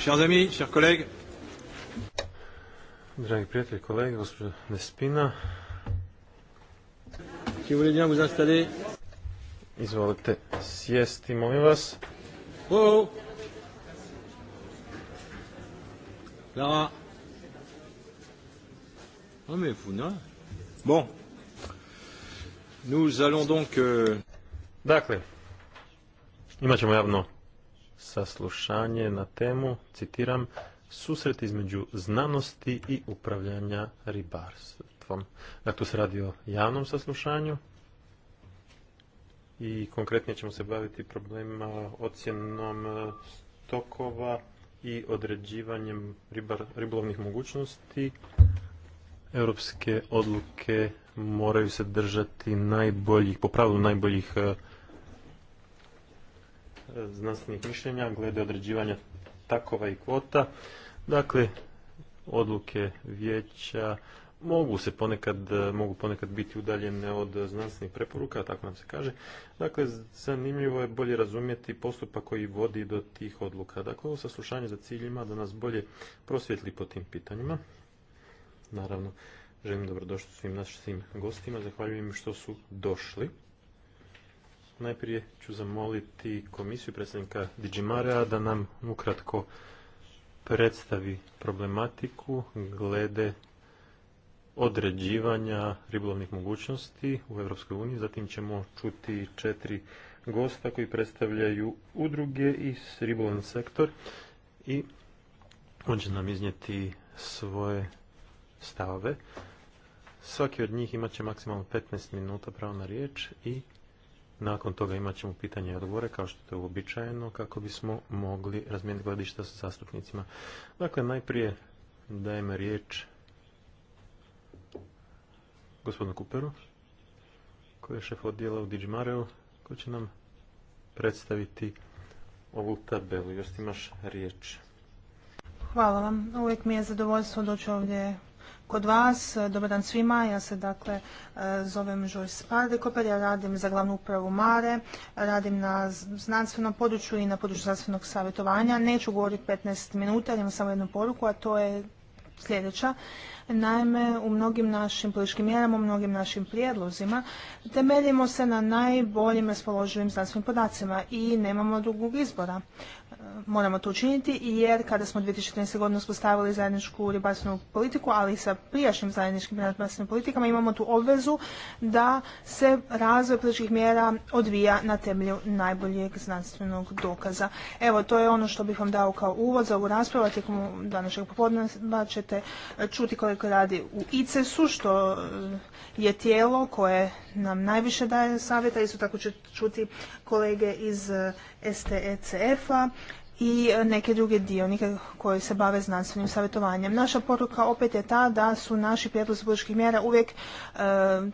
Chers amis, chers collègues. Dragi prijatelji, kolege, gospođa Nespina. Si voulez bien vous installer. Izvolite sjesti, molim vas. Oh, Clara. Oh, ah, mais vous, non Bon. Nous allons donc... Euh... Dakle, imat ćemo javno saslušanje na temu, citiram, susret između znanosti i upravljanja ribarstvom. Dakle, tu se radi o javnom saslušanju i konkretnije ćemo se baviti problemima ocjenom e, stokova i određivanjem ribolovnih mogućnosti. Europske odluke moraju se držati najboljih, po pravilu najboljih e, znanstvenih mišljenja glede određivanja takova i kvota. Dakle, odluke vijeća mogu se ponekad, mogu ponekad biti udaljene od znanstvenih preporuka, tako nam se kaže. Dakle, zanimljivo je bolje razumjeti postupak koji vodi do tih odluka. Dakle, ovo saslušanje za ciljima da nas bolje prosvjetli po tim pitanjima. Naravno, želim dobrodošli svim našim gostima, zahvaljujem što su došli. Najprije ću zamoliti komisiju predsjednika Digimara da nam ukratko predstavi problematiku glede određivanja ribolovnih mogućnosti u Europskoj uniji. Zatim ćemo čuti četiri gosta koji predstavljaju udruge i ribolovni sektor i on će nam iznijeti svoje stavove. Svaki od njih imat će maksimalno 15 minuta pravo na riječ i nakon toga imat ćemo pitanje i odgovore, kao što je uobičajeno, kako bismo mogli razmijeniti gledišta sa zastupnicima. Dakle, najprije dajem riječ gospodinu Kuperu, koji je šef odjela u Digimareu, koji će nam predstaviti ovu tabelu. Još imaš riječ. Hvala vam. Uvijek mi je zadovoljstvo doći ovdje kod vas. Dobar dan svima, ja se dakle e, zovem Joyce Pardekoper, ja radim za glavnu upravu Mare, radim na znanstvenom području i na području znanstvenog savjetovanja. Neću govoriti 15 minuta, imam samo jednu poruku, a to je sljedeća. Naime, u mnogim našim političkim mjerama, u mnogim našim prijedlozima temeljimo se na najboljim raspoloživim znanstvenim podacima i nemamo drugog izbora. E, moramo to učiniti jer kada smo 2014. godine uspostavili zajedničku ribarstvenu politiku, ali i sa prijašnjim zajedničkim ribarstvenim politikama imamo tu obvezu da se razvoj političkih mjera odvija na temelju najboljeg znanstvenog dokaza. Evo, to je ono što bih vam dao kao uvod za ovu raspravu, a tijekom današnjeg popodneva ćete čuti kolega radi u ices što e, je tijelo koje nam najviše daje savjeta. Isto tako će čuti kolege iz e, STECF-a i e, neke druge dionike koji se bave znanstvenim savjetovanjem. Naša poruka opet je ta da su naši prijedlozi političkih mjera uvijek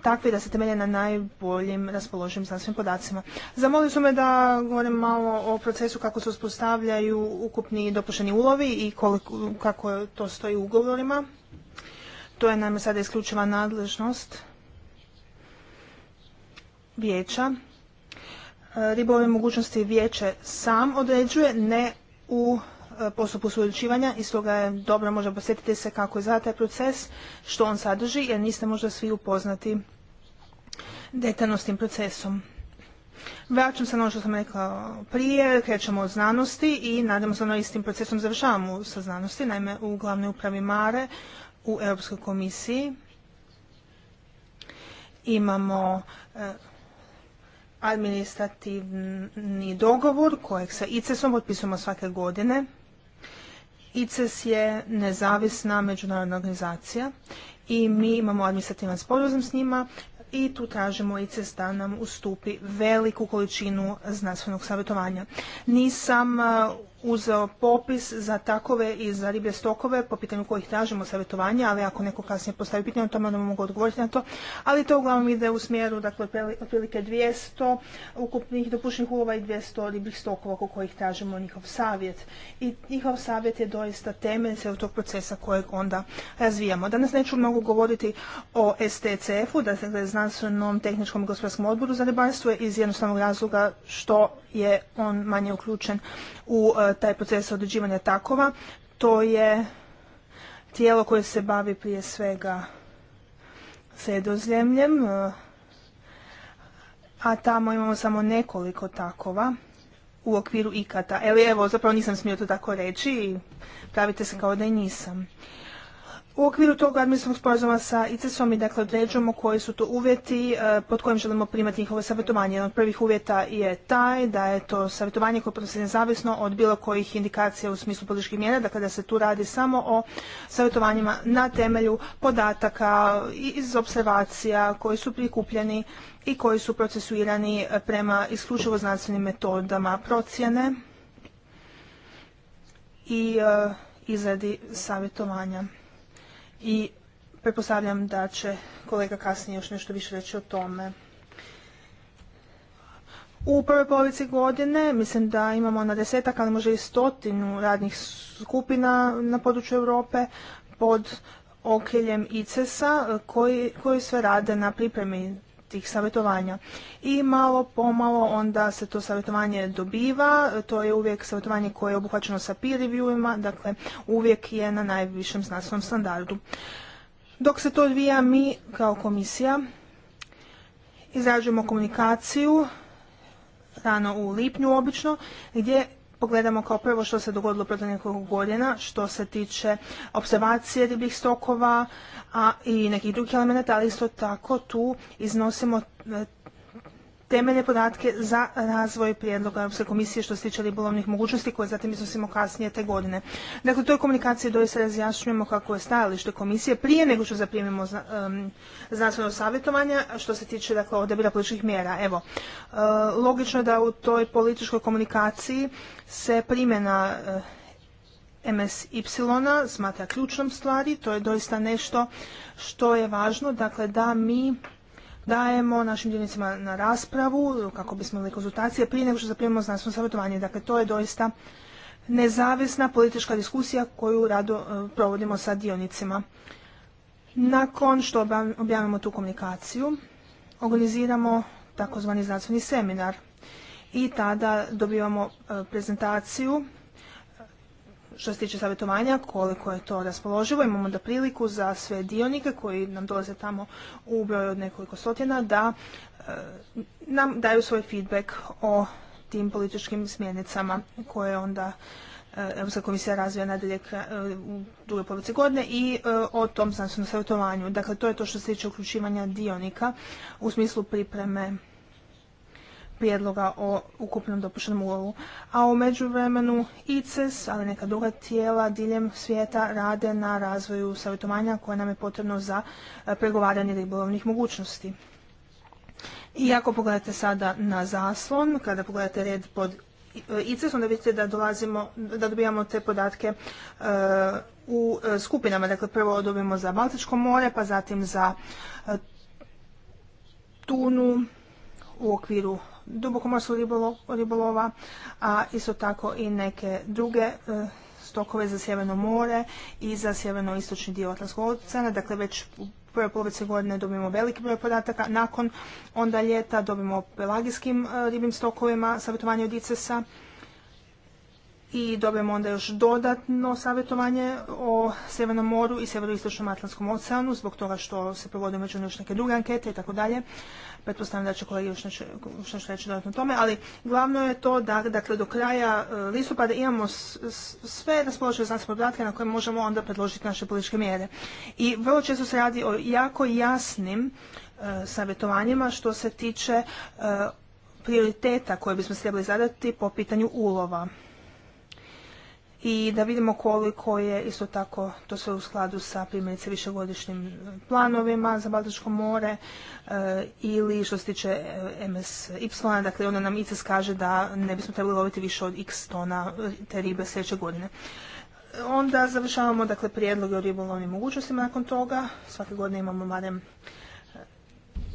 takvi da se temelje na najboljim raspoloživim znanstvenim podacima. Zamolili su me da govorim malo o procesu kako se uspostavljaju ukupni dopušteni ulovi i kako to stoji u ugovorima to je nam sada isključiva nadležnost vijeća. E, Ribove mogućnosti vijeće sam određuje, ne u e, postupku svojučivanja i stoga je dobro možda posjetiti se kako je za taj proces, što on sadrži, jer niste možda svi upoznati detaljno s tim procesom. Vraćam se na ono što sam rekla prije, krećemo od znanosti i nadamo se ono istim procesom završavamo sa znanosti. Naime, u glavnoj upravi Mare u Europskoj komisiji imamo e, administrativni dogovor kojeg sa ICES-om potpisujemo svake godine. ICES je nezavisna međunarodna organizacija i mi imamo administrativan sporazum s njima i tu tražimo ICES da nam ustupi veliku količinu znanstvenog savjetovanja. Nisam e, uzeo popis za takove i za riblje stokove po pitanju kojih tražimo savjetovanje, ali ako neko kasnije postavi pitanje o tome onda mogu odgovoriti na to. Ali to uglavnom ide u smjeru dakle, otprilike 200 ukupnih dopušnih ulova i 200 ribljih stokova oko kojih tražimo njihov savjet. I njihov savjet je doista temelj se tog procesa kojeg onda razvijamo. Danas neću mnogo govoriti o STCF-u, dakle znanstvenom tehničkom i gospodarskom odboru za ribarstvo iz jednostavnog razloga što je on manje uključen u e, taj proces određivanja takova. To je tijelo koje se bavi prije svega sredozemljem, e, a tamo imamo samo nekoliko takova u okviru ikata. Evo, evo, zapravo nisam smio to tako reći i pravite se kao da i nisam. U okviru tog administrativnog sporazuma sa ICES-om mi dakle određujemo koji su to uvjeti e, pod kojim želimo primati njihovo savjetovanje. Jedan od prvih uvjeta je taj da je to savjetovanje koje podnosi nezavisno od bilo kojih indikacija u smislu političkih mjera, dakle da se tu radi samo o savjetovanjima na temelju podataka iz observacija koji su prikupljeni i koji su procesuirani e, prema isključivo znanstvenim metodama procjene i e, izradi savjetovanja i pretpostavljam da će kolega kasnije još nešto više reći o tome. U prvoj polovici godine mislim da imamo na desetak, ali može i stotinu radnih skupina na području Europe pod okriljem ICES-a koji, koji sve rade na pripremi tih savjetovanja. I malo pomalo onda se to savjetovanje dobiva, to je uvijek savjetovanje koje je obuhvaćeno sa peer reviewima, dakle uvijek je na najvišem znanstvenom standardu. Dok se to odvija, mi kao komisija izrađujemo komunikaciju rano u lipnju obično, gdje pogledamo kao prvo što se dogodilo protiv nekoliko godina što se tiče observacije ribih stokova a i nekih drugih elemenata, ali isto tako tu iznosimo temelje podatke za razvoj prijedloga Europske komisije što se tiče ribolovnih mogućnosti koje zatim iznosimo kasnije te godine. Dakle, u toj komunikaciji doista razjašnjujemo kako je stajalište komisije prije nego što zaprimimo znanstveno savjetovanje što se tiče dakle, odabira političkih mjera. Evo, e, logično je da u toj političkoj komunikaciji se primjena e, MS MSY smatra ključnom stvari, to je doista nešto što je važno, dakle da mi dajemo našim dionicima na raspravu kako bismo imali konzultacije prije nego što zaprimimo znanstveno savjetovanje. Dakle, to je doista nezavisna politička diskusija koju rado e, provodimo sa dionicima. Nakon što objavimo tu komunikaciju, organiziramo takozvani znanstveni seminar i tada dobivamo e, prezentaciju što se tiče savjetovanja, koliko je to raspoloživo. Imamo da priliku za sve dionike koji nam dolaze tamo u broju od nekoliko stotina da e, nam daju svoj feedback o tim političkim smjernicama koje onda e, Europska komisija razvija nadalje e, u drugoj polovici godine i o tom znanstvenom savjetovanju. Dakle, to je to što se tiče uključivanja dionika u smislu pripreme prijedloga o ukupnom dopuštenom ulovu. A u međuvremenu ICES, ali neka druga tijela diljem svijeta rade na razvoju savjetovanja koje nam je potrebno za e, pregovaranje ribolovnih mogućnosti. I ako pogledate sada na zaslon, kada pogledate red pod ICES, onda vidite da dolazimo, da dobijamo te podatke e, u e, skupinama. Dakle, prvo dobijemo za Baltičko more, pa zatim za Tunu u okviru dubokomorskog ribolova, a isto tako i neke druge e, stokove za Sjeverno more i za sjeverno-istočni dio Atlantskog oceana. Dakle, već u prvoj polovici godine dobijemo veliki broj podataka. Nakon onda ljeta dobijemo pelagijskim e, ribim stokovima savjetovanje od ICES-a i dobijemo onda još dodatno savjetovanje o Sjevernom moru i Sjeveroistočnom Atlantskom oceanu zbog toga što se provode među još neke druge ankete i tako dalje pretpostavljam da će kolegi još nešto reći dodatno tome, ali glavno je to da dakle, do kraja e, listopada imamo sve raspoložive znanstvene podatke na koje možemo onda predložiti naše političke mjere. I vrlo često se radi o jako jasnim e, savjetovanjima što se tiče e, prioriteta koje bismo trebali zadati po pitanju ulova i da vidimo koliko je isto tako to sve u skladu sa primjerice višegodišnjim planovima za Baltičko more e, ili što se tiče e, MSY, dakle onda nam ICES kaže da ne bismo trebali loviti više od x tona e, te ribe sljedeće godine. Onda završavamo dakle prijedloge o ribolovnim mogućnostima nakon toga. Svake godine imamo barem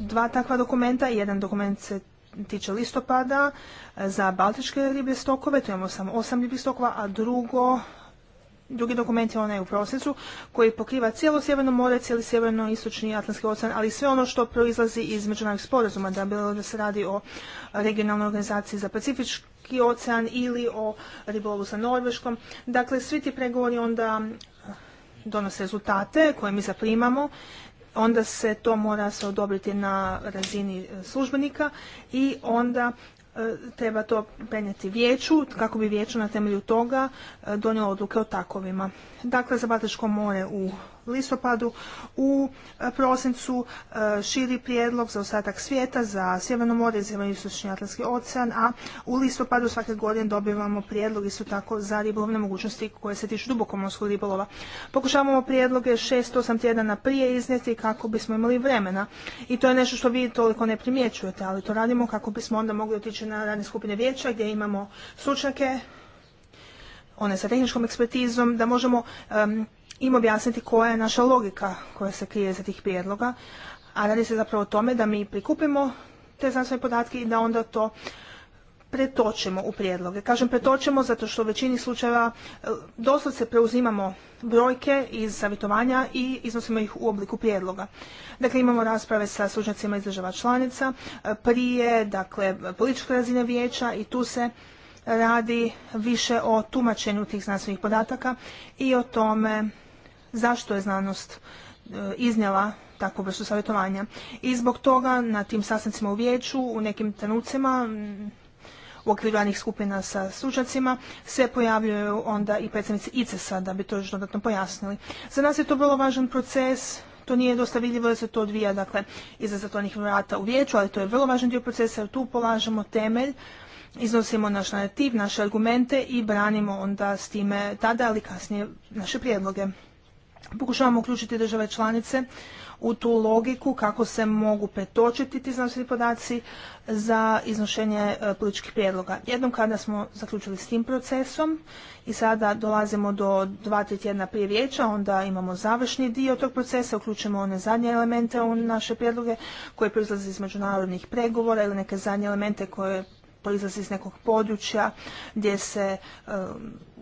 dva takva dokumenta. Jedan dokument se tiče listopada, e, za baltičke riblje stokove, tu imamo samo osam riblje stokova, a drugo, drugi dokument je onaj u prosjecu koji pokriva cijelo Sjeverno more, cijeli Sjeverno-istočni Atlantski ocean, ali sve ono što proizlazi iz međunarodnih sporazuma, da bilo da se radi o regionalnoj organizaciji za Pacifički ocean ili o ribolovu sa Norveškom. Dakle, svi ti pregovori onda donose rezultate koje mi zaprimamo onda se to mora se odobriti na razini e, službenika i onda e, treba to prenijeti vijeću kako bi vijeće na temelju toga e, donijelo odluke o takovima. Dakle, za Baltičko more u listopadu u e, prosincu e, širi prijedlog za ostatak svijeta, za Sjeverno more i Sjeverno-Istočni Atlantski ocean, a u listopadu svake godine dobivamo prijedlog isto tako za ribolovne mogućnosti koje se tiču dubokomorskog ribolova. Pokušavamo prijedloge 6-8 tjedana prije iznijeti kako bismo imali vremena. I to je nešto što vi toliko ne primjećujete, ali to radimo kako bismo onda mogli otići na radne skupine vijeća gdje imamo stručnjake one sa tehničkom ekspertizom, da možemo im objasniti koja je naša logika koja se krije za tih prijedloga, a radi se zapravo o tome da mi prikupimo te znanstvene podatke i da onda to pretočemo u prijedloge. Kažem pretočemo zato što u većini slučajeva e, doslovce preuzimamo brojke iz savjetovanja i iznosimo ih u obliku prijedloga. Dakle, imamo rasprave sa stručnjacima iz država članica, e, prije, dakle, političke razine vijeća i tu se radi više o tumačenju tih znanstvenih podataka i o tome zašto je znanost e, iznijela takvu vrstu savjetovanja. I zbog toga na tim sastancima u vijeću, u nekim trenucima, mm, u okviru skupina sa stručnjacima se pojavljuju onda i predstavnici ICES-a da bi to još dodatno pojasnili. Za nas je to vrlo važan proces, to nije dosta vidljivo da se to odvija dakle, iza zatvornih vrata u vijeću, ali to je vrlo važan dio procesa jer tu polažemo temelj iznosimo naš narativ, naše argumente i branimo onda s time tada, ali kasnije naše prijedloge. Pokušavamo uključiti države članice u tu logiku kako se mogu pretočiti ti znanstveni podaci za iznošenje e, političkih prijedloga. Jednom kada smo zaključili s tim procesom i sada dolazimo do dva, tri tjedna prije vijeća, onda imamo završni dio tog procesa, uključimo one zadnje elemente u naše prijedloge koje proizlaze iz međunarodnih pregovora ili neke zadnje elemente koje proizlaze iz nekog područja gdje se e,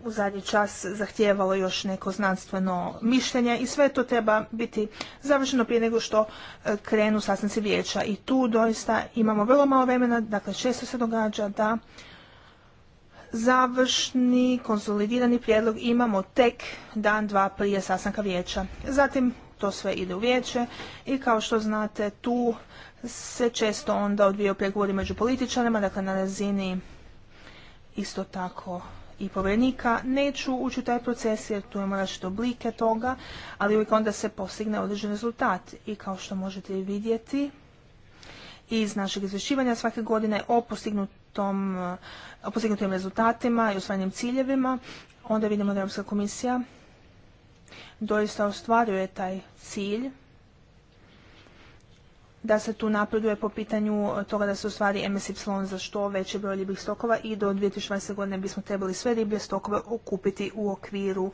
u zadnji čas zahtijevalo još neko znanstveno mišljenje i sve to treba biti završeno prije nego što e, krenu sastanci vijeća. I tu doista imamo vrlo malo vremena, dakle često se događa da završni konsolidirani prijedlog imamo tek dan, dva prije sastanka vijeća. Zatim to sve ide u vijeće i kao što znate tu se često onda odvijaju pregovori među političarima, dakle na razini isto tako i povjerenika. Neću ući u taj proces jer tu imamo različite oblike toga, ali uvijek onda se postigne određen rezultat. I kao što možete vidjeti iz našeg izvješćivanja svake godine o o postignutim rezultatima i osvajanjem ciljevima, onda vidimo da Europska komisija doista ostvaruje taj cilj da se tu napreduje po pitanju eh, toga da se ostvari MSY za što veći broj ribljih stokova i do 2020. godine bismo trebali sve riblje stokove okupiti u okviru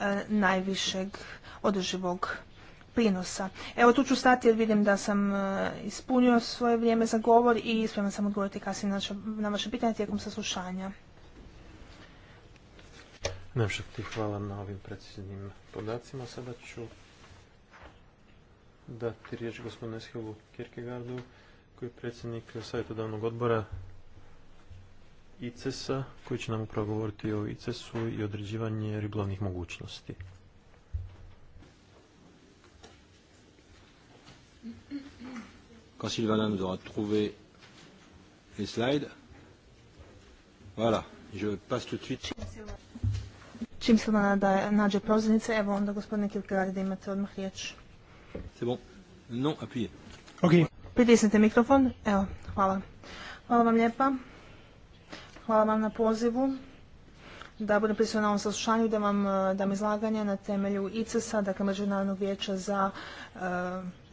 eh, najvišeg održivog prinosa. Evo tu ću stati jer vidim da sam eh, ispunio svoje vrijeme za govor i spreman sam odgovoriti kasnije na vaše pitanje tijekom saslušanja. ti hvala na ovim predsjednim podacima. Sada ću dati riječ gospodinu Eshilu Kierkegaardu, koji je predsjednik savjetodavnog odbora ICES-a, koji će nam upravo govoriti o ICES-u i određivanje ribolovnih mogućnosti. Quand Sylvana nous aura trouvé les slides, voilà, je passe tout de Čim se nađe prozirnice, evo onda gospodine Kilkegaard imate odmah riječ. C'est bon. Non, Pritisnite mikrofon. hvala. Hvala vam lijepa. Hvala vam na pozivu da budem prisutna na ovom saslušanju, da vam e, dam izlaganje na temelju ICES-a, dakle Međunarodnog vijeća za e,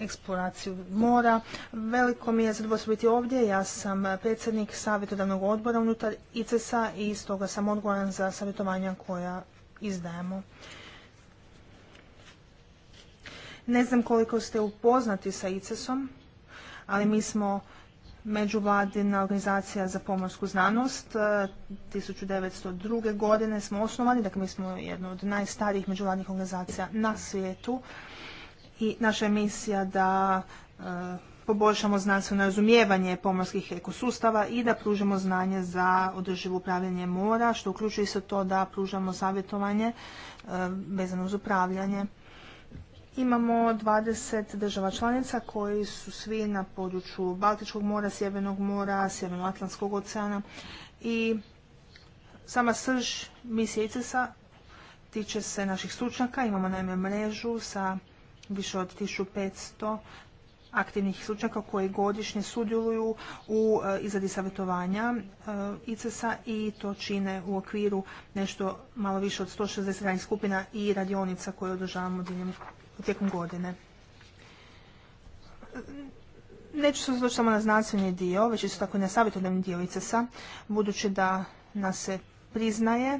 eksploraciju mora. Veliko mi je zadovoljstvo biti ovdje. Ja sam predsjednik savjetodavnog odbora unutar ICES-a i stoga sam odgovoran za savjetovanja koja izdajemo. Ne znam koliko ste upoznati sa ICES-om, ali mi smo međuvladina organizacija za pomorsku znanost. 1902. E, godine smo osnovani, dakle mi smo jedna od najstarijih međuvladnih organizacija na svijetu i naša je misija da e, poboljšamo znanstveno razumijevanje pomorskih ekosustava i da pružamo znanje za održivo upravljanje mora, što uključuje se to da pružamo savjetovanje e, vezano uz upravljanje. Imamo 20 država članica koji su svi na području Baltičkog mora, Sjevernog mora, Atlantskog oceana i sama srž misije ICES-a tiče se naših stručnjaka. Imamo naime mrežu sa više od 1500 aktivnih stručnjaka koji godišnje sudjeluju u e, izradi savjetovanja e, ICES-a i to čine u okviru nešto malo više od 160 radnih skupina i radionica koje održavamo diljem tijekom godine. Neću se samo na znanstveni dio, već isto tako i na savjetodavni dio ICES-a, budući da nas se priznaje e,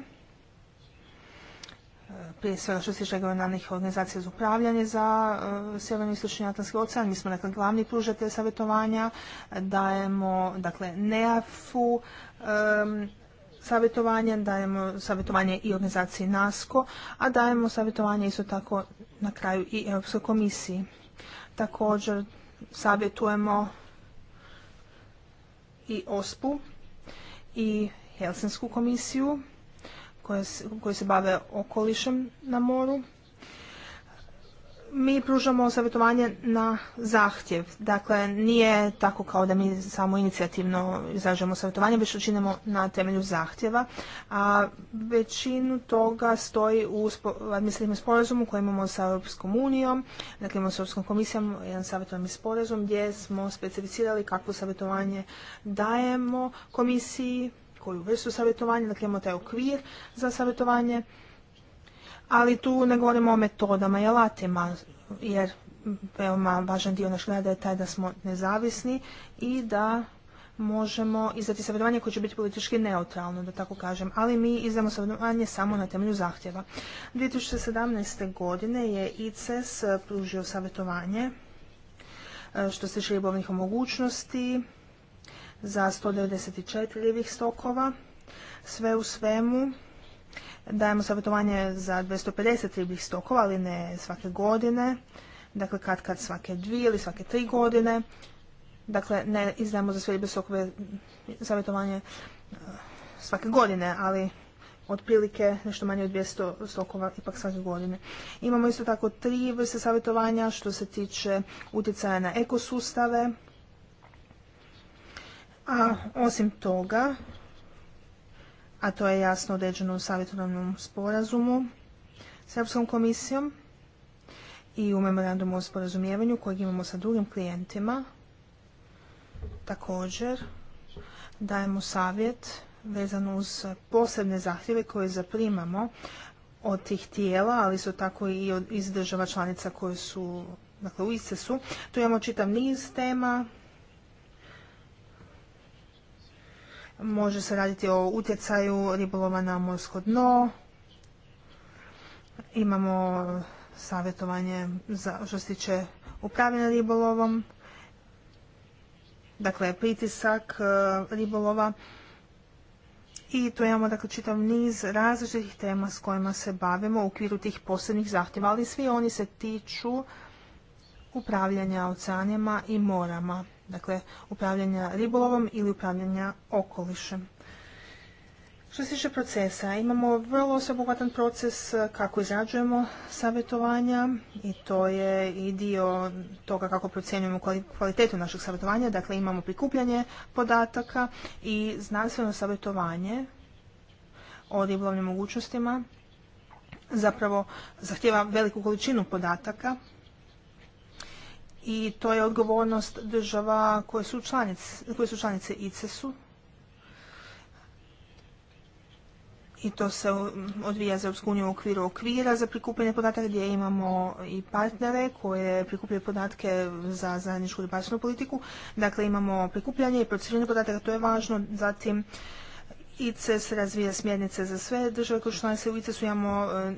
prije svega što se tiče regionalnih organizacija za upravljanje za uh, sjeverni istočni Atlantski ocean. Mi smo dakle glavni pružatelj savjetovanja, dajemo dakle NEAF-u e, savjetovanje, dajemo savjetovanje i organizaciji NASCO, a dajemo savjetovanje isto tako na kraju i Europskoj komisiji. Također savjetujemo i OSPU i Helsinsku komisiju koje, se bave okolišem na moru mi pružamo savjetovanje na zahtjev. Dakle, nije tako kao da mi samo inicijativno izražujemo savjetovanje, već učinimo činimo na temelju zahtjeva. A većinu toga stoji u administrativnom sporazumu koji imamo sa Europskom unijom, dakle imamo sa Europskom komisijom jedan savjetovani sporazum gdje smo specificirali kakvo savjetovanje dajemo komisiji, koju vrstu savjetovanja, dakle imamo taj okvir za savjetovanje ali tu ne govorimo o metodama i alatima, jer veoma važan dio naš gleda je taj da smo nezavisni i da možemo izdati savjetovanje koje će biti politički neutralno, da tako kažem, ali mi izdamo savjetovanje samo na temelju zahtjeva. 2017. godine je ICES pružio savjetovanje e, što se ribovnih mogućnosti za 194 ljivih stokova. Sve u svemu Dajemo savjetovanje za 250 ribih stokova, ali ne svake godine. Dakle, kad kad svake dvije ili svake tri godine. Dakle, ne izdajemo za sve ribih stokove savjetovanje e, svake godine, ali otprilike nešto manje od 200 stokova ipak svake godine. Imamo isto tako tri vrste savjetovanja što se tiče utjecaja na ekosustave. A osim toga, a to je jasno određeno u savjetodavnom sporazumu s Europskom komisijom i u memorandumu o sporazumijevanju kojeg imamo sa drugim klijentima. Također dajemo savjet vezano uz posebne zahtjeve koje zaprimamo od tih tijela, ali su tako i od, iz država članica koje su dakle, u ICES-u. Tu imamo čitav niz tema Može se raditi o utjecaju ribolova na morsko dno. Imamo savjetovanje za, što se tiče upravljanja ribolovom, dakle pritisak e, ribolova i tu imamo dakle čitav niz različitih tema s kojima se bavimo u okviru tih posebnih zahtjeva, ali svi oni se tiču upravljanja oceanima i morama dakle upravljanja ribolovom ili upravljanja okolišem. Što se tiče procesa, imamo vrlo sveobuhvatan proces eh, kako izrađujemo savjetovanja i to je i dio toga kako procjenjujemo kvalitetu našeg savjetovanja. Dakle, imamo prikupljanje podataka i znanstveno savjetovanje o ribolovnim mogućnostima zapravo zahtjeva veliku količinu podataka i to je odgovornost država koje su članice, koje su ICES-u. I to se odvija za Europsku uniju u okviru okvira za prikupljanje podataka gdje imamo i partnere koje prikupljaju podatke za zajedničku ribarstvenu politiku. Dakle, imamo prikupljanje i procesiranje podataka, to je važno. Zatim, ICES razvija smjernice za sve države koje članice u ICES-u imamo e,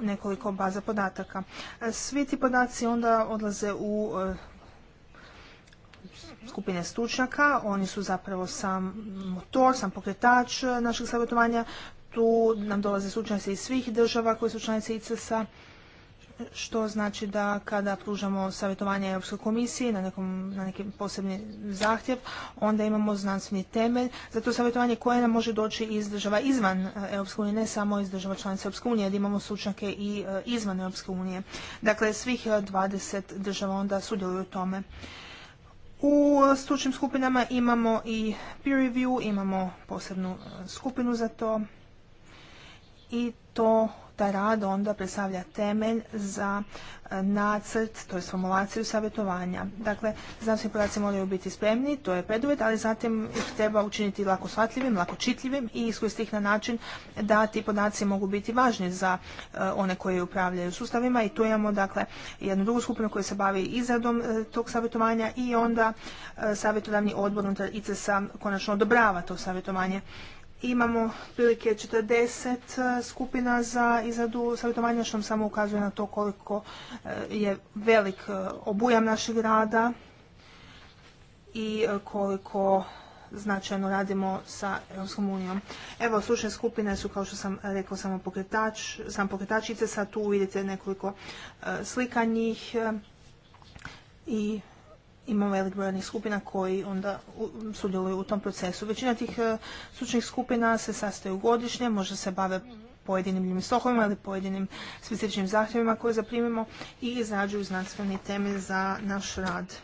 nekoliko baza podataka. E, svi ti podaci onda odlaze u e, skupine stručnjaka, oni su zapravo sam motor, sam pokretač našeg savjetovanja. Tu nam dolaze stručnjaci iz svih država koje su članice ICES-a što znači da kada pružamo savjetovanje Europskoj komisiji na, nekom, na neki posebni zahtjev, onda imamo znanstveni temelj za to savjetovanje koje nam može doći iz država izvan eh, Europske unije, ne samo iz država članica Europske unije, jer imamo stručnjake i eh, izvan Europske unije. Dakle, svih 20 eh, država onda sudjeluju u tome. U stručnim skupinama imamo i peer review, imamo posebnu skupinu za to i to ta rad onda predstavlja temelj za e, nacrt, to je formulaciju savjetovanja. Dakle, znanstveni podaci moraju biti spremni, to je preduvjet, ali zatim ih treba učiniti lako shvatljivim, lako čitljivim i iskoristiti ih na način da ti podaci mogu biti važni za e, one koji upravljaju sustavima i tu imamo dakle jednu drugu skupinu koja se bavi izradom e, tog savjetovanja i onda savjetodavni odbor unutar a konačno odobrava to savjetovanje. Imamo prilike 40 e, skupina za izradu savjetovanja, što nam samo ukazuje na to koliko e, je velik e, obujam našeg rada i koliko značajno radimo sa Europskom unijom. Evo, slučne skupine su, kao što sam rekao, samo pokretač, sam pokretačice. Sad tu vidite nekoliko slika njih i imamo velik broj skupina koji onda sudjeluju u tom procesu. Većina tih e, stručnih skupina se sastaju godišnje, možda se bave pojedinim ljim ili pojedinim specifičnim zahtjevima koje zaprimimo i izrađuju znanstveni temelj za naš rad.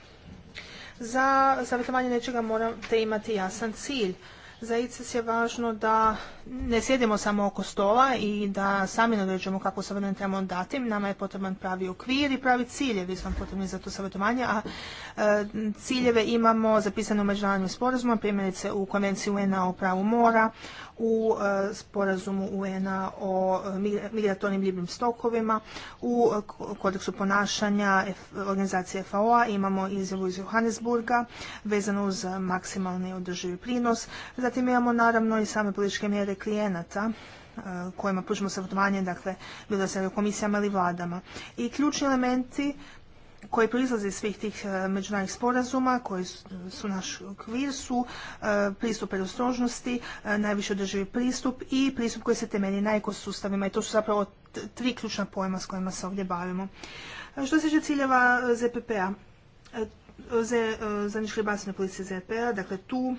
Za savjetovanje nečega morate imati jasan cilj. Za ICES je važno da ne sjedimo samo oko stola i da sami nadređujemo kako savjetovanje trebamo dati. Nama je potreban pravi okvir i pravi ciljevi su nam potrebni za to savjetovanje, a e, ciljeve imamo zapisane u međunarodnim sporazumima, primjerice u Konvenciji UN-a o pravu mora, u e, sporazumu UN-a o e, migratornim ljubim stokovima, u kodeksu ponašanja organizacije FAO-a imamo izjavu iz Johannesburga vezanu uz maksimalni održivi prinos. Zatim imamo naravno i same političke mjere klijenata e, kojima pružimo savjetovanje, dakle, bilo da se komisijama ili vladama. I ključni elementi koji proizlaze iz svih tih e, međunarodnih sporazuma, koji su naš okvir, su e, pristup predostrožnosti, najviše održivi pristup i pristup koji se temelji na ekosustavima. I to su zapravo tri ključna pojma s kojima se ovdje bavimo. Što se tiče ciljeva ZPP-a, zajedničke basne policije ZPP-a, dakle tu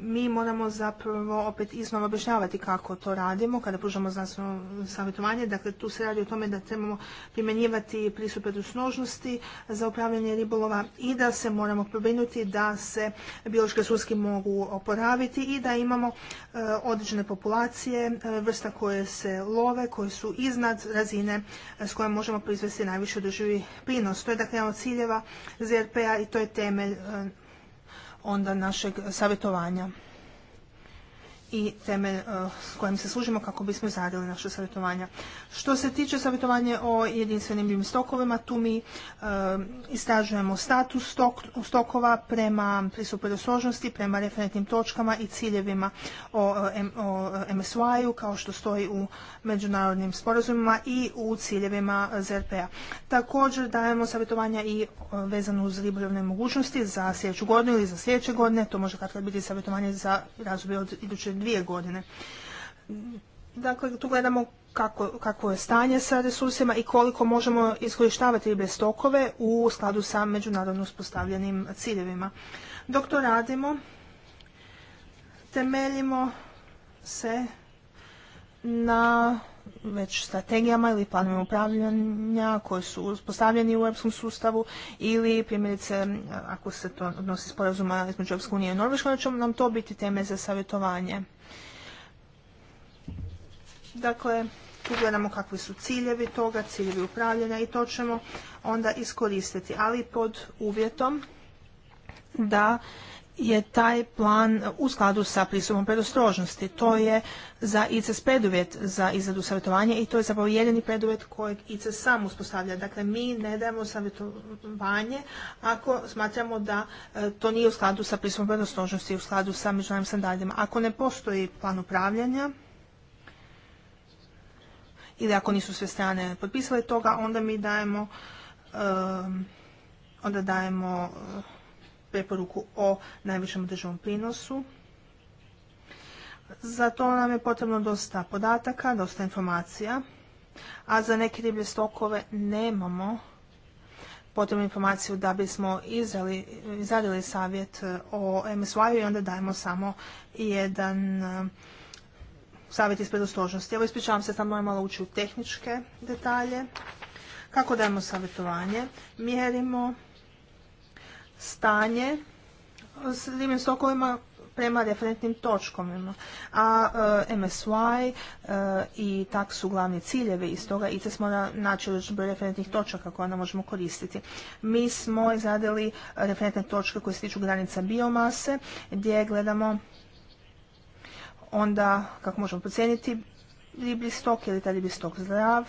mi moramo zapravo opet iznova objašnjavati kako to radimo kada pružamo znanstveno savjetovanje. Dakle, tu se radi o tome da trebamo primjenjivati pristup predusnožnosti za upravljanje ribolova i da se moramo pobrinuti da se biološki resurski mogu oporaviti i da imamo eh, određene populacije eh, vrsta koje se love, koje su iznad razine eh, s kojom možemo proizvesti najviše održivi prinos. To je dakle jedan od ciljeva ZRP-a i to je temelj onda našeg savjetovanja i temelj e, s kojim se služimo kako bismo izradili naše savjetovanja. Što se tiče savjetovanja o jedinstvenim bim stokovima, tu mi e, istražujemo status stokova prema pristupu složnosti, prema referentnim točkama i ciljevima o, e, MSY-u kao što stoji u međunarodnim sporazumima i u ciljevima ZRP-a. Također dajemo savjetovanja i vezano uz ribolovne mogućnosti za sljedeću godinu ili za sljedeće godine, to može kad dakle biti savjetovanje za razdoblje od idućeg dvije godine. Dakle, tu gledamo kako, je stanje sa resursima i koliko možemo iskorištavati ribe stokove u skladu sa međunarodno uspostavljenim ciljevima. Dok to radimo, temeljimo se na već strategijama ili planovima mm. upravljanja koji su uspostavljeni u europskom sustavu ili primjerice ako se to odnosi sporazuma između Europske unije i Norveške, će nam to biti teme za savjetovanje. Dakle, tu gledamo kakvi su ciljevi toga, ciljevi upravljanja i to ćemo onda iskoristiti, ali pod uvjetom da je taj plan u skladu sa pristupom predostrožnosti. To je za ICS preduvjet za izradu savjetovanja i to je zapravo jedini preduvjet kojeg ICS sam uspostavlja. Dakle, mi ne dajemo savjetovanje ako smatramo da e, to nije u skladu sa pristupom predostrožnosti i u skladu sa međunarodnim standardima. Ako ne postoji plan upravljanja, ili ako nisu sve strane potpisale toga, onda mi dajemo, e, onda dajemo preporuku o najvišem održivom prinosu. Za to nam je potrebno dosta podataka, dosta informacija, a za neke riblje stokove nemamo potrebnu informaciju da bismo izradili savjet e, o MSY-u i onda dajemo samo jedan e, savjet iz predostrožnosti. Evo ispričavam se, samo moram malo ući u tehničke detalje. Kako dajemo savjetovanje? Mjerimo stanje s Ribnim stokovima prema referentnim točkovima. A e, MSY e, i tak su glavni ciljevi i toga smo smo naći broj referentnih točaka koje onda možemo koristiti. Mi smo izradili referentne točke koje se tiču granica biomase gdje gledamo onda kako možemo procijeniti riblji stok, ili ta taj stok zdrav,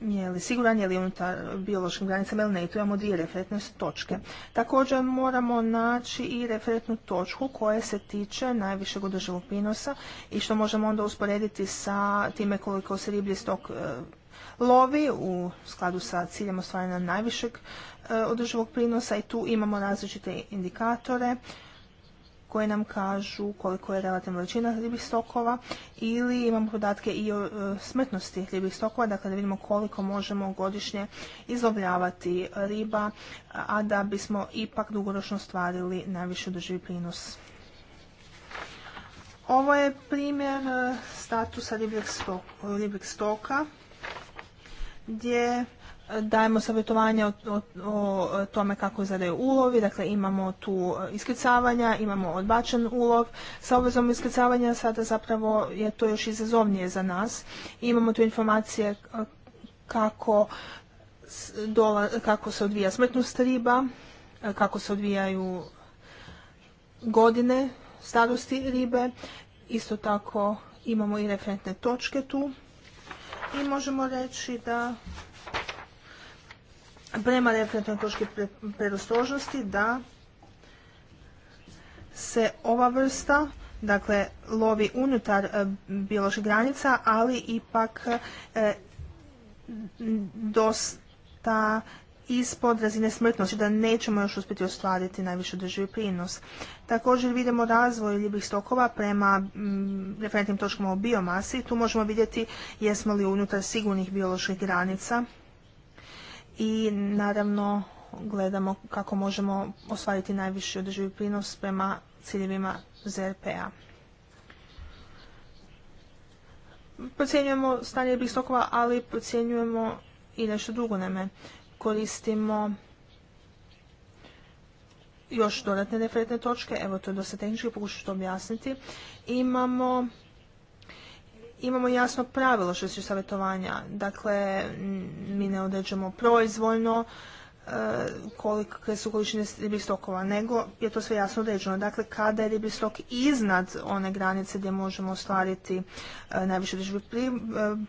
je li siguran, je li unutar biološkim granicama ili ne. tu imamo dvije referentne točke. Također moramo naći i referentnu točku koja se tiče najvišeg održivog pinosa i što možemo onda usporediti sa time koliko se riblji stok e, lovi u skladu sa ciljem ostvarena najvišeg e, održivog prinosa i tu imamo različite indikatore koje nam kažu koliko je relativna veličina ribih stokova ili imamo podatke i o e, smrtnosti ribih stokova, dakle da vidimo koliko možemo godišnje izlovljavati riba, a da bismo ipak dugoročno stvarili najviše održivi prinos. Ovo je primjer e, statusa ribih stoka gdje dajemo savjetovanje o, tome kako zadaju ulovi, dakle imamo tu e, iskricavanja, imamo odbačen ulov. Sa obvezom iskrcavanja sada zapravo je to još izazovnije za nas. Imamo tu informacije e, kako, kako se odvija smrtnost riba, e, kako se odvijaju godine starosti ribe. Isto tako imamo i referentne točke tu. I možemo reći da prema referentnoj točki predostrožnosti da se ova vrsta dakle lovi unutar e, bioloških granica, ali ipak e, dosta ispod razine smrtnosti, da nećemo još uspjeti ostvariti najviše održivi prinos. Također vidimo razvoj ljubih stokova prema referentnim točkama o biomasi. Tu možemo vidjeti jesmo li unutar sigurnih bioloških granica i naravno gledamo kako možemo ostvariti najviši održivi prinos prema ciljevima ZRP-a. Procjenjujemo stanje ribljih stokova, ali procjenjujemo i nešto drugo neme. Koristimo još dodatne referentne točke, evo to je dosta tehnički, pokušat ću to objasniti. Imamo imamo jasno pravilo što se savjetovanja. Dakle, mi ne određujemo proizvoljno e, kolike su količine ribih stokova, nego je to sve jasno određeno. Dakle, kada je riblji stok iznad one granice gdje možemo ostvariti e, najviše riblji e,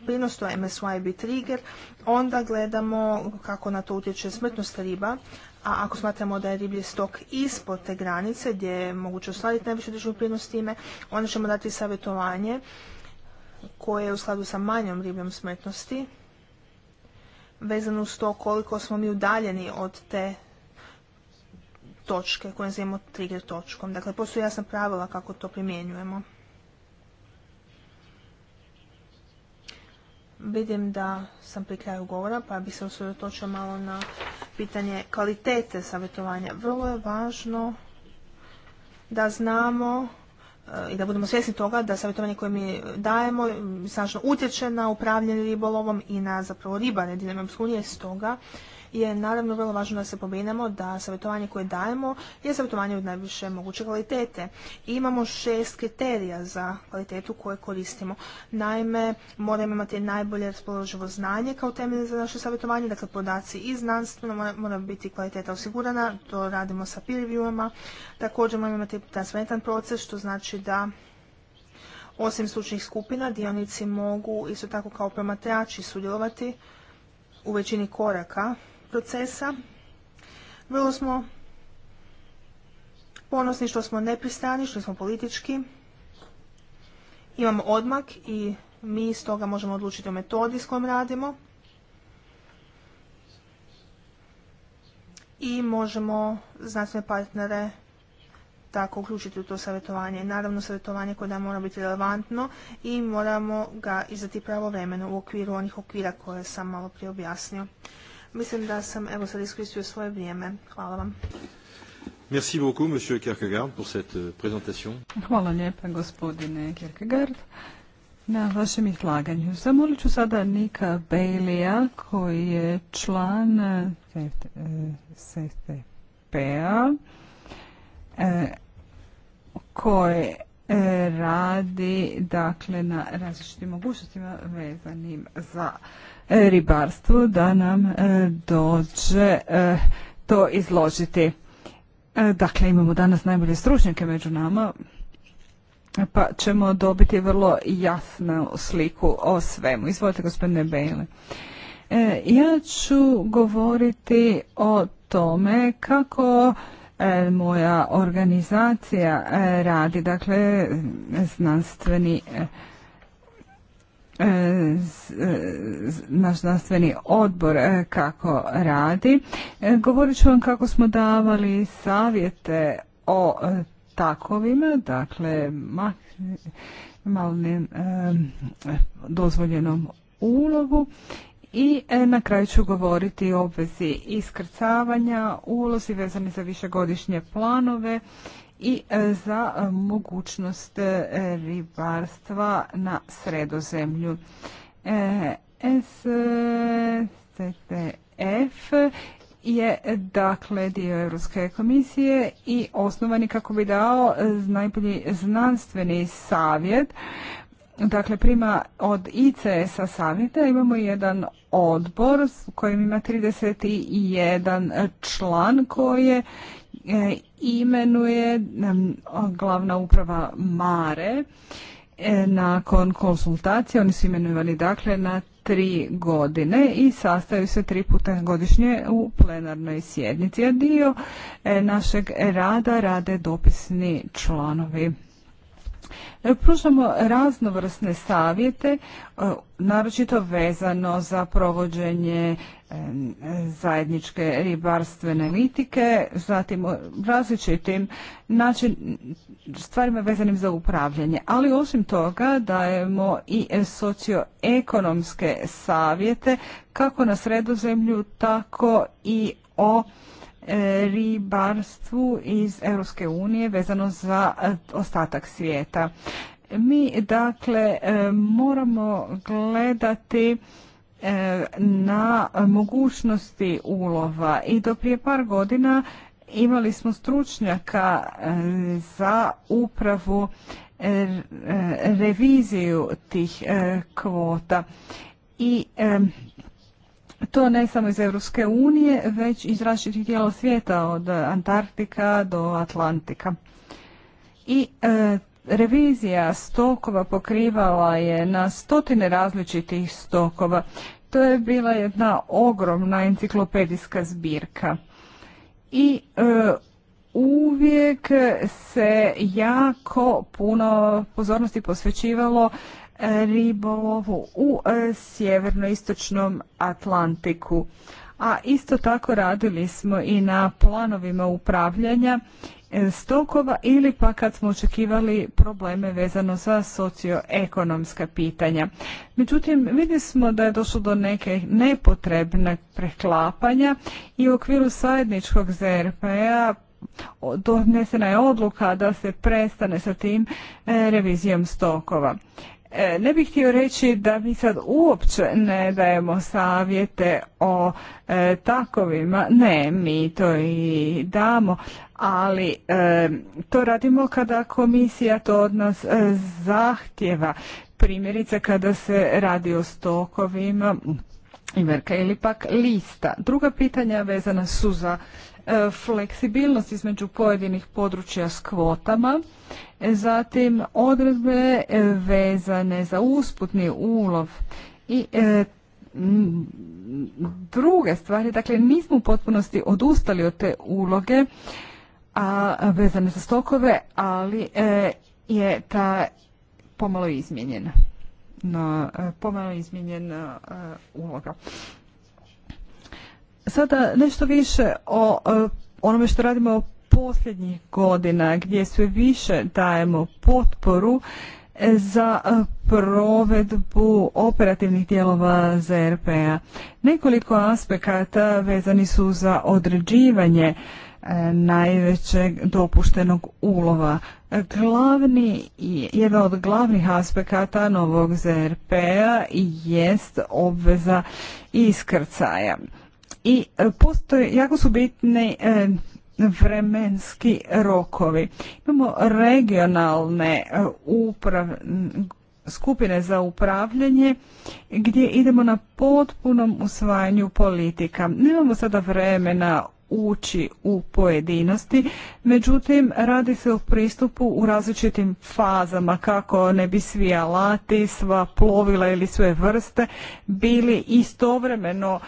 prinos, to je trigger, onda gledamo kako na to utječe smrtnost riba, a ako smatramo da je riblji stok ispod te granice gdje je moguće ostvariti najviše državnu prinos time, onda ćemo dati savjetovanje koje je u skladu sa manjom ribljom smrtnosti, vezano uz to koliko smo mi udaljeni od te točke koje nazivamo trigger točkom. Dakle, postoje jasna pravila kako to primjenjujemo. Vidim da sam pri kraju govora, pa bih se usredotočio malo na pitanje kvalitete savjetovanja. Vrlo je važno da znamo i da budemo svjesni toga da savjetovanje koje mi dajemo snažno utječe na upravljanje ribolovom i na zapravo ribane diljem Europske unije. Stoga je naravno vrlo važno da se pobrinemo da savjetovanje koje dajemo je savjetovanje od najviše moguće kvalitete. I imamo šest kriterija za kvalitetu koje koristimo. Naime, moramo imati najbolje raspoloživo znanje kao temelj za naše savjetovanje, dakle podaci i znanstveno mora, biti kvaliteta osigurana, to radimo sa peer reviewama. Također moramo imati transparentan proces, što znači da osim stručnih skupina, dionici mogu isto tako kao promatrači sudjelovati u većini koraka procesa. Vrlo smo ponosni što smo nepristrani, što smo politički. Imamo odmak i mi toga možemo odlučiti o metodi s kojom radimo. I možemo znanstvene partnere tako uključiti u to savjetovanje. Naravno, savjetovanje koje mora biti relevantno i moramo ga izdati pravovremeno u okviru onih okvira koje sam malo prije objasnio. Mislim da sam evo sad iskoristio svoje vrijeme. Hvala vam. Merci beaucoup, monsieur Kierkegaard, pour cette euh, présentation. Hvala lijepa, gospodine Kierkegaard, na vašem izlaganju. Zamolit ću sada Nika Bailey-a, koji je član eh, eh, SFP-a, eh, koji radi dakle, na različitim mogućnostima vezanim za ribarstvu da nam e, dođe e, to izložiti. E, dakle, imamo danas najbolje stručnjake među nama, pa ćemo dobiti vrlo jasnu sliku o svemu. Izvolite, gospodine Bejle. Ja ću govoriti o tome kako moja organizacija radi, dakle, znanstveni E, e, naš znanstveni odbor e, kako radi. Govorit ću vam kako smo davali savjete o takovim, dakle dozvoljenom ulovu i na kraju ću govoriti o obvezi iskrcavanja, ulozi vezani za višegodišnje planove i e, za e, mogućnost e, ribarstva na sredozemlju. SCTF je dakle dio Europske komisije i osnovani, kako bi dao najbolji znanstveni savjet. Dakle, prima od ICS-a savjeta imamo jedan odbor u kojem ima 31 član koji je E, imenuje glavna uprava Mare e, nakon konsultacije. Oni su imenovali dakle na tri godine i sastaju se tri puta godišnje u plenarnoj sjednici. A dio e, našeg rada rade dopisni članovi. Pružamo raznovrsne savjete, e, naročito vezano za provođenje e, zajedničke ribarstvene litike, zatim različitim način, stvarima vezanim za upravljanje. Ali osim toga dajemo i socioekonomske savjete kako na sredozemlju, tako i o E, ribarstvu iz Europske unije vezano za e, ostatak svijeta. Mi dakle e, moramo gledati na mogućnosti ulova i do prije par godina imali smo stručnjaka za upravu reviziju tih kvota i to ne samo iz Europske unije, već iz različitih dijela svijeta, od Antarktika do Atlantika. I e, revizija stokova pokrivala je na stotine različitih stokova. To je bila jedna ogromna enciklopedijska zbirka. I e, uvijek se jako puno pozornosti posvećivalo ribolovu u e, sjeverno-istočnom Atlantiku. A isto tako radili smo i na planovima upravljanja e, stokova ili pa kad smo očekivali probleme vezano za socioekonomska pitanja. Međutim, vidjeli smo da je došlo do neke nepotrebne preklapanja i u okviru zajedničkog ZRP-a donesena je odluka da se prestane sa tim e, revizijom stokova. E, ne bih htio reći da mi sad uopće ne dajemo savjete o e, takovima. Ne, mi to i damo, ali e, to radimo kada komisija to od nas e, zahtjeva. Primjerice kada se radi o stokovima, imerka ili pak lista. Druga pitanja vezana su za E, fleksibilnost između pojedinih područja s kvotama, e, zatim odredbe e, vezane za usputni ulov i druge stvari, dakle nismo u potpunosti odustali od te uloge a vezane za stokove, ali je ta pomalo izmijenjena. No, pomalo izmijenjena uloga. Sada nešto više o onome što radimo posljednjih godina gdje sve više dajemo potporu e, za e, provedbu operativnih dijelova ZRP-a. Nekoliko aspekata vezani su za određivanje e, najvećeg dopuštenog ulova. Glavni, jedan od glavnih aspekata novog ZRP-a jest obveza iskrcaja i e, postoje, jako su bitni e, vremenski rokovi. Imamo regionalne e, skupine za upravljanje gdje idemo na potpunom usvajanju politika. Nemamo sada vremena ući u pojedinosti, međutim radi se o pristupu u različitim fazama kako ne bi svi alati, sva plovila ili sve vrste bili istovremeno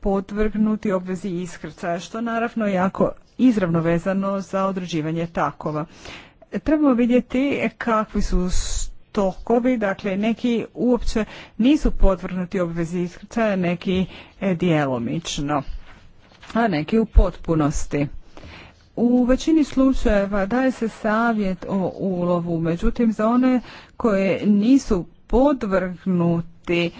podvrgnuti obvezi iskrcaja, što naravno je jako izravno vezano za određivanje takova. Trebamo vidjeti kakvi su tokovi, dakle neki uopće nisu podvrgnuti obvezi iskrcaja, neki e, djelomično, a neki u potpunosti. U većini slučajeva daje se savjet o ulovu, međutim za one koje nisu podvrgnuti e,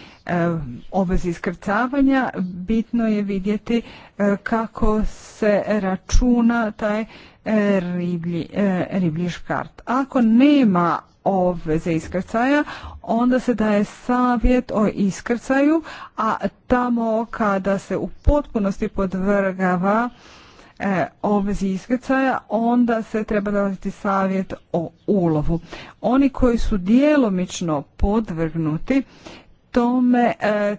obveze iskrcavanja, bitno je vidjeti e, kako se računa taj e, riblji, e, riblji škart. Ako nema obveze iskrcaja, onda se daje savjet o iskrcaju, a tamo kada se u potpunosti podvrgava obvezi iskrcaja, onda se treba dati savjet o ulovu. Oni koji su djelomično podvrgnuti tome e,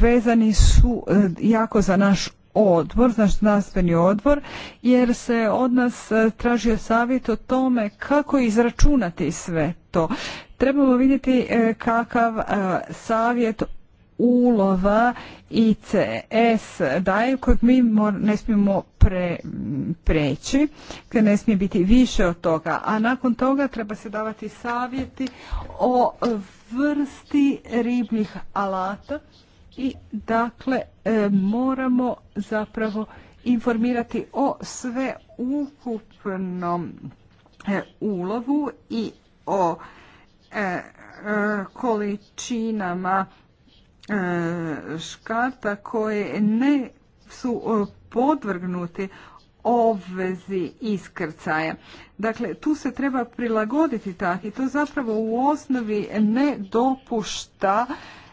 vezani su e, jako za naš odbor, znači znanstveni odbor, jer se od nas e, tražio savjet o tome kako izračunati sve to. Trebamo vidjeti kakav savjet ulova ICS daje kojeg mi ne smijemo pre, preći, da ne smije biti više od toga, a nakon toga treba se davati savjeti o vrsti ribnih alata i dakle e, moramo zapravo informirati o sve ukupnom e, ulovu i o e, količinama škarta koje ne su e, podvrgnuti obvezi iskrcaja. Dakle, tu se treba prilagoditi tako i to zapravo u osnovi ne dopušta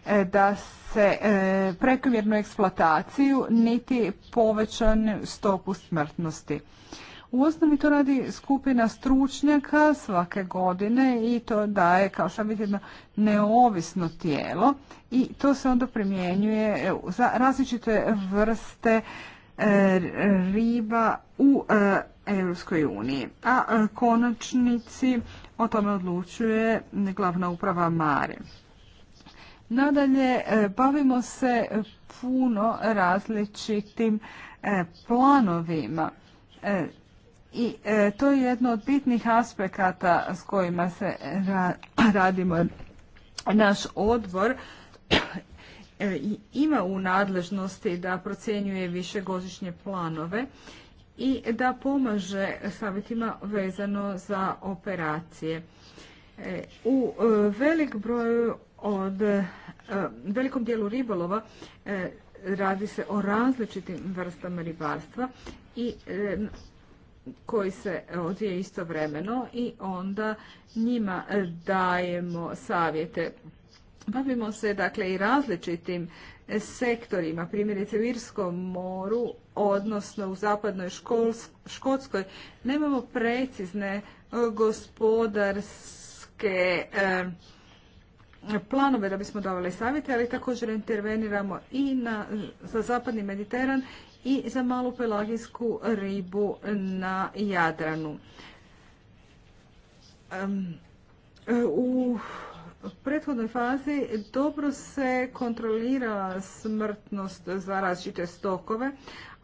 e, da se e, prekomjernu eksploataciju niti povećanu stopu smrtnosti. U osnovi to radi skupina stručnjaka svake godine i to daje, kao što vidimo, neovisno tijelo i to se onda primjenjuje za različite vrste e, riba u e, Europskoj uniji. A e, konačnici o tome odlučuje glavna uprava Mare. Nadalje, bavimo se puno različitim planovima. I e, to je jedno od bitnih aspekata s kojima se ra radimo. Naš odbor e, ima u nadležnosti da procjenjuje višegodišnje planove i da pomaže savjetima vezano za operacije. E, u velik broju od velikom dijelu ribolova radi se o različitim vrstama ribarstva i koji se odvije istovremeno i onda njima e, dajemo savjete. Bavimo se dakle i različitim e, sektorima, primjerice u Irskom moru, odnosno u zapadnoj Škotskoj, nemamo precizne e, gospodarske planove da bismo davali savjete, ali također interveniramo i na, za zapadni Mediteran i za malu pelagijsku ribu na Jadranu. U prethodnoj fazi dobro se kontrolira smrtnost za različite stokove,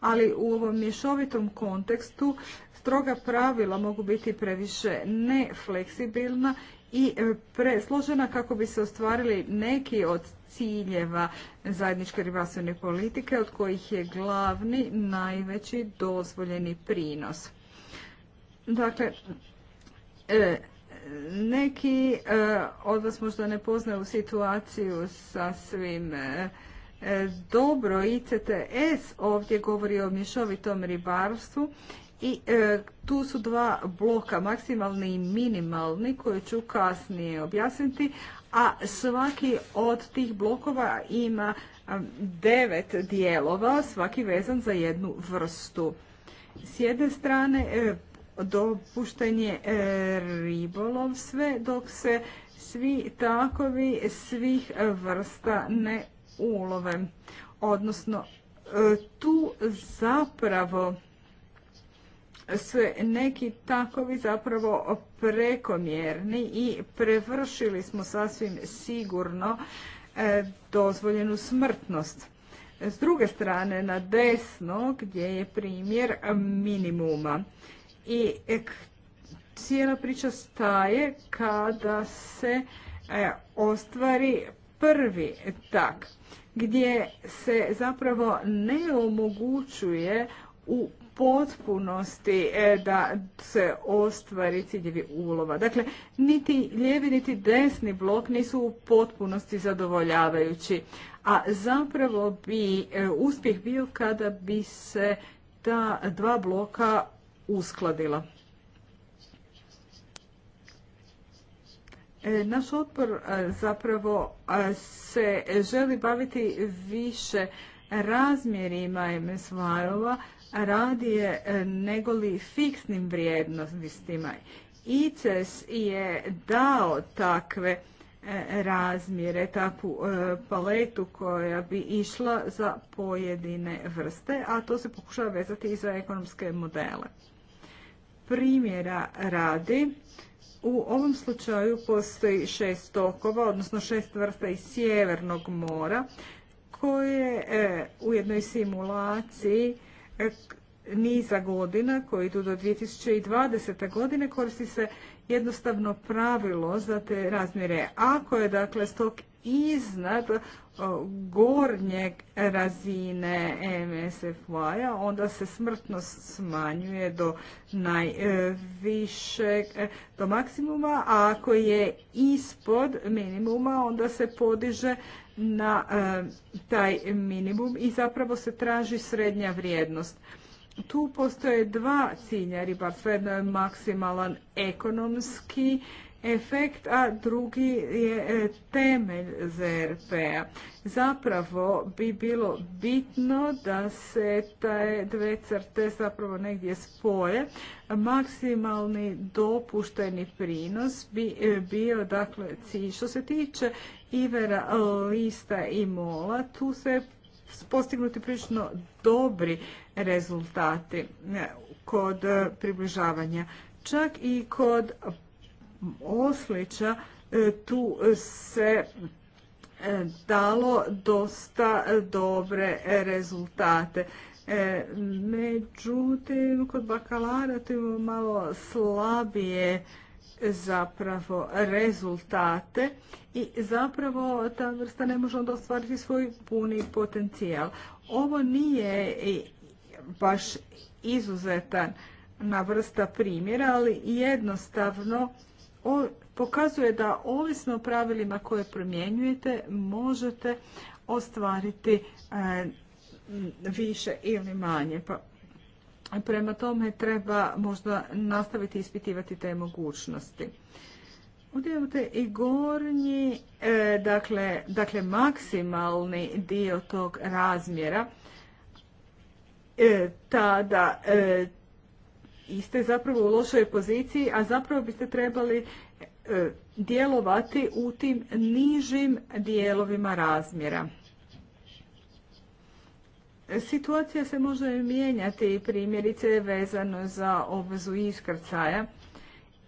ali u ovom mješovitom kontekstu stroga pravila mogu biti previše nefleksibilna i e, presložena kako bi se ostvarili neki od ciljeva zajedničke ribarstvene politike od kojih je glavni najveći dozvoljeni prinos. Dakle, e, neki e, od vas možda ne poznaju situaciju sa svim e, dobro ICTS ovdje govori o mješovitom ribarstvu i tu su dva bloka, maksimalni i minimalni, koje ću kasnije objasniti, a svaki od tih blokova ima devet dijelova, svaki vezan za jednu vrstu. S jedne strane e, dopušten je e, ribolov sve dok se svi takovi svih vrsta ne ulove. Odnosno, e, tu zapravo su neki takovi zapravo prekomjerni i prevršili smo sasvim sigurno e, dozvoljenu smrtnost. S druge strane, na desno, gdje je primjer minimuma. I e, cijela priča staje kada se e, ostvari prvi tak, gdje se zapravo ne omogućuje u potpunosti e, da se ostvari ciljevi ulova. Dakle, niti lijevi niti desni blok nisu u potpunosti zadovoljavajući, a zapravo bi e, uspjeh bio kada bi se ta dva bloka uskladila. E, naš otpor zapravo se želi baviti više razmjerima MS ova je e, negoli fiksnim vrijednostima. ICES je dao takve e, razmjere, takvu e, paletu koja bi išla za pojedine vrste, a to se pokušava vezati i za ekonomske modele. Primjera radi, u ovom slučaju postoji šest tokova, odnosno šest vrsta iz Sjevernog mora, koje u jednoj simulaciji niza godina koji idu do 2020. godine koristi se jednostavno pravilo za te razmjere. Ako je dakle stok iznad gornje razine MSFY-a, onda se smrtnost smanjuje do najvišeg, e, do maksimuma, a ako je ispod minimuma, onda se podiže na e, taj minimum i zapravo se traži srednja vrijednost. Tu postoje dva cilja ribarstva. Jedno je maksimalan ekonomski efekt, a drugi je e, temelj ZRP-a. Zapravo bi bilo bitno da se te dve crte zapravo negdje spoje. Maksimalni dopušteni prinos bi e, bio, dakle, cilj. Što se tiče Ivera, Lista i Mola, tu se postignuti prilično dobri rezultati e, kod približavanja. Čak i kod oslića e, tu se e, dalo dosta dobre rezultate. E, međutim, kod bakalara tu imamo malo slabije zapravo rezultate i zapravo ta vrsta ne može onda ostvariti svoj puni potencijal. Ovo nije baš izuzetan na vrsta primjera, ali jednostavno pokazuje da ovisno o pravilima koje promjenjujete možete ostvariti e, više ili manje. Pa, prema tome treba možda nastaviti ispitivati te mogućnosti. Ovdje imate i gornji, e, dakle, dakle maksimalni dio tog razmjera. E, tada i ste zapravo u lošoj poziciji, a zapravo biste trebali e, djelovati u tim nižim dijelovima razmjera. Situacija se može mijenjati, primjerice vezano za obvezu iskrcaja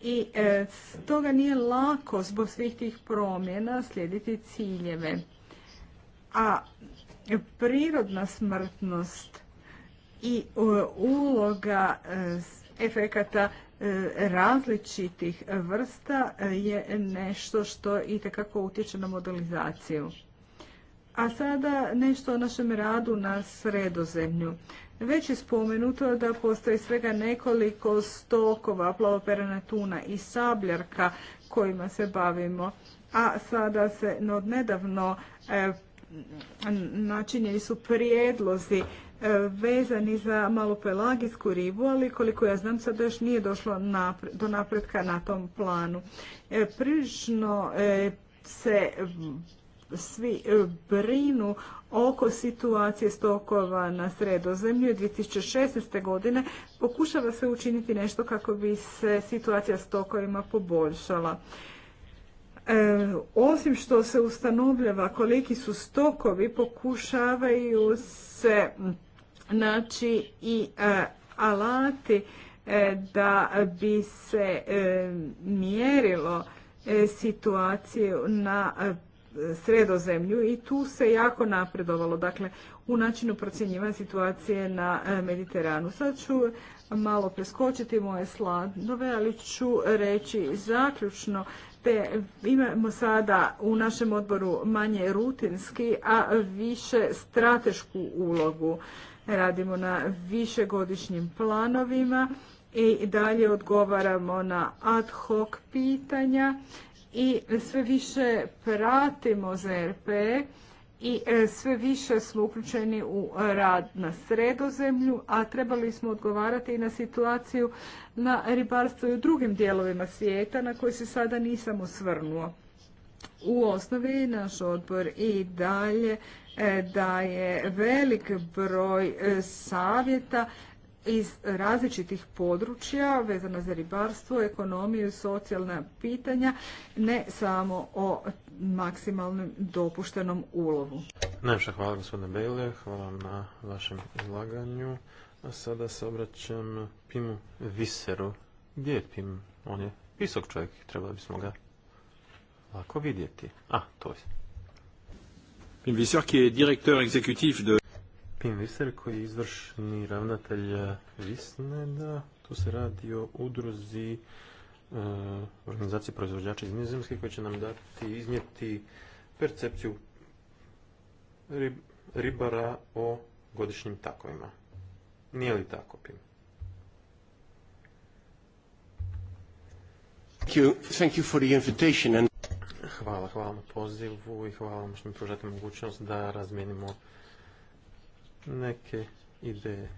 i e, stoga nije lako zbog svih tih promjena slijediti ciljeve. A prirodna smrtnost i e, uloga efekata e, različitih vrsta e, je nešto što i tekako utječe na modelizaciju. A sada nešto o našem radu na sredozemlju. Već je spomenuto da postoji svega nekoliko stokova plavoperana tuna i sabljarka kojima se bavimo, a sada se no, nedavno e, načinjeni su prijedlozi vezani za pelagijsku ribu, ali koliko ja znam sad još nije došlo do napretka na tom planu. E, Prilično e, se svi e, brinu oko situacije stokova na sredozemlju. 2016. godine pokušava se učiniti nešto kako bi se situacija stokovima poboljšala. osim što se ustanovljava koliki su stokovi, pokušavaju se Znači i e, alati e, da bi se e, mjerilo situaciju na sredozemlju i tu se jako napredovalo. Dakle, u načinu procjenjivanja situacije na Mediteranu. Sad ću malo preskočiti moje sladove, ali ću reći zaključno te imamo sada u našem odboru manje rutinski, a više stratešku ulogu radimo na višegodišnjim planovima i dalje odgovaramo na ad hoc pitanja i sve više pratimo ZRP i e, sve više smo uključeni u rad na sredozemlju, a trebali smo odgovarati i na situaciju na ribarstvu i u drugim dijelovima svijeta na koje se sada nisam osvrnuo. U osnovi naš odbor i dalje e, daje velik broj e, savjeta iz različitih područja vezano za ribarstvo, ekonomiju, i socijalna pitanja, ne samo o maksimalnom dopuštenom ulovu. Najviše hvala gospodine Bejle, hvala vam na vašem izlaganju. A sada se obraćam Pimu Viseru. Gdje je Pim? On je pisok čovjek, trebali bismo ga lako vidjeti. A, to je. Pim Visser, koji je direktor exekutiv de... Pim Visser, koji je izvršni ravnatelj eh, Visneda. Tu se radi o udruzi eh, organizaciji organizacije proizvođača iz Nizemske koji će nam dati iznijeti percepciju ribara o godišnjim takovima. Nije li tako, Pim? thank you for the invitation and Hvala, hvala na pozivu i hvala vam što mi pružate mogućnost da razmijenimo neke ideje.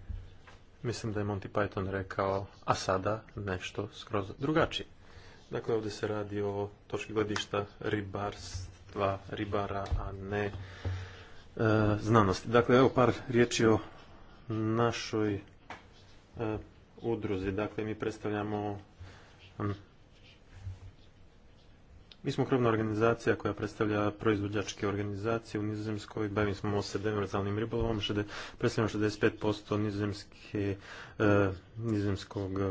Mislim da je Monty Python rekao, a sada nešto skroz drugačije. Dakle, ovdje se radi o točki gledišta ribarstva, ribara, a ne e, znanosti. Dakle, evo par riječi o našoj e, udruzi. Dakle, mi predstavljamo mi smo krovna organizacija koja predstavlja proizvođačke organizacije u Nizozemskoj. Bavim smo se demerzalnim ribolovom, predstavljamo 65% nizozemske, e, nizozemskog e,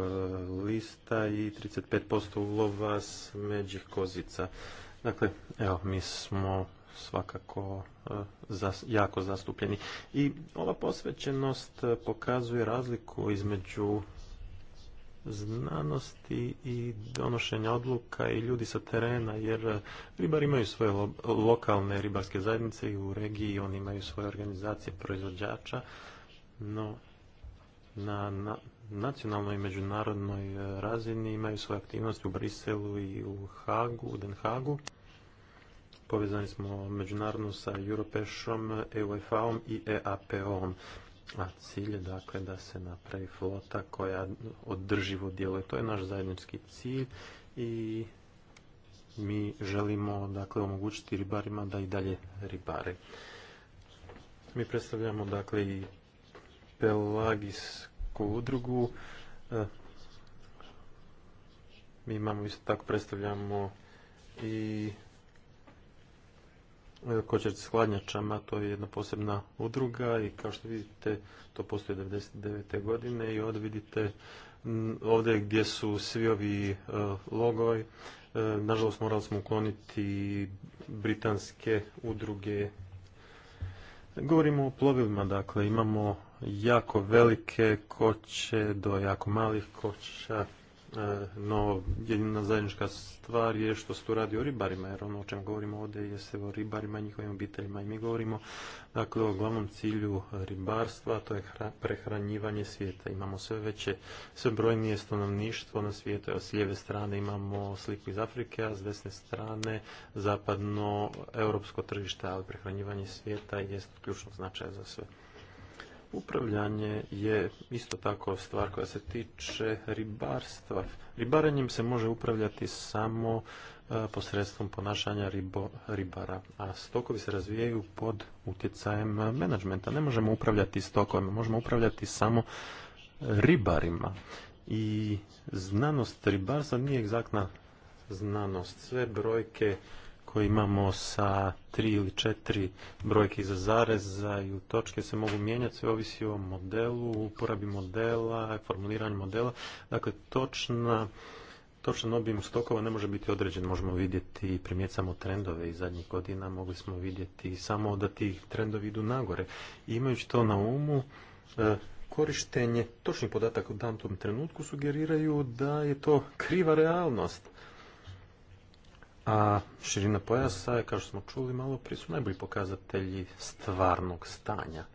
lista i 35% ulova međih kozica. Dakle, evo, mi smo svakako e, jako zastupljeni. I ova posvećenost pokazuje razliku između znanosti i donošenja odluka i ljudi sa terena, jer ribari imaju svoje lokalne ribarske zajednice i u regiji oni imaju svoje organizacije proizvođača, no na, nacionalnoj i međunarodnoj e, razini imaju svoje aktivnosti u Briselu i u Hagu, u Den Hagu. Povezani smo međunarodno sa Europešom, EUFA-om i EAP-om. A cilj je dakle da se napravi flota koja održivo djeluje. To je naš zajednički cilj i mi želimo dakle omogućiti ribarima da i dalje ribare. Mi predstavljamo dakle i pelagijsku udrugu. E, mi imamo isto tako predstavljamo i E, Kočarci s hladnjačama, to je jedna posebna udruga i kao što vidite to postoje 99. godine i ovdje vidite ovdje gdje su svi ovi e, logovi. E, nažalost morali smo ukloniti britanske udruge. Govorimo o plovilima, dakle imamo jako velike koće do jako malih koća, E, no jedina zajednička stvar je što se tu radi o ribarima, jer ono o čem govorimo ovdje je se o ribarima i njihovim obiteljima i mi govorimo dakle o glavnom cilju ribarstva, to je prehranjivanje svijeta. Imamo sve veće, sve brojnije stanovništvo na svijetu, s lijeve strane imamo sliku iz Afrike, a s desne strane zapadno europsko tržište, ali prehranjivanje svijeta jest ključno značaja za sve. Upravljanje je isto tako stvar koja se tiče ribarstva. Ribarenjem se može upravljati samo e, posredstvom ponašanja ribo, ribara, a stokovi se razvijaju pod utjecajem menadžmenta. Ne možemo upravljati stokovima, možemo upravljati samo ribarima. I znanost ribarstva nije egzaktna znanost. Sve brojke koje imamo sa tri ili četiri brojke iza zareza i u točke se mogu mijenjati, sve ovisi o modelu, uporabi modela, formuliranju modela. Dakle, točna, točan obim stokova ne može biti određen. Možemo vidjeti i primijeti samo trendove iz zadnjih godina, mogli smo vidjeti samo da ti trendovi idu nagore. I imajući to na umu, e, korištenje točnih podataka u tom trenutku sugeriraju da je to kriva realnost a širina pojasa je, kao što smo čuli malo prije, su najbolji pokazatelji stvarnog stanja.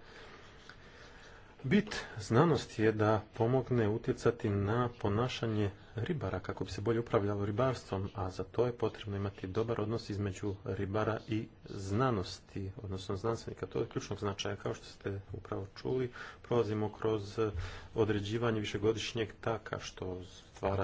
Bit znanosti je da pomogne utjecati na ponašanje ribara kako bi se bolje upravljalo ribarstvom, a za to je potrebno imati dobar odnos između ribara i znanosti, odnosno znanstvenika. To je ključnog značaja. Kao što ste upravo čuli, prolazimo kroz određivanje višegodišnjeg taka, što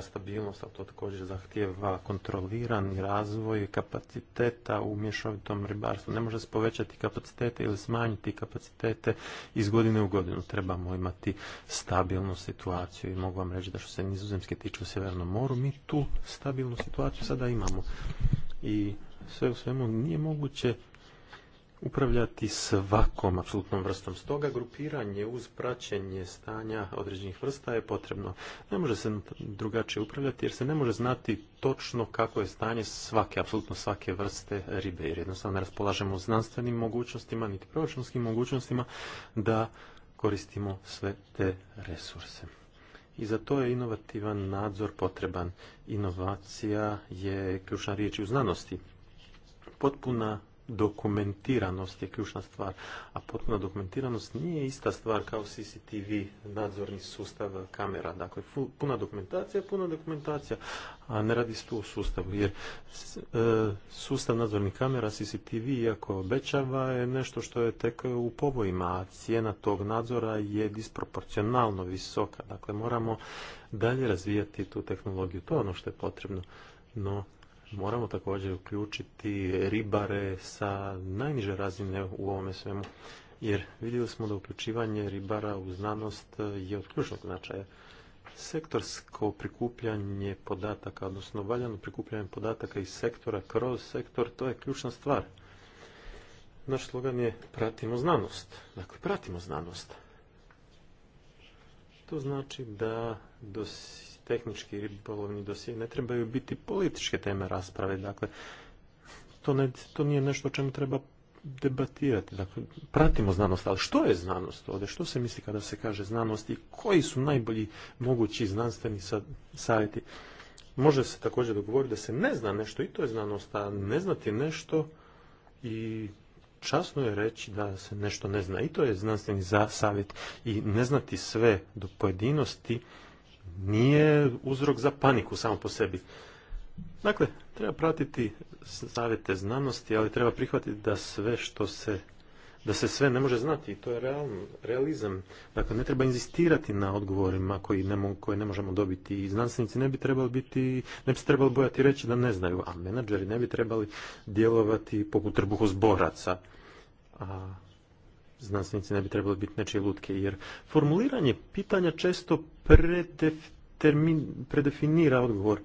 stabilnost, ali to također zahtijeva kontrolirani razvoj kapaciteta u mješovitom ribarstvu. Ne može se povećati kapacitete ili smanjiti kapacitete iz godine u godinu. Trebamo imati stabilnu situaciju i mogu vam reći da što se nizozemske tiče u Sjevernom moru, mi tu stabilnu situaciju sada imamo. I sve u svemu nije moguće upravljati svakom apsolutnom vrstom. Stoga grupiranje uz praćenje stanja određenih vrsta je potrebno. Ne može se drugačije upravljati jer se ne može znati točno kako je stanje svake, apsolutno svake vrste ribe jer jednostavno ne raspolažemo znanstvenim mogućnostima niti proračunskim mogućnostima da koristimo sve te resurse. I za to je inovativan nadzor potreban. Inovacija je ključna riječ u znanosti. Potpuna dokumentiranost je ključna stvar, a potpuna dokumentiranost nije ista stvar kao CCTV nadzorni sustav kamera. Dakle, puna dokumentacija, puna dokumentacija, a ne radi se tu o sustavu, jer e, sustav nadzornih kamera CCTV, iako obećava, je nešto što je tek u povojima, a cijena tog nadzora je disproporcionalno visoka. Dakle, moramo dalje razvijati tu tehnologiju, to je ono što je potrebno, no moramo također uključiti ribare sa najniže razine u ovome svemu, jer vidjeli smo da uključivanje ribara u znanost je od ključnog značaja. Sektorsko prikupljanje podataka, odnosno valjano prikupljanje podataka iz sektora kroz sektor, to je ključna stvar. Naš slogan je pratimo znanost. Dakle, pratimo znanost. To znači da dosi tehnički ribolovni dosije, ne trebaju biti političke teme rasprave, dakle, to, ne, to nije nešto o čemu treba debatirati. Dakle, pratimo znanost, ali što je znanost ovdje? Što se misli kada se kaže znanost i koji su najbolji mogući znanstveni savjeti? Može se također dogovoriti da se ne zna nešto i to je znanost, a ne znati nešto i časno je reći da se nešto ne zna i to je znanstveni za savjet i ne znati sve do pojedinosti nije uzrok za paniku samo po sebi. Dakle, treba pratiti savjete znanosti, ali treba prihvatiti da sve što se da se sve ne može znati i to je realizam. Dakle, ne treba inzistirati na odgovorima koji ne koje ne možemo dobiti i znanstvenici ne bi trebali biti, ne bi se trebali bojati reći da ne znaju, a menadžeri ne bi trebali djelovati poput trbuhozboraca. A znanstvenici ne bi trebali biti nečije lutke, jer formuliranje pitanja često predefinira odgovor.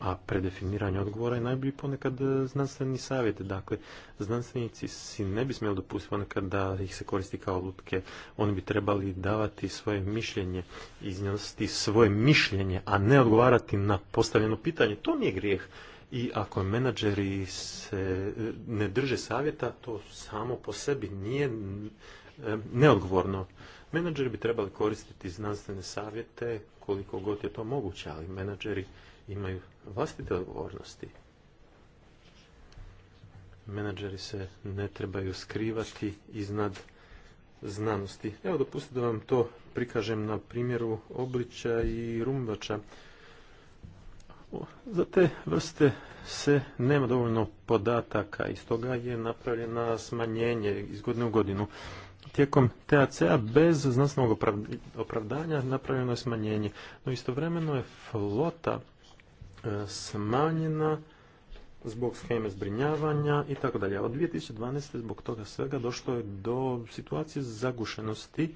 A predefiniranje odgovora je najbolji ponekad e, znanstveni savjet. Dakle, znanstvenici si ne bi smjeli dopustiti ponekad da ih se koristi kao lutke. Oni bi trebali davati svoje mišljenje, iznositi svoje mišljenje, a ne odgovarati na postavljeno pitanje. To nije grijeh i ako menadžeri se e, ne drže savjeta, to samo po sebi nije e, neodgovorno. Menadžeri bi trebali koristiti znanstvene savjete koliko god je to moguće, ali menadžeri imaju vlastite odgovornosti. Menadžeri se ne trebaju skrivati iznad znanosti. Evo dopustite da vam to prikažem na primjeru obliča i rumbača. Za te vrste se nema dovoljno podataka i stoga je napravljena smanjenje iz godine u godinu. Tijekom TAC-a bez znanstvenog opravdanja napravljeno je smanjenje, no istovremeno je flota e, smanjena zbog scheme zbrinjavanja i tako dalje. Od 2012. zbog toga svega došlo je do situacije zagušenosti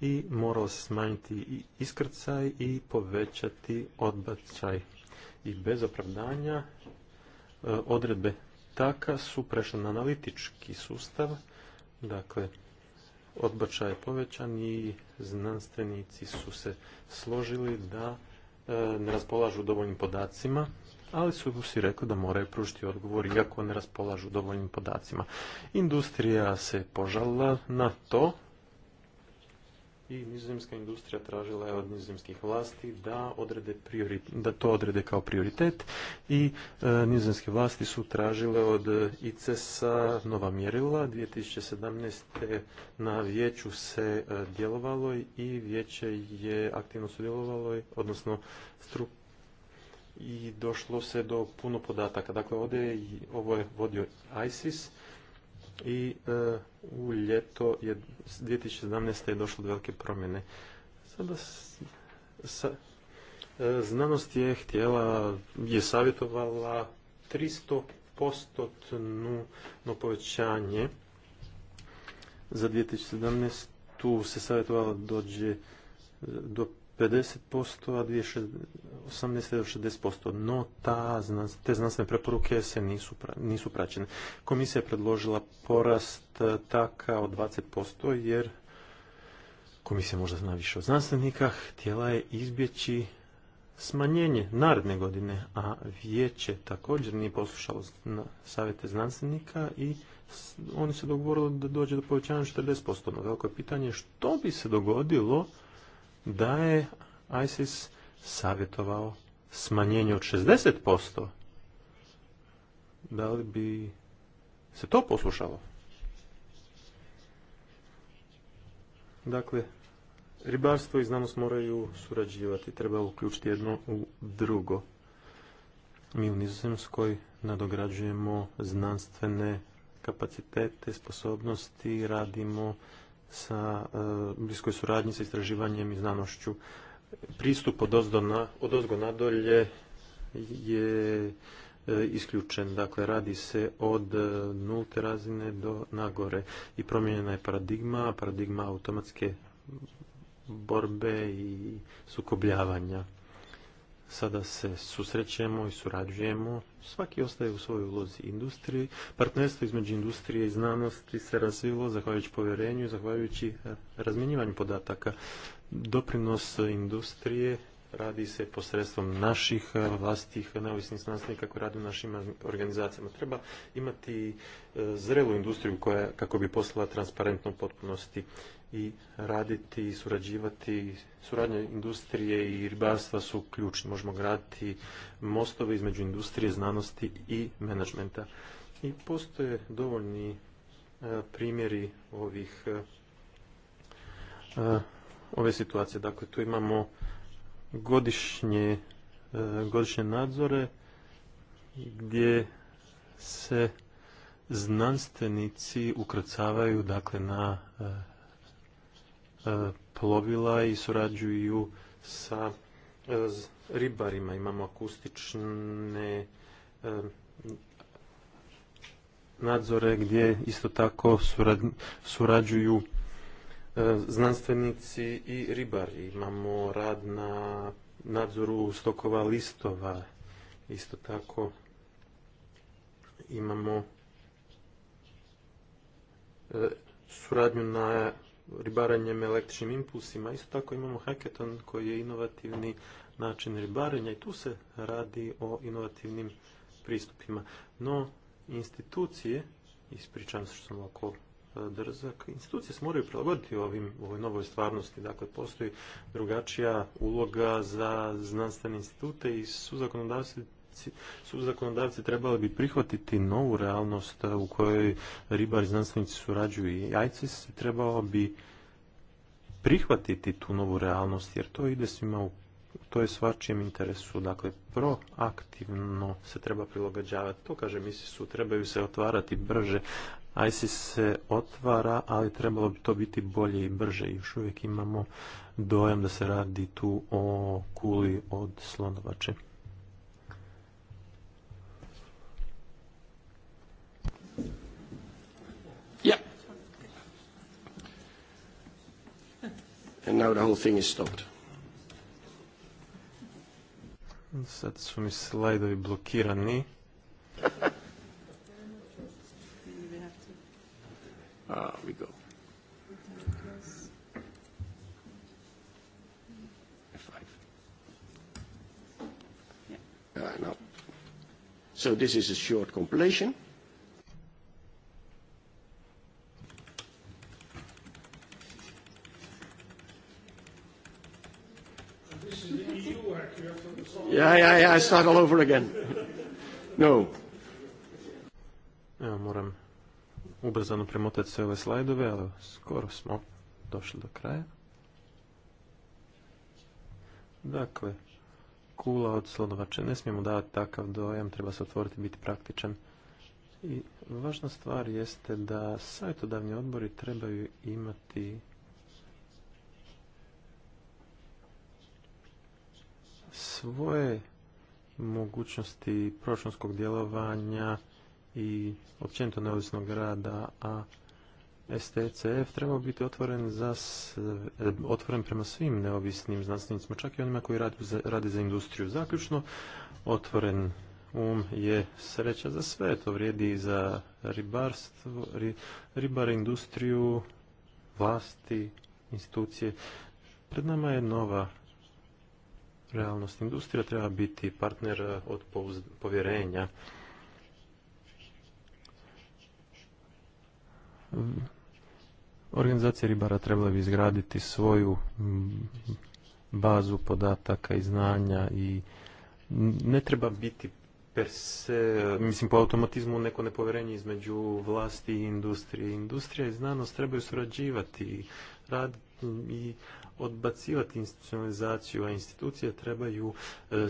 i morao se smanjiti i iskrcaj i povećati odbačaj i bez opravdanja e, odredbe taka su prešle na analitički sustav, dakle odbačaj je povećan i znanstvenici su se složili da e, ne raspolažu dovoljnim podacima, ali su si rekli da moraju pružiti odgovor iako ne raspolažu dovoljnim podacima. Industrija se požalila na to, i nizozemska industrija tražila je od nizozemskih vlasti da, odrede da to odrede kao prioritet i e, nizozemske vlasti su tražile od ICES-a nova mjerila. 2017. na vijeću se e, djelovalo i vijeće je aktivno sudjelovalo, odnosno stru i došlo se do puno podataka. Dakle, ovdje je ovo je vodio ISIS, i e, u ljeto je 2017. je došlo do velike promjene. Sada sa, e, znanost je htjela, je savjetovala 300 no povećanje za 2017. Tu se savjetovala dođe do 50%, a 2018. do 60%. No, ta, te znanstvene preporuke se nisu, nisu praćene. Komisija je predložila porast e, taka od 20%, jer komisija možda zna više o znanstvenika, htjela je izbjeći smanjenje naredne godine, a vijeće također nije poslušalo savjete znanstvenika i oni se dogovorili da dođe do povećanja 40%. No, veliko je pitanje što bi se dogodilo da je ISIS savjetovao smanjenje od 60%. Da li bi se to poslušalo? Dakle, ribarstvo i znanost moraju surađivati. Treba uključiti jedno u drugo. Mi u Nizozemskoj nadograđujemo znanstvene kapacitete, sposobnosti, radimo sa e, bliskoj suradnji sa istraživanjem i znanošću. Pristup od ozgo nadolje je e, isključen. Dakle, radi se od e, nulte razine do nagore. I promijenjena je paradigma, paradigma automatske borbe i sukobljavanja sada se susrećemo i surađujemo, svaki ostaje u svojoj ulozi industriji. Partnerstvo između industrije i znanosti se razvilo zahvaljujući povjerenju zahvaljujući e, razmjenjivanju podataka. Doprinos industrije radi se posredstvom naših e, vlastitih neovisnih znanstvenika koji radi u našim organizacijama. Treba imati e, zrelu industriju koja, kako bi poslala transparentno u potpunosti i raditi i surađivati. suradnje industrije i ribarstva su ključni. Možemo graditi mostove između industrije, znanosti i menadžmenta. I postoje dovoljni e, primjeri ovih e, e, ove situacije. Dakle, tu imamo godišnje, godišnje nadzore gdje se znanstvenici ukrcavaju dakle na plovila i surađuju sa e, ribarima. Imamo akustične e, nadzore gdje isto tako surađuju e, znanstvenici i ribari. Imamo rad na nadzoru stokova listova. Isto tako imamo suradnju na ribarenjem električnim impulsima. Isto tako imamo hackathon koji je inovativni način ribarenja i tu se radi o inovativnim pristupima. No, institucije, ispričam se što sam oko e, drzak, institucije se moraju prilagoditi ovim, ovoj novoj stvarnosti. Dakle, postoji drugačija uloga za znanstvene institute i su zakonodavci su zakonodavci trebali bi prihvatiti novu realnost e, u kojoj ribari znanstvenici surađuju i ICIS trebao bi prihvatiti tu novu realnost jer to ide svima u to je svačijem interesu, dakle proaktivno se treba prilagođavati. To kaže misli su, trebaju se otvarati brže. ISIS se otvara, ali trebalo bi to biti bolje i brže. Još uvijek imamo dojam da se radi tu o kuli od slonovače. And now the whole thing is stopped. Sad su mi slajdovi blokirani. ah, we go. Uh, no. So this is a short compilation. start over again. No. Evo, moram ubrzano premotati sve ove slajdove, ali skoro smo došli do kraja. Dakle, kula od slonovače. Ne smijemo davati takav dojam, treba se otvoriti biti praktičan. I važna stvar jeste da savjetodavni odbori trebaju imati svoje mogućnosti proračunskog djelovanja i općenito neovisnog rada, a STCF trebao biti otvoren, za, e, otvoren prema svim neovisnim znanstvenicima, čak i onima koji rade za, za industriju. Zaključno, otvoren um je sreća za sve. To vrijedi i za ribarstvo, ri, industriju, vlasti, institucije. Pred nama je nova realnost. Industrija treba biti partner eh, od povjerenja. Organizacije ribara trebala bi izgraditi svoju mm, bazu podataka i znanja i ne treba biti per se, mislim po automatizmu neko nepovjerenje između vlasti i industrije. Industrija i znanost trebaju surađivati rad i odbacivati institucionalizaciju, a institucije trebaju e,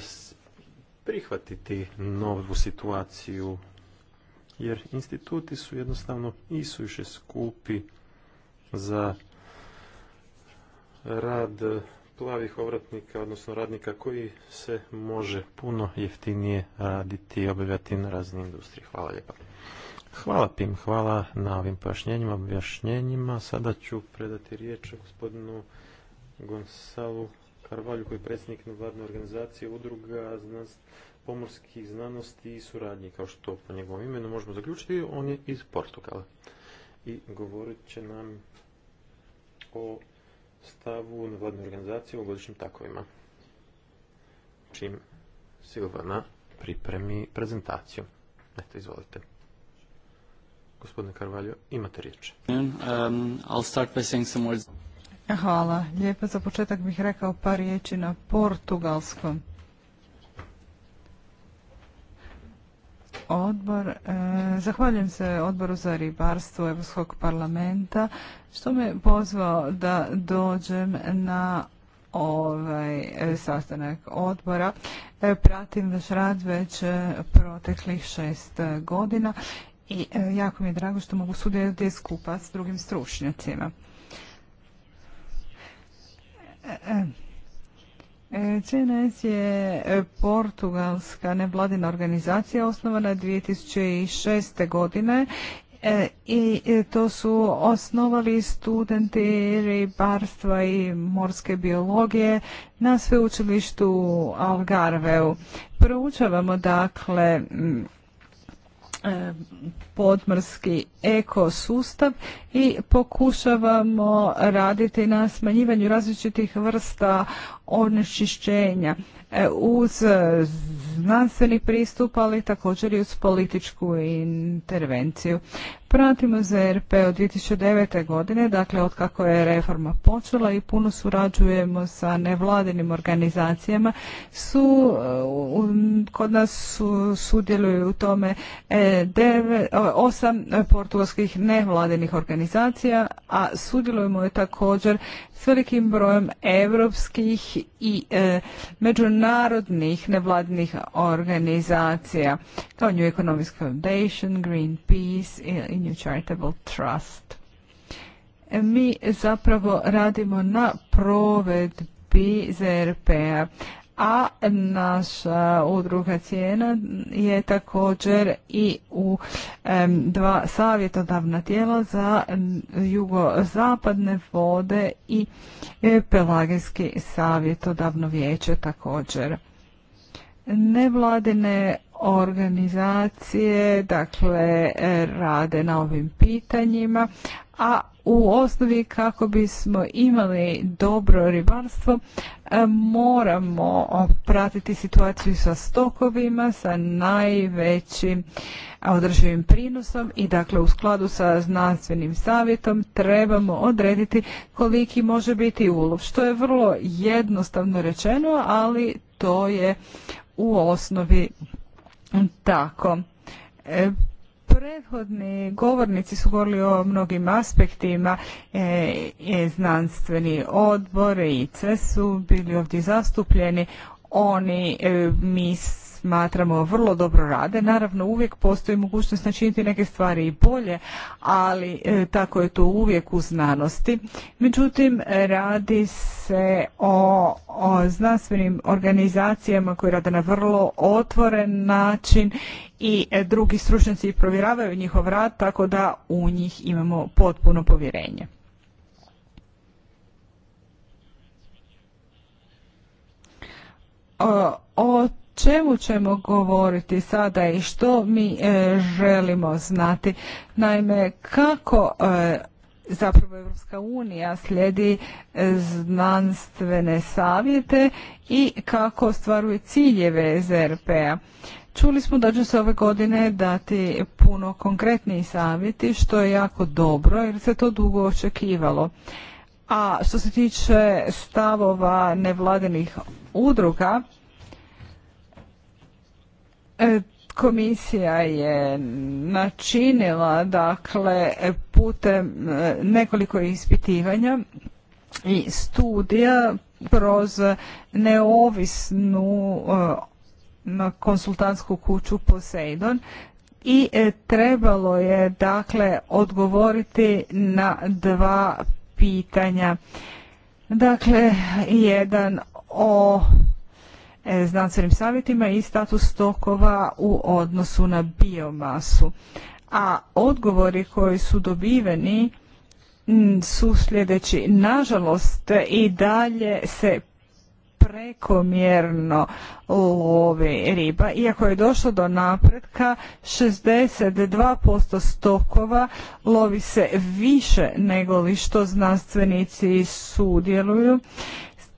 prihvatiti novu situaciju, jer instituti su jednostavno više skupi za rad plavih ovratnika, odnosno radnika koji se može puno jeftinije raditi i obavljati na razni industriji. Hvala lijepa. Hvala Pim, hvala na ovim pojašnjenjima, objašnjenjima. Sada ću predati riječ gospodinu Gonzalo Karvalju koji je predsjednik nevladne organizacije udruga pomorskih znanosti i suradnje, kao što po njegovom imenu možemo zaključiti, on je iz Portugala. I govorit će nam o stavu nevladne organizacije u godišnjim takovima. Čim Silvana pripremi prezentaciju. Eto, izvolite. Gospodine Karvalju imate riječ. Um, Hvala. Lijepo za početak bih rekao par riječi na portugalskom. Odbor, e, zahvaljujem se odboru za ribarstvo Europskog parlamenta što me pozvao da dođem na ovaj e, sastanak odbora. E, pratim vaš rad već proteklih šest godina i jako mi je drago što mogu sudjelovati skupa s drugim stručnjacima. CNS je e, portugalska nevladina organizacija osnovana 2006. godine e, i e, to su osnovali studenti ribarstva i morske biologije na sveučilištu Algarveu. Proučavamo dakle podmorski ekosustav i pokušavamo raditi na smanjivanju različitih vrsta onečišćenja e, uz znanstveni pristup, ali također i uz političku intervenciju. Pratimo ZRP od 2009. godine, dakle od kako je reforma počela i puno surađujemo sa nevladinim organizacijama. Su, kod nas su, sudjeluju u tome e, osam portugalskih nevladinih organizacija, a sudjelujemo je također s velikim brojem europskih i e, međunarodnih nevladinih organizacija kao New Economics Foundation, Greenpeace i New Charitable Trust. Mi zapravo radimo na provedbi ZRP-a, a naša udruga cijena je također i u dva savjetodavna tijela za jugozapadne vode i e, pelagijski savjetodavno vijeće također. Nevladine organizacije dakle e, rade na ovim pitanjima, a u osnovi kako bismo imali dobro ribarstvo e, moramo pratiti situaciju sa stokovima, sa najvećim održivim prinosom i dakle u skladu sa znanstvenim savjetom trebamo odrediti koliki može biti ulov, što je vrlo jednostavno rečeno, ali to je u osnovi tako. E, prethodni govornici su govorili o mnogim aspektima, e, e znanstveni odbor i CES su bili ovdje zastupljeni, oni e, mis smatramo vrlo dobro rade. Naravno uvijek postoji mogućnost načiniti neke stvari i bolje, ali e, tako je to uvijek u znanosti. Međutim, radi se o, o znanstvenim organizacijama koje rade na vrlo otvoren način i e, drugi stručnjaci provjeravaju njihov rad, tako da u njih imamo potpuno povjerenje. O čemu ćemo govoriti sada i što mi e, želimo znati. Naime, kako e, zapravo Europska unija slijedi e, znanstvene savjete i kako ostvaruje ciljeve ZRP-a. Čuli smo da će se ove godine dati puno konkretniji savjeti, što je jako dobro jer se to dugo očekivalo. A što se tiče stavova nevladinih udruga, E, komisija je načinila dakle putem e, nekoliko ispitivanja i studija kroz neovisnu e, konsultantsku kuću Poseidon i trebalo je dakle odgovoriti na dva pitanja. Dakle, jedan o E, znanstvenim savjetima i status stokova u odnosu na biomasu. A odgovori koji su dobiveni su sljedeći. Nažalost, i dalje se prekomjerno lovi riba. Iako je došlo do napretka, 62% stokova lovi se više nego li što znanstvenici sudjeluju.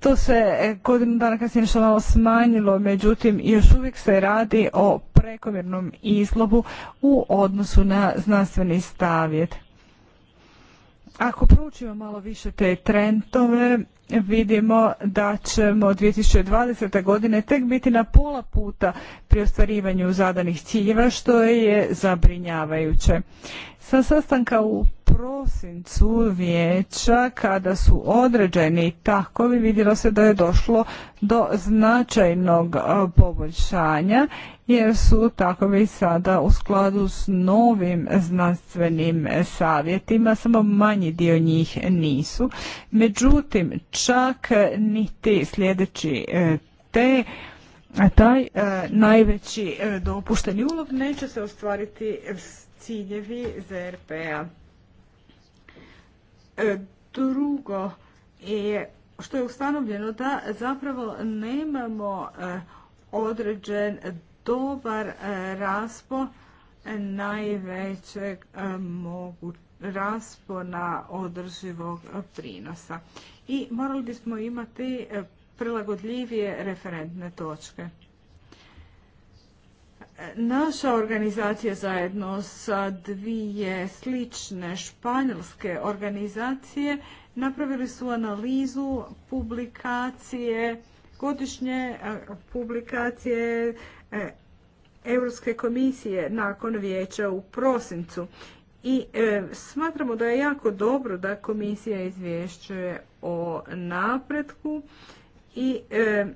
To se e, godinu dana kasnije što malo smanjilo, međutim još uvijek se radi o prekomjernom izlovu u odnosu na znanstveni stavjet. Ako proučimo malo više te trendove, vidimo da ćemo 2020. godine tek biti na pola puta pri ostvarivanju zadanih ciljeva, što je zabrinjavajuće. Sa sastanka u prosincu vijeća kada su određeni takovi vidjelo se da je došlo do značajnog poboljšanja jer su takovi sada u skladu s novim znanstvenim e, savjetima, samo manji dio njih nisu. Međutim, čak niti sljedeći e, te taj e, najveći dopušteni ulog neće se ostvariti ciljevi ZRP-a. E, drugo je što je ustanovljeno da zapravo nemamo e, određen dobar e, raspon najvećeg mogućeg raspona održivog prinosa. I morali bismo imati prilagodljivije referentne točke. Naša organizacija zajedno sa dvije slične španjolske organizacije napravili su analizu publikacije, godišnje publikacije e, Europske komisije nakon vijeća u prosincu. I e, smatramo da je jako dobro da komisija izvješćuje o napretku i e,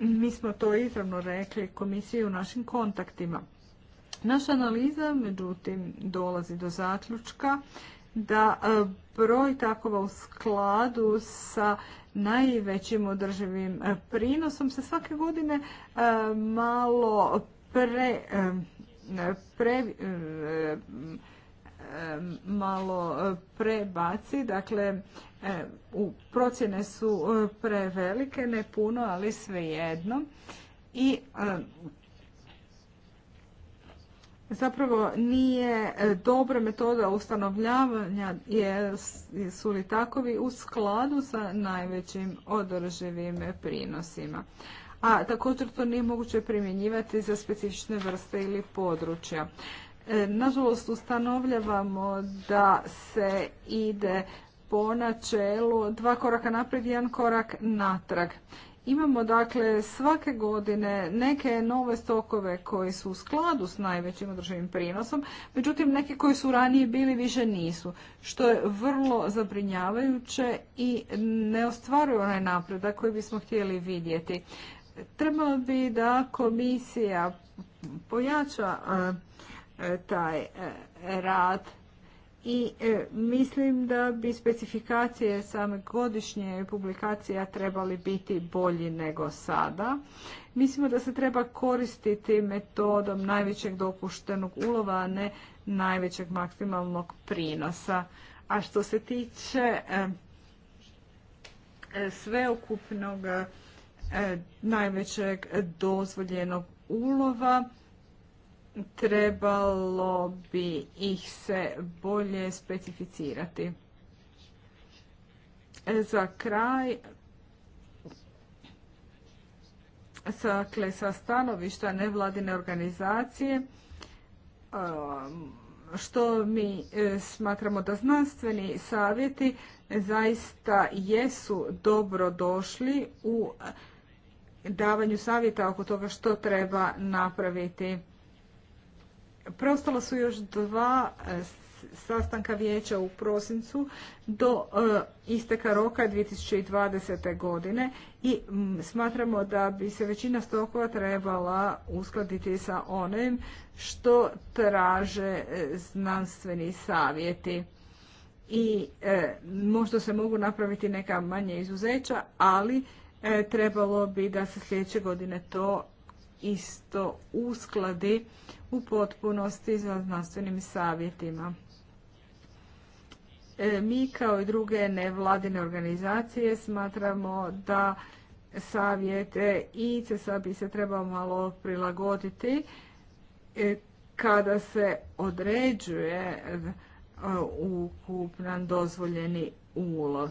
mi smo to izravno rekli komisiji u našim kontaktima. Naša analiza, međutim, dolazi do zaključka da e, broj takova u skladu sa najvećim održivim e, prinosom se svake godine e, malo pre, pre malo e, prebaci, dakle e, procjene su e, prevelike, ne puno, ali svejedno. I zapravo nije dobra metoda ustanovljavanja su li takovi u skladu sa najvećim održivim prinosima. A također to nije moguće primjenjivati za specifične vrste ili područja. E, nažalost, ustanovljavamo da se ide po načelu dva koraka naprijed, jedan korak natrag. Imamo dakle svake godine neke nove stokove koji su u skladu s najvećim održivim prinosom, međutim neki koji su ranije bili više nisu, što je vrlo zabrinjavajuće i ne ostvaruje onaj napredak koji bismo htjeli vidjeti. Trebalo bi da komisija pojača E, taj e, rad i e, mislim da bi specifikacije same godišnje publikacija trebali biti bolji nego sada. Mislimo da se treba koristiti metodom najvećeg dopuštenog ulova, a ne najvećeg maksimalnog prinosa. A što se tiče sveukupnog najvećeg dozvoljenog ulova, trebalo bi ih se bolje specificirati. Za kraj, dakle, sa stanovišta nevladine organizacije, um, što mi e, smatramo da znanstveni savjeti zaista jesu dobro došli u davanju savjeta oko toga što treba napraviti. Preostala su još dva e, sastanka vijeća u prosincu do e, isteka roka 2020. godine i smatramo da bi se većina stokova trebala uskladiti sa onim što traže e, znanstveni savjeti. I možda se mogu napraviti neka manje izuzeća, ali trebalo bi da se sljedeće godine to isto uskladi u potpunosti za znanstvenim savjetima. E, mi kao i druge nevladine organizacije smatramo da savjete i CESA bi se trebao malo prilagoditi e, kada se određuje e, ukupan dozvoljeni ulov.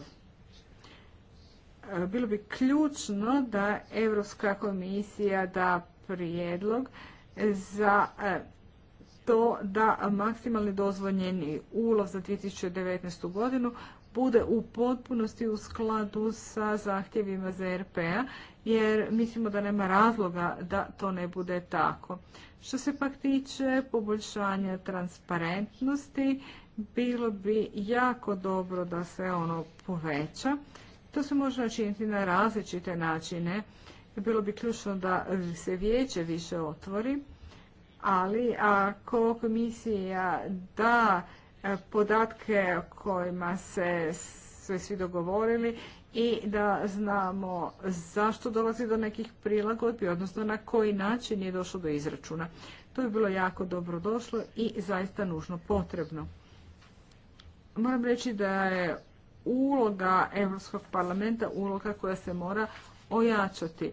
Bilo bi ključno da Europska komisija da prijedlog za e, to da maksimalni dozvoljeni ulov za 2019. godinu bude u potpunosti u skladu sa zahtjevima za a jer mislimo da nema razloga da to ne bude tako. Što se pak tiče poboljšanja transparentnosti, bilo bi jako dobro da se ono poveća. To se može načiniti na različite načine bilo bi ključno da se vijeće više otvori, ali ako komisija da e, podatke kojima se sve svi dogovorili i da znamo zašto dolazi do nekih prilagodbi, odnosno na koji način je došlo do izračuna. To bi bilo jako dobro došlo i zaista nužno potrebno. Moram reći da je uloga Europskog parlamenta uloga koja se mora ojačati.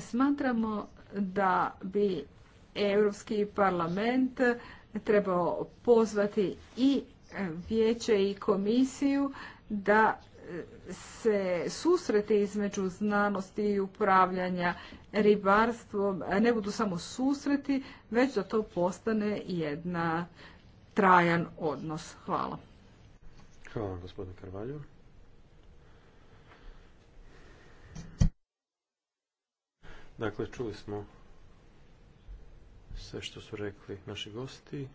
Smatramo da bi Europski parlament trebao pozvati i vijeće i komisiju da se susreti između znanosti i upravljanja ribarstvom ne budu samo susreti, već da to postane jedna trajan odnos. Hvala. Hvala gospodine Dakle, čuli smo sve što su rekli naši gosti.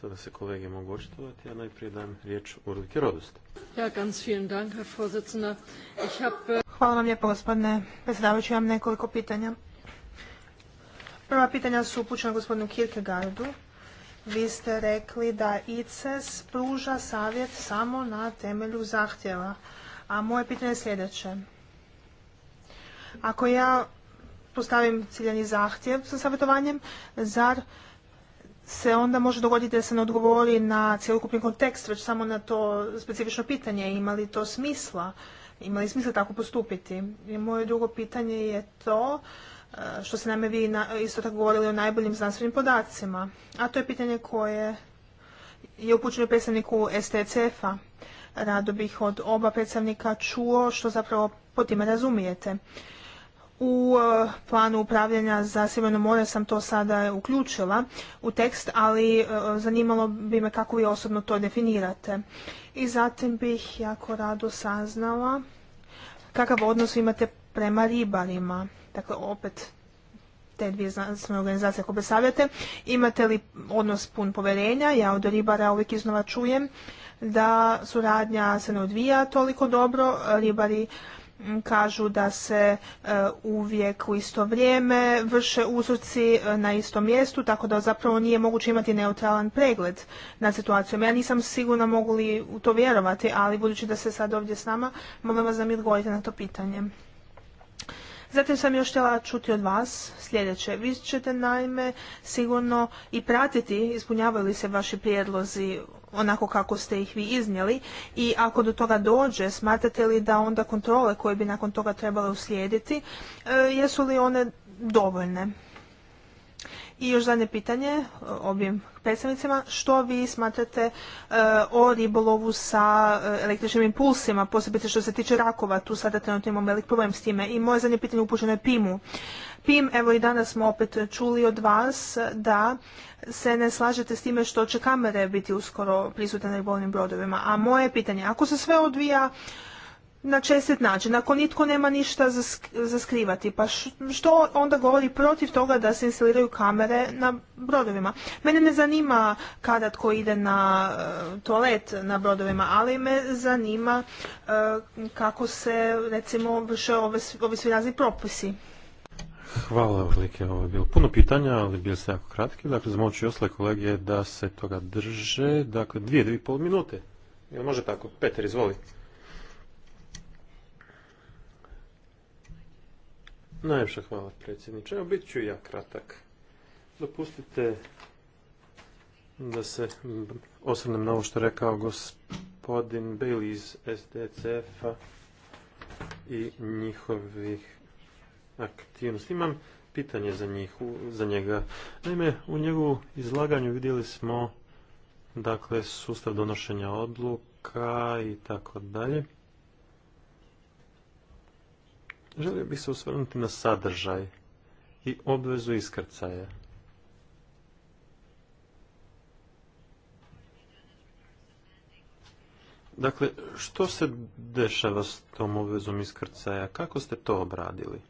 Sada se kolege mogu očitovati, a najprije dam riječ Urlike Rodost. Ja, ganz vielen Dank, Herr Vorsitzender. Ich hab... Äh, Hvala vam lijepo, gospodine predsjedavajući. vam nekoliko pitanja. Prva pitanja su upućena gospodinu Kierkegaardu. Vi ste rekli da ICES pruža savjet samo na temelju zahtjeva. A moje pitanje je sljedeće. Ako ja postavim ciljani zahtjev sa savjetovanjem, zar se onda može dogoditi da se ne odgovori na cjelokupni kontekst, već samo na to specifično pitanje, ima li to smisla, ima li smisla tako postupiti. I moje drugo pitanje je to, e, što se nam vi isto tako govorili o najboljim znanstvenim podacima, a to je pitanje koje je upućeno predstavniku STCF-a. Rado bih od oba predstavnika čuo što zapravo po time razumijete. U e, planu upravljanja za Sjeverno more sam to sada uključila u tekst, ali e, zanimalo bi me kako vi osobno to definirate. I zatim bih jako rado saznala kakav odnos imate prema ribarima. Dakle, opet te dvije znanstvene organizacije koje savjete Imate li odnos pun poverenja? Ja od ribara uvijek iznova čujem da suradnja se ne odvija toliko dobro. Ribari kažu da se e, uvijek u isto vrijeme vrše uzorci e, na istom mjestu, tako da zapravo nije moguće imati neutralan pregled na situaciju. Ja nisam sigurna mogu li u to vjerovati, ali budući da ste sad ovdje s nama, molim vas da mi odgovorite na to pitanje. Zatim sam još htjela čuti od vas sljedeće. Vi ćete naime sigurno i pratiti ispunjavaju li se vaši prijedlozi onako kako ste ih vi iznijeli i ako do toga dođe, smatrate li da onda kontrole koje bi nakon toga trebale uslijediti, e, jesu li one dovoljne? I još zadnje pitanje e, ovim predstavnicima, što vi smatrate e, o ribolovu sa električnim impulsima, posebice što se tiče rakova, tu sada trenutno imamo velik problem s time. I moje zadnje pitanje upućeno je Pimu. PIM, evo i danas smo opet čuli od vas da se ne slažete s time što će kamere biti uskoro prisutne na bolnim brodovima. A moje pitanje, ako se sve odvija na čestit način, ako nitko nema ništa za skrivati, pa što onda govori protiv toga da se instaliraju kamere na brodovima? Mene ne zanima kada tko ide na e, toalet na brodovima, ali me zanima e, kako se recimo vrše ovi svi razni propisi. Hvala, Ovo je bilo puno pitanja, ali bili ste jako kratki. Dakle, zamoću ću ostale kolege da se toga drže. Dakle, dvije, dvije i pol minute. Jel može tako? Peter, izvoli. Najviše hvala, predsjedniče. Evo, bit ću ja kratak. Dopustite da se osvrnem na ovo što je rekao gospodin Bailey iz SDCF-a i njihovih Aktivnosti. Imam pitanje za, njih, za njega. Naime, u njegovu izlaganju vidjeli smo dakle sustav donošenja odluka i tako dalje. Želio bih se osvrnuti na sadržaj i obvezu iskrcaja. Dakle, što se dešava s tom obvezom iskrcaja? Kako ste to obradili?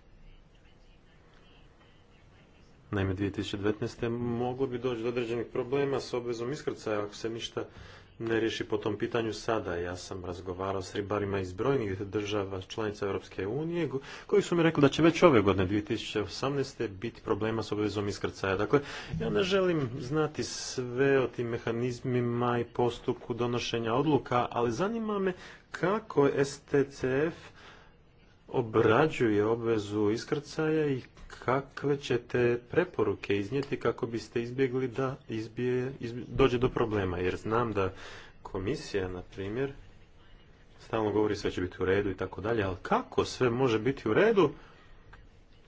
Naime, 2019. moglo bi doći do određenih problema s obvezom iskrcaja ako se ništa ne riješi po tom pitanju sada. Ja sam razgovarao s ribarima iz brojnih država članica Europske unije koji su mi rekli da će već ove godine 2018. biti problema s obvezom iskrcaja. Dakle, ja ne želim znati sve o tim mehanizmima i postupku donošenja odluka, ali zanima me kako STCF obrađuje obvezu iskrcaja i kakve ćete preporuke iznijeti kako biste izbjegli da izbije, dođe do problema? Jer znam da komisija, na primjer, stalno govori sve će biti u redu i tako dalje, ali kako sve može biti u redu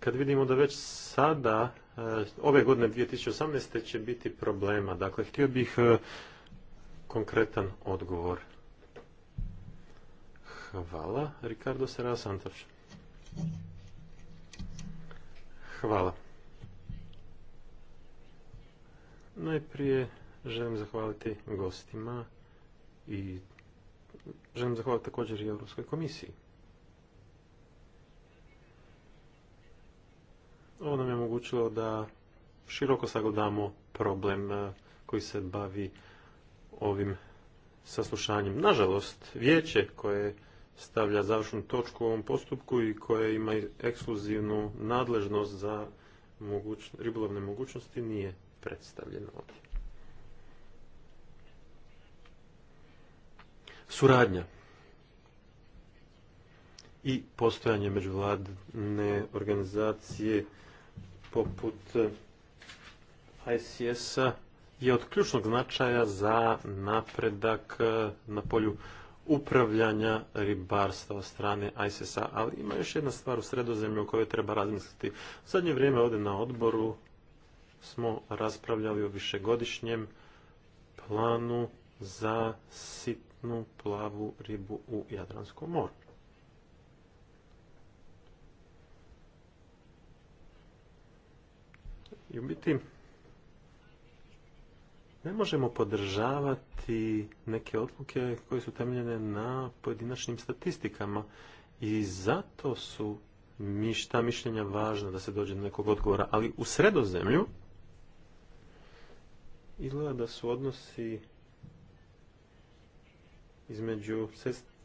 kad vidimo da već sada, e, ove godine 2018. će biti problema. Dakle, htio bih e, konkretan odgovor. Hvala. Ricardo Thank Santoš. Hvala. Najprije želim zahvaliti gostima i želim zahvaliti također i Europskoj komisiji. Ovo nam je omogućilo da široko sagledamo problem eh, koji se bavi ovim saslušanjem. Nažalost, vijeće koje stavlja završnu točku u ovom postupku i koja ima ekskluzivnu nadležnost za ribolovne mogućnosti nije predstavljeno ovdje. Suradnja i postojanje međuvladne organizacije poput ICS-a je od ključnog značaja za napredak na polju upravljanja ribarstva od strane ISSA. a Ali ima još jedna stvar u sredozemlju o kojoj treba razmisliti. U zadnje vrijeme ovdje na odboru smo raspravljali o višegodišnjem planu za sitnu plavu ribu u Jadranskom moru. I u biti ne možemo podržavati neke odluke koje su temeljene na pojedinačnim statistikama i zato su ta mišljenja važna da se dođe do nekog odgovora, ali u sredozemlju izgleda da su odnosi između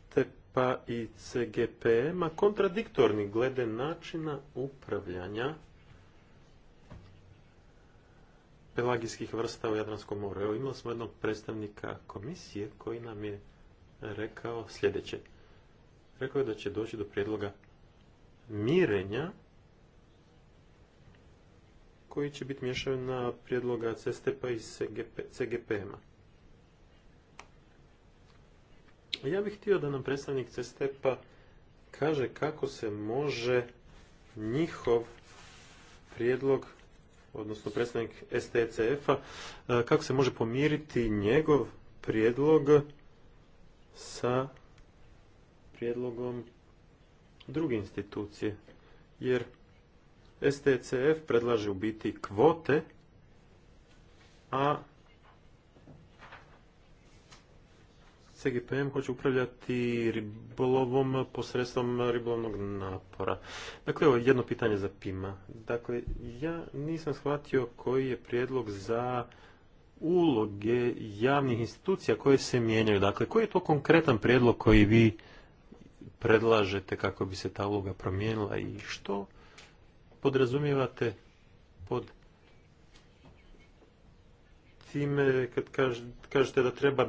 STEPA i CGPM-a kontradiktorni glede načina upravljanja pelagijskih vrsta u Jadranskom moru. Evo imali smo jednog predstavnika komisije koji nam je rekao sljedeće. Rekao je da će doći do prijedloga mirenja koji će biti miješan na prijedloga CSTP-a i CGP, CGPM-a. Ja bih htio da nam predstavnik CSTP-a kaže kako se može njihov prijedlog odnosno predstavnik STCF-a, e, kako se može pomiriti njegov prijedlog sa prijedlogom druge institucije. Jer STCF predlaže u biti kvote, a CGPM hoće upravljati ribolovom posredstvom ribolovnog napora. Dakle, ovo jedno pitanje za Pima. Dakle, ja nisam shvatio koji je prijedlog za uloge javnih institucija koje se mijenjaju. Dakle, koji je to konkretan prijedlog koji vi predlažete kako bi se ta uloga promijenila i što podrazumijevate pod time kad kažete da treba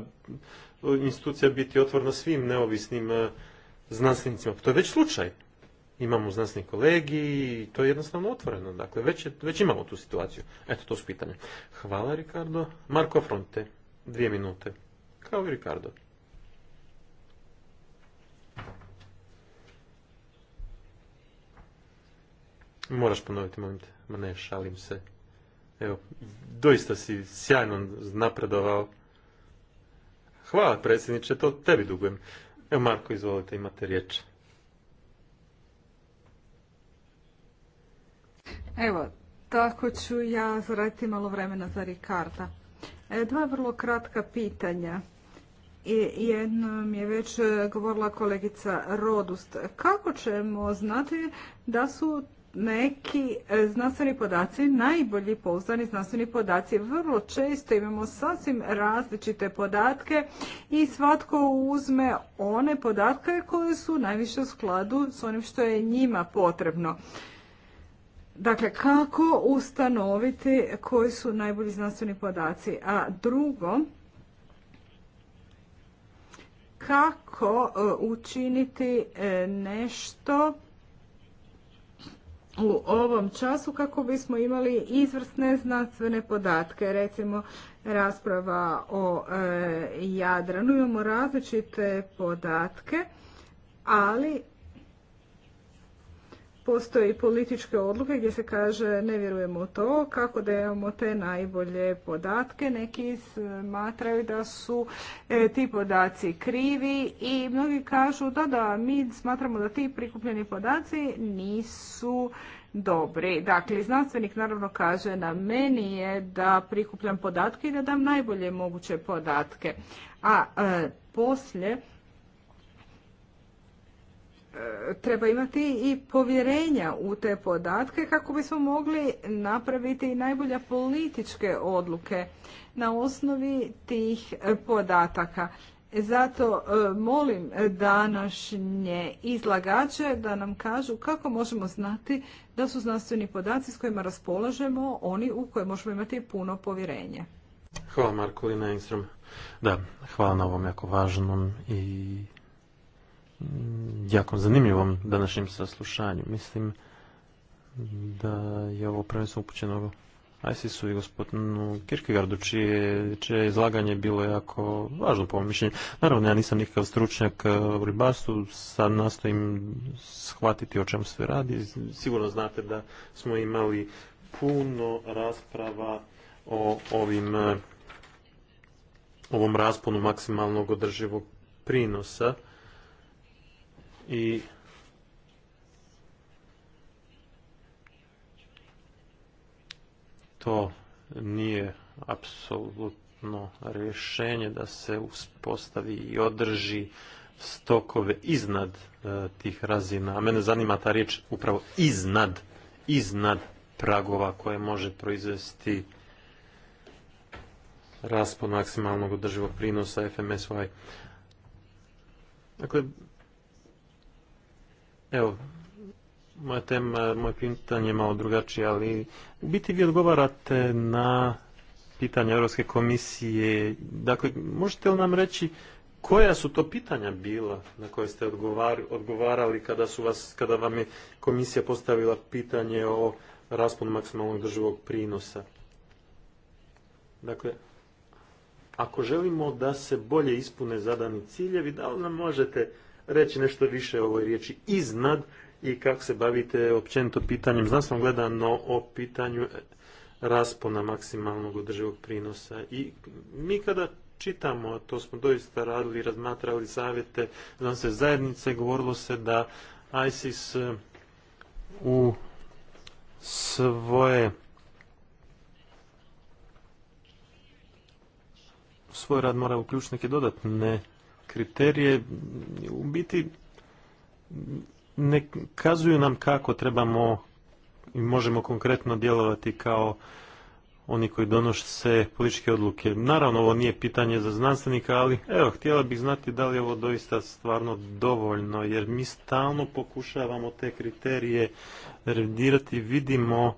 institucija biti otvorena svim neovisnim e, znanstvenicima. To je već slučaj. Imamo znanstveni kolegi i to je jednostavno otvoreno. Dakle, već, je, već imamo tu situaciju. Eto, to su pitanje. Hvala, Ricardo. Marko Fronte, dvije minute. Kao i Ricardo. Moraš ponoviti, moment. te. Ma ne, šalim se. Evo, doista si sjajno napredovao. Hvala predsjedniče, to tebi dugujem. Evo Marko, izvolite, imate riječ. Evo, tako ću ja zaraditi malo vremena za Rikarda. E, dva vrlo kratka pitanja. I jednom je već govorila kolegica Rodust. Kako ćemo znati da su neki e, znanstveni podaci, najbolji pouzdani znanstveni podaci. Vrlo često imamo sasvim različite podatke i svatko uzme one podatke koje su najviše u skladu s onim što je njima potrebno. Dakle, kako ustanoviti koji su najbolji znanstveni podaci? A drugo, kako e, učiniti e, nešto u ovom času kako bismo imali izvrsne znanstvene podatke. Recimo rasprava o e, Jadranu. Imamo različite podatke, ali postoje političke odluke gdje se kaže ne vjerujemo u to, kako da imamo te najbolje podatke. Neki smatraju da su e, ti podaci krivi i mnogi kažu da da, mi smatramo da ti prikupljeni podaci nisu dobri. Dakle, znanstvenik naravno kaže na meni je da prikupljam podatke i da dam najbolje moguće podatke. A e, poslije treba imati i povjerenja u te podatke kako bismo mogli napraviti najbolje političke odluke na osnovi tih e, podataka. Zato e, molim današnje izlagače da nam kažu kako možemo znati da su znanstveni podaci s kojima raspolažemo oni u koje možemo imati puno povjerenje. Hvala Markolina Da, hvala na ovom jako važnom i jako zanimljivom današnjem saslušanju. Mislim da je ovo prvenstveno upućeno isis i gospodinu Kirkegardu, čije, čije izlaganje bilo jako važno po mišljenju. Naravno, ja nisam nikakav stručnjak e, u ribarstvu, sad nastojim shvatiti o čemu se radi. Sigurno znate da smo imali puno rasprava o ovim e, ovom rasponu maksimalnog održivog prinosa i to nije apsolutno rješenje da se uspostavi i održi stokove iznad e, tih razina. A mene zanima ta riječ upravo iznad, iznad pragova koje može proizvesti raspon maksimalnog održivog prinosa FMSY. Dakle, Evo, moja tema, moje pitanje je malo drugačije, ali u biti vi odgovarate na pitanje Europske komisije. Dakle, možete li nam reći koja su to pitanja bila na koje ste odgovarali kada, su vas, kada vam je komisija postavila pitanje o rasponu maksimalnog državog prinosa? Dakle, ako želimo da se bolje ispune zadani ciljevi, da li nam možete reći nešto više o ovoj riječi iznad i kako se bavite općenito pitanjem, znanstveno gledano o pitanju raspona maksimalnog održivog prinosa. I mi kada čitamo, to smo doista radili, razmatrali savjete se zajednice, govorilo se da ISIS e, u svoje svoj rad mora uključiti neke dodatne kriterije u biti ne kazuju nam kako trebamo i možemo konkretno djelovati kao oni koji donose političke odluke. Naravno, ovo nije pitanje za znanstvenika, ali evo, htjela bih znati da li je ovo doista stvarno dovoljno, jer mi stalno pokušavamo te kriterije revidirati, vidimo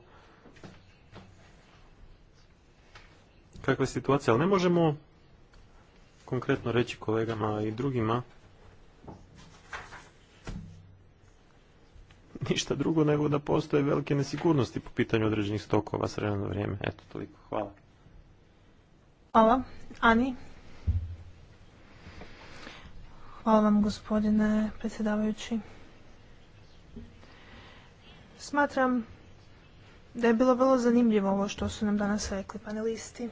kakva je situacija, ali ne možemo konkretno reći kolegama i drugima ništa drugo nego da postoje velike nesigurnosti po pitanju određenih stokova sredano vrijeme. Eto, toliko. Hvala. Hvala. Ani? Hvala vam, gospodine predsjedavajući. Smatram da je bilo vrlo zanimljivo ovo što su nam danas rekli panelisti.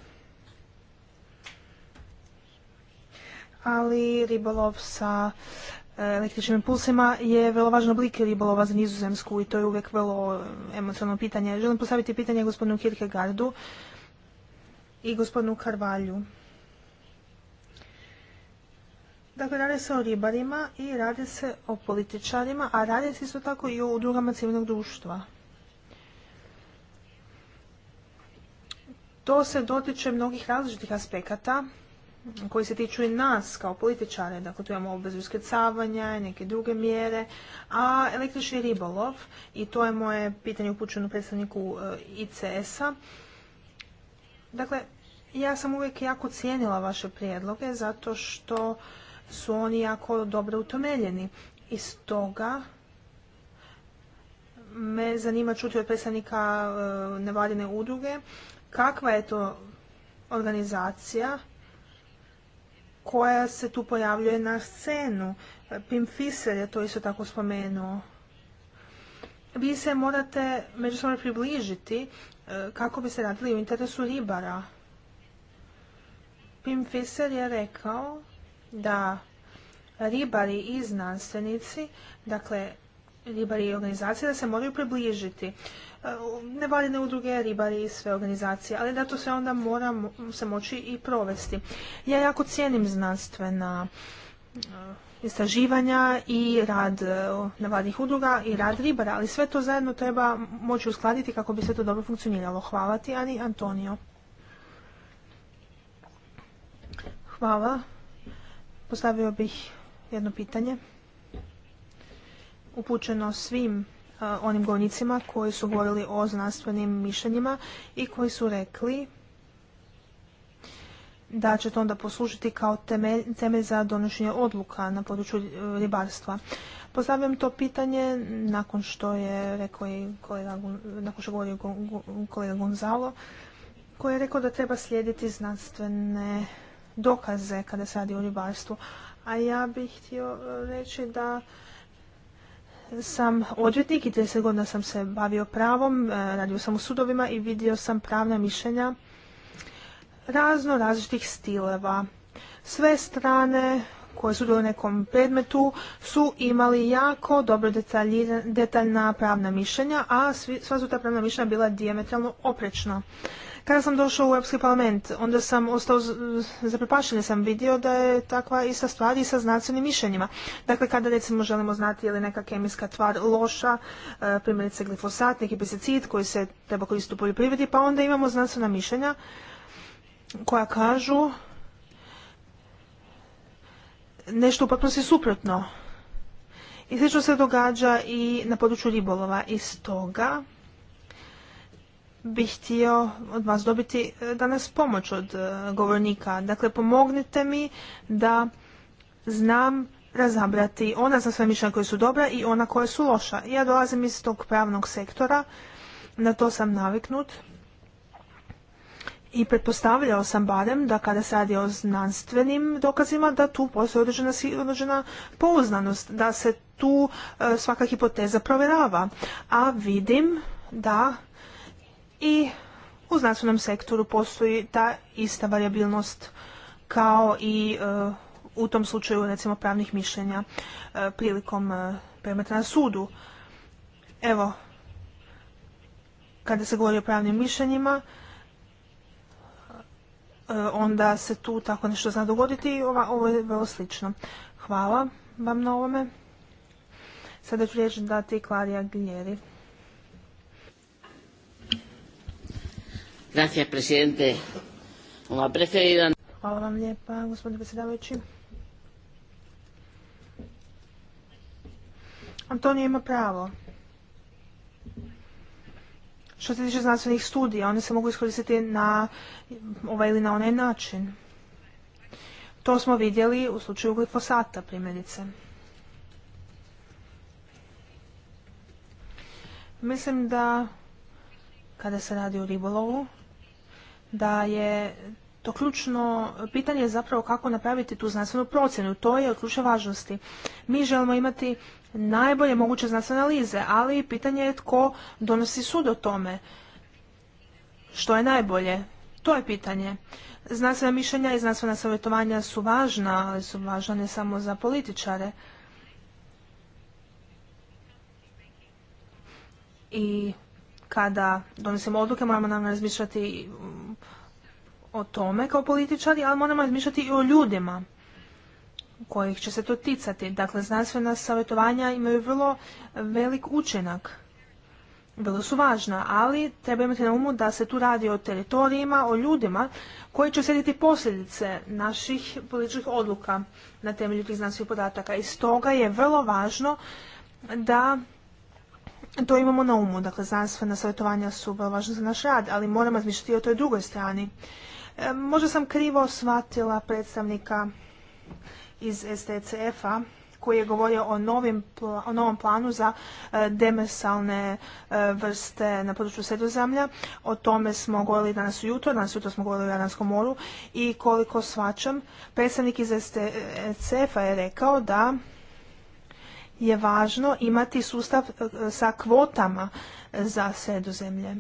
ali ribolov sa e, električnim impulsima je vrlo važan oblik ribolova za nizozemsku i to je uvijek vrlo emocionalno pitanje. Želim postaviti pitanje gospodinu Kierkegaardu i gospodinu Karvalju. Dakle, radi se o ribarima i radi se o političarima, a radi se isto tako i o udrugama civilnog društva. To se dotiče mnogih različitih aspekata koji se tiču i nas kao političare, dakle tu imamo obvezu iskrcavanja i neke druge mjere, a električni ribolov, i to je moje pitanje upućeno predstavniku e, ICS-a, dakle ja sam uvijek jako cijenila vaše prijedloge zato što su oni jako dobro utemeljeni. I stoga me zanima čuti od predstavnika e, nevladine udruge kakva je to organizacija koja se tu pojavljuje na scenu. Pim Fisser je to isto tako spomenuo. Vi se morate međusobno približiti e, kako bi se radili u interesu ribara. Pim Fisser je rekao da ribari i znanstvenici, dakle ribari i organizacije, da se moraju približiti nevaljne udruge, ribari i sve organizacije, ali da to sve onda mora se moći i provesti. Ja jako cijenim znanstvena e, istraživanja i rad e, nevaljnih udruga i rad ribara, ali sve to zajedno treba moći uskladiti kako bi sve to dobro funkcioniralo. Hvala ti, Ani Antonio. Hvala. Postavio bih jedno pitanje upućeno svim onim govornicima koji su govorili o znanstvenim mišljenjima i koji su rekli da će to onda poslužiti kao temelj, za donošenje odluka na području e, ribarstva. Postavljam to pitanje nakon što je rekao i kolega, nakon što je govorio kolega Gonzalo, koji je rekao da treba slijediti znanstvene dokaze kada se radi o ribarstvu. A ja bih htio reći da sam odvjetnik i 30 godina sam se bavio pravom, e, radio sam u sudovima i vidio sam pravna mišljenja razno različitih stileva. Sve strane koje su u nekom predmetu su imali jako dobro detaljna pravna mišljenja, a sva su ta pravna mišljenja bila diametralno oprečna. Kada sam došao u Europski parlament, onda sam ostao zaprepašen sam vidio da je takva ista stvar i sa znanstvenim mišljenjima. Dakle, kada recimo želimo znati je li neka kemijska tvar loša, e, primjerice glifosat, neki pesticid koji se treba koristiti u poljoprivredi, pa onda imamo znanstvena mišljenja koja kažu nešto u potpunosti suprotno. I slično se događa i na području ribolova. I stoga bih htio od vas dobiti e, danas pomoć od e, govornika. Dakle, pomognite mi da znam razabrati ona za sve mišljenja koja su dobra i ona koja su loša. Ja dolazim iz tog pravnog sektora, na to sam naviknut i pretpostavljao sam barem da kada se radi o znanstvenim dokazima da tu postoji određena, određena pouznanost, da se tu e, svaka hipoteza provjerava. A vidim da i u znanstvenom sektoru postoji ta ista variabilnost kao i e, u tom slučaju recimo pravnih mišljenja e, prilikom e, premetra na sudu. Evo, kada se govori o pravnim mišljenjima, onda se tu tako nešto zna dogoditi i ovo je vrlo slično. Hvala vam na ovome. Sada ću riječ dati Klarija Giljeri. Gracias, presidente. Hvala vam lijepa, gospodine predsjedavajući. Antonija ima pravo. Što se tiče znanstvenih studija, one se mogu iskoristiti na ovaj ili na onaj način. To smo vidjeli u slučaju glifosata, primjerice. Mislim da kada se radi o ribolovu, da je to ključno pitanje zapravo kako napraviti tu znanstvenu procjenu. To je od ključne važnosti. Mi želimo imati najbolje moguće znanstvene analize, ali pitanje je tko donosi sud o tome. Što je najbolje? To je pitanje. Znanstvena mišljenja i znanstvena savjetovanja su važna, ali su važna ne samo za političare. I kada donosimo odluke moramo nam razmišljati o tome kao političari, ali moramo razmišljati i o ljudima kojih će se to ticati. Dakle, znanstvena savjetovanja imaju vrlo velik učinak. Vrlo su važna, ali treba imati na umu da se tu radi o teritorijima, o ljudima koji će osjetiti posljedice naših političkih odluka na temelju tih znanstvenih podataka. I stoga je vrlo važno da to imamo na umu. Dakle, znanstvena savjetovanja su vrlo važna za naš rad, ali moramo razmišljati o toj drugoj strani. Možda sam krivo shvatila predstavnika iz STCF-a koji je govorio o, novom planu za e, demesalne e, vrste na području sredozemlja. O tome smo govorili danas ujutro, danas jutro smo govorili o Jadranskom moru i koliko svačam, predstavnik iz STCF-a je rekao da je važno imati sustav e, sa kvotama za sredozemlje.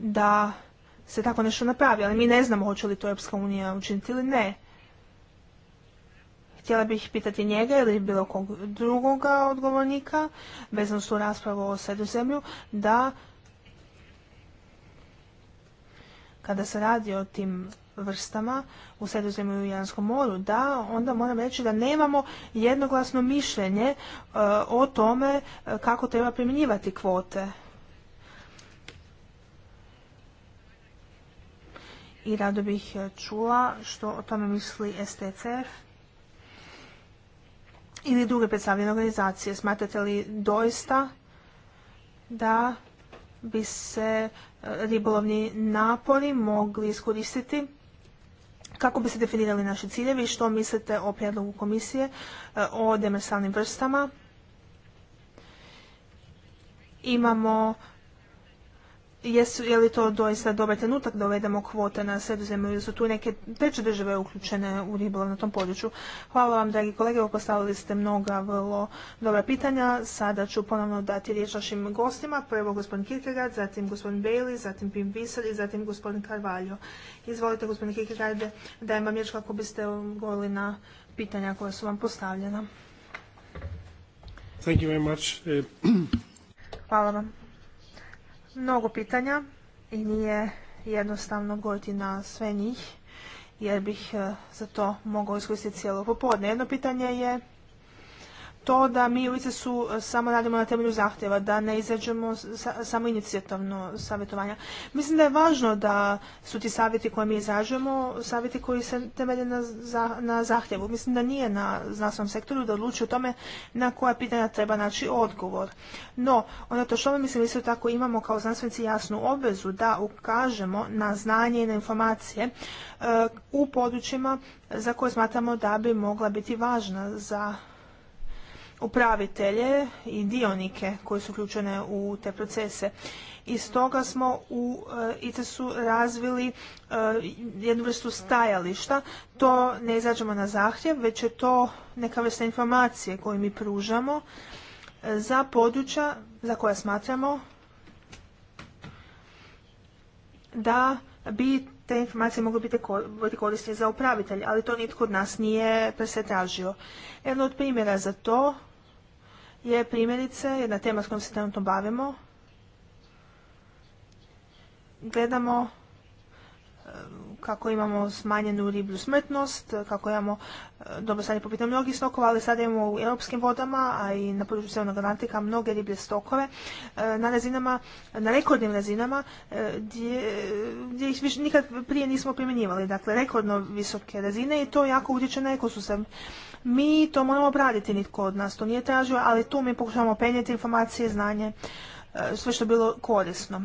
da se tako nešto napravi, ali mi ne znamo hoće li to Europska unija učiniti ili ne. Htjela bih pitati njega ili bilo kog drugoga odgovornika, vezano tu raspravu o sredozemlju, da kada se radi o tim vrstama u sredozemlju i Janskom moru, da onda moram reći da nemamo jednoglasno mišljenje e, o tome e, kako treba primjenjivati kvote i rado bih e, čula što o tome misli STCF ili druge predstavljene organizacije. Smatrate li doista da bi se e, ribolovni napori mogli iskoristiti kako bi se definirali naši ciljevi i što mislite o prijedlogu komisije e, o demersalnim vrstama? Imamo jesu, je li to doista dobar trenutak da uvedemo kvote na sredozemlju ili su tu neke treće države uključene u ribolov na tom području? Hvala vam, dragi kolege, postavili ste mnoga vrlo dobra pitanja. Sada ću ponovno dati riječ našim gostima. Prvo gospodin Kirkegaard, zatim gospodin Bailey, zatim Pim Visar i zatim gospodin Carvalho. Izvolite, gospodin Kirkegaard, dajem vam riječ kako biste govorili na pitanja koja su vam postavljena. Thank you very much. Eh, Hvala vam mnogo pitanja i nije jednostavno goditi na sve njih jer bih eh, za to mogao iskoristiti cijelo popodne. Jedno pitanje je to da mi u ices e, samo radimo na temelju zahtjeva, da ne izađemo samo inicijativno savjetovanja. Mislim da je važno da su ti savjeti koje mi izađemo, savjeti koji se temelje na, zahtjevu. Mislim da nije na znanstvenom sektoru da odluči o tome na koja pitanja treba naći odgovor. No, ono to što mi mislim isto tako imamo kao znanstvenici jasnu obvezu da ukažemo na znanje i na informacije e, u područjima za koje smatramo da bi mogla biti važna za upravitelje i dionike koji su uključene u te procese. I stoga smo u e, ITES-u razvili e, jednu vrstu stajališta. To ne izađemo na zahtjev, već je to neka vrsta informacije koju mi pružamo e, za područja za koja smatramo da bi te informacije mogli biti korisne za upravitelj, ali to nitko od nas nije presetražio. Jedan od primjera za to je primjerice jedna tema s kojom se trenutno bavimo. Gledamo kako imamo smanjenu riblju smrtnost, kako imamo e, dobro stanje popitno mnogih stokova, ali sada imamo u europskim vodama, a i na području Sjevernog Atlantika mnoge riblje stokove e, na razinama, na rekordnim razinama e, gdje, ih više nikad prije nismo primjenjivali. Dakle, rekordno visoke razine i to jako utječe na ekosustav. Mi to moramo obraditi, nitko od nas to nije tražio, ali tu mi pokušavamo penjeti informacije, znanje, sve što je bilo korisno.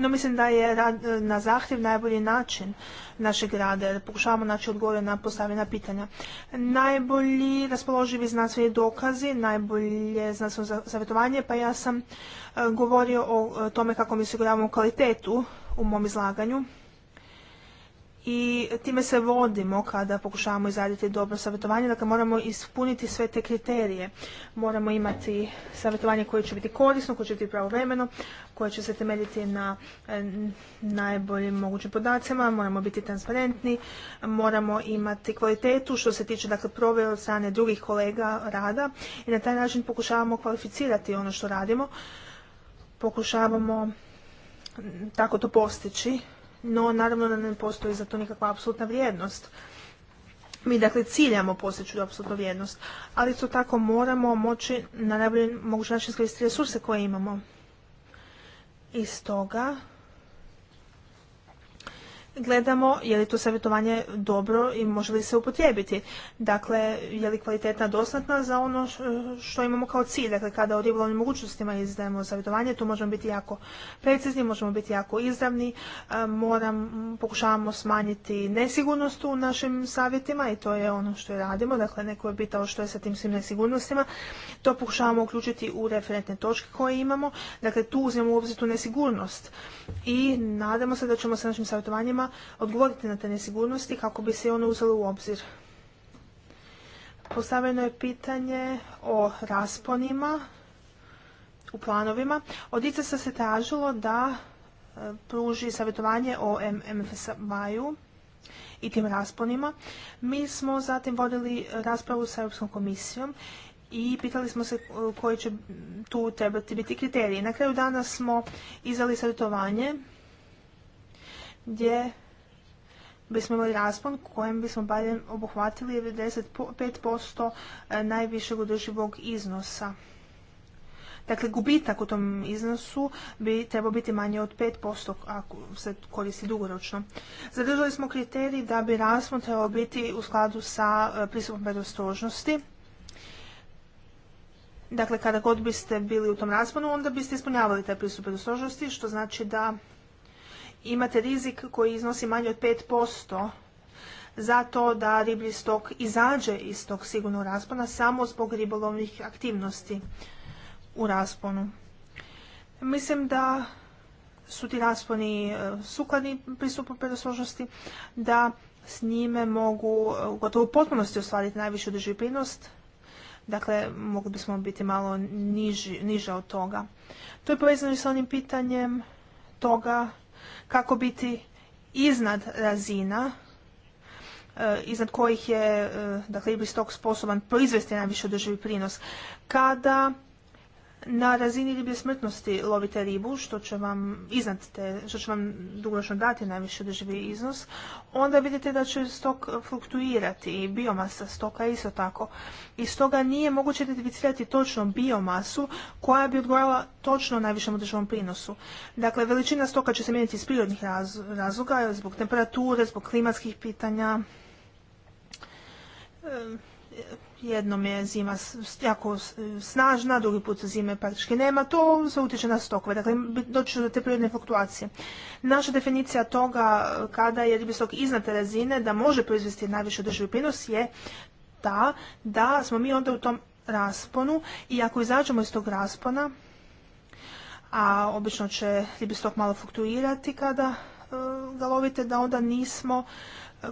No mislim da je rad na zahtjev najbolji način našeg rada jer pokušavamo naći odgovore na postavljena pitanja. Najbolji raspoloživi znanstveni dokazi, najbolje znanstveno savjetovanje, pa ja sam e, govorio o e, tome kako mi osiguravamo kvalitetu u mom izlaganju i time se vodimo kada pokušavamo izraditi dobro savjetovanje. Dakle, moramo ispuniti sve te kriterije. Moramo imati savjetovanje koje će biti korisno, koje će biti pravovremeno, koje će se temeljiti na e, najboljim mogućim podacima, moramo biti transparentni, moramo imati kvalitetu što se tiče dakle, prove od strane drugih kolega rada i na taj način pokušavamo kvalificirati ono što radimo. Pokušavamo tako to postići no naravno da ne postoji za to nikakva apsolutna vrijednost. Mi dakle ciljamo postići apsolutnu vrijednost, ali to tako moramo moći na najbolji mogući način resurse koje imamo. I stoga gledamo je li to savjetovanje dobro i može li se upotrijebiti. Dakle, je li kvalitetna dostatna za ono što imamo kao cilj. Dakle, kada o ribolovnim mogućnostima izdajemo savjetovanje, tu možemo biti jako precizni, možemo biti jako izravni, moram, pokušavamo smanjiti nesigurnost u našim savjetima i to je ono što je radimo. Dakle, neko je pitao što je sa tim svim nesigurnostima. To pokušavamo uključiti u referentne točke koje imamo. Dakle, tu uzmemo u obzir tu nesigurnost i nadamo se da ćemo sa našim savjetovanjima odgovoriti na te nesigurnosti kako bi se ono uzelo u obzir. Postavljeno je pitanje o rasponima u planovima. Od se tražilo da e, pruži savjetovanje o MFSA-u i tim rasponima. Mi smo zatim vodili raspravu sa Europskom komisijom i pitali smo se e, koji će tu trebati biti kriteriji. Na kraju dana smo izdali savjetovanje gdje bismo imali raspon kojem bismo barem obuhvatili 95% e, najvišeg održivog iznosa. Dakle, gubitak u tom iznosu bi trebao biti manje od 5% ako se koristi dugoročno. Zadržali smo kriterij da bi raspon trebao biti u skladu sa e, pristupom predostrožnosti. Dakle, kada god biste bili u tom rasponu, onda biste ispunjavali taj pristup predostrožnosti, što znači da imate rizik koji iznosi manje od 5% za to da riblji stok izađe iz tog sigurnog raspona samo zbog ribolovnih aktivnosti u rasponu. Mislim da su ti rasponi e, sukladni pristupu predosložnosti, da s njime mogu e, gotovo u potpunosti ostvariti najvišu doživinost, dakle mogli bismo biti malo niži, niže od toga. To je povezano i sa onim pitanjem toga kako biti iznad razina e, iznad kojih je e, dakle, Iblis tog sposoban proizvesti najviše održivi prinos. Kada na razini riblje smrtnosti lovite ribu, što će vam iznad te, što će vam dugoročno dati najviše održivi iznos, onda vidite da će stok fluktuirati i biomasa stoka isto tako. I stoga nije moguće identificirati točno biomasu koja bi odgovarala točno najvišem održivom prinosu. Dakle, veličina stoka će se mijenjati iz prirodnih razloga, zbog temperature, zbog klimatskih pitanja, jednom je zima jako snažna, drugi put zime praktički nema, to se utječe na stokove. Dakle, doći do te prirodne fluktuacije. Naša definicija toga e, kada je ribistok iznad te razine da može proizvesti najviše održivi prinos je ta da smo mi onda u tom rasponu i ako izađemo iz tog raspona, a obično će ribistok malo fluktuirati kada e, ga lovite, da onda nismo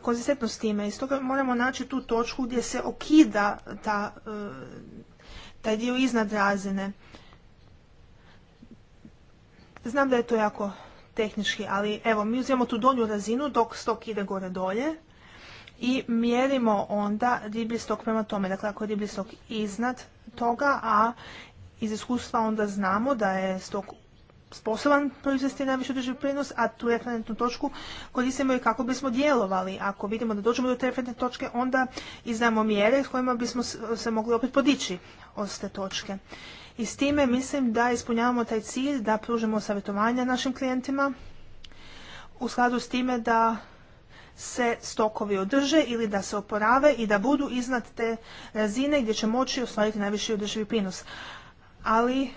konzistentno s time. I stoga moramo naći tu točku gdje se okida ta, e, taj dio iznad razine. Znam da je to jako tehnički, ali evo, mi uzimamo tu donju razinu dok stok ide gore dolje i mjerimo onda riblji stok prema tome. Dakle, ako je riblji stok iznad toga, a iz iskustva onda znamo da je stok sposoban proizvesti najviše održiv prinos, a tu referentnu točku koristimo i kako bismo djelovali. Ako vidimo da dođemo do te referentne točke, onda izdajemo mjere s kojima bismo se mogli opet podići od te točke. I s time mislim da ispunjavamo taj cilj da pružimo savjetovanja našim klijentima u skladu s time da se stokovi održe ili da se oporave i da budu iznad te razine gdje će moći ostvariti najviši održivi prinos. Ali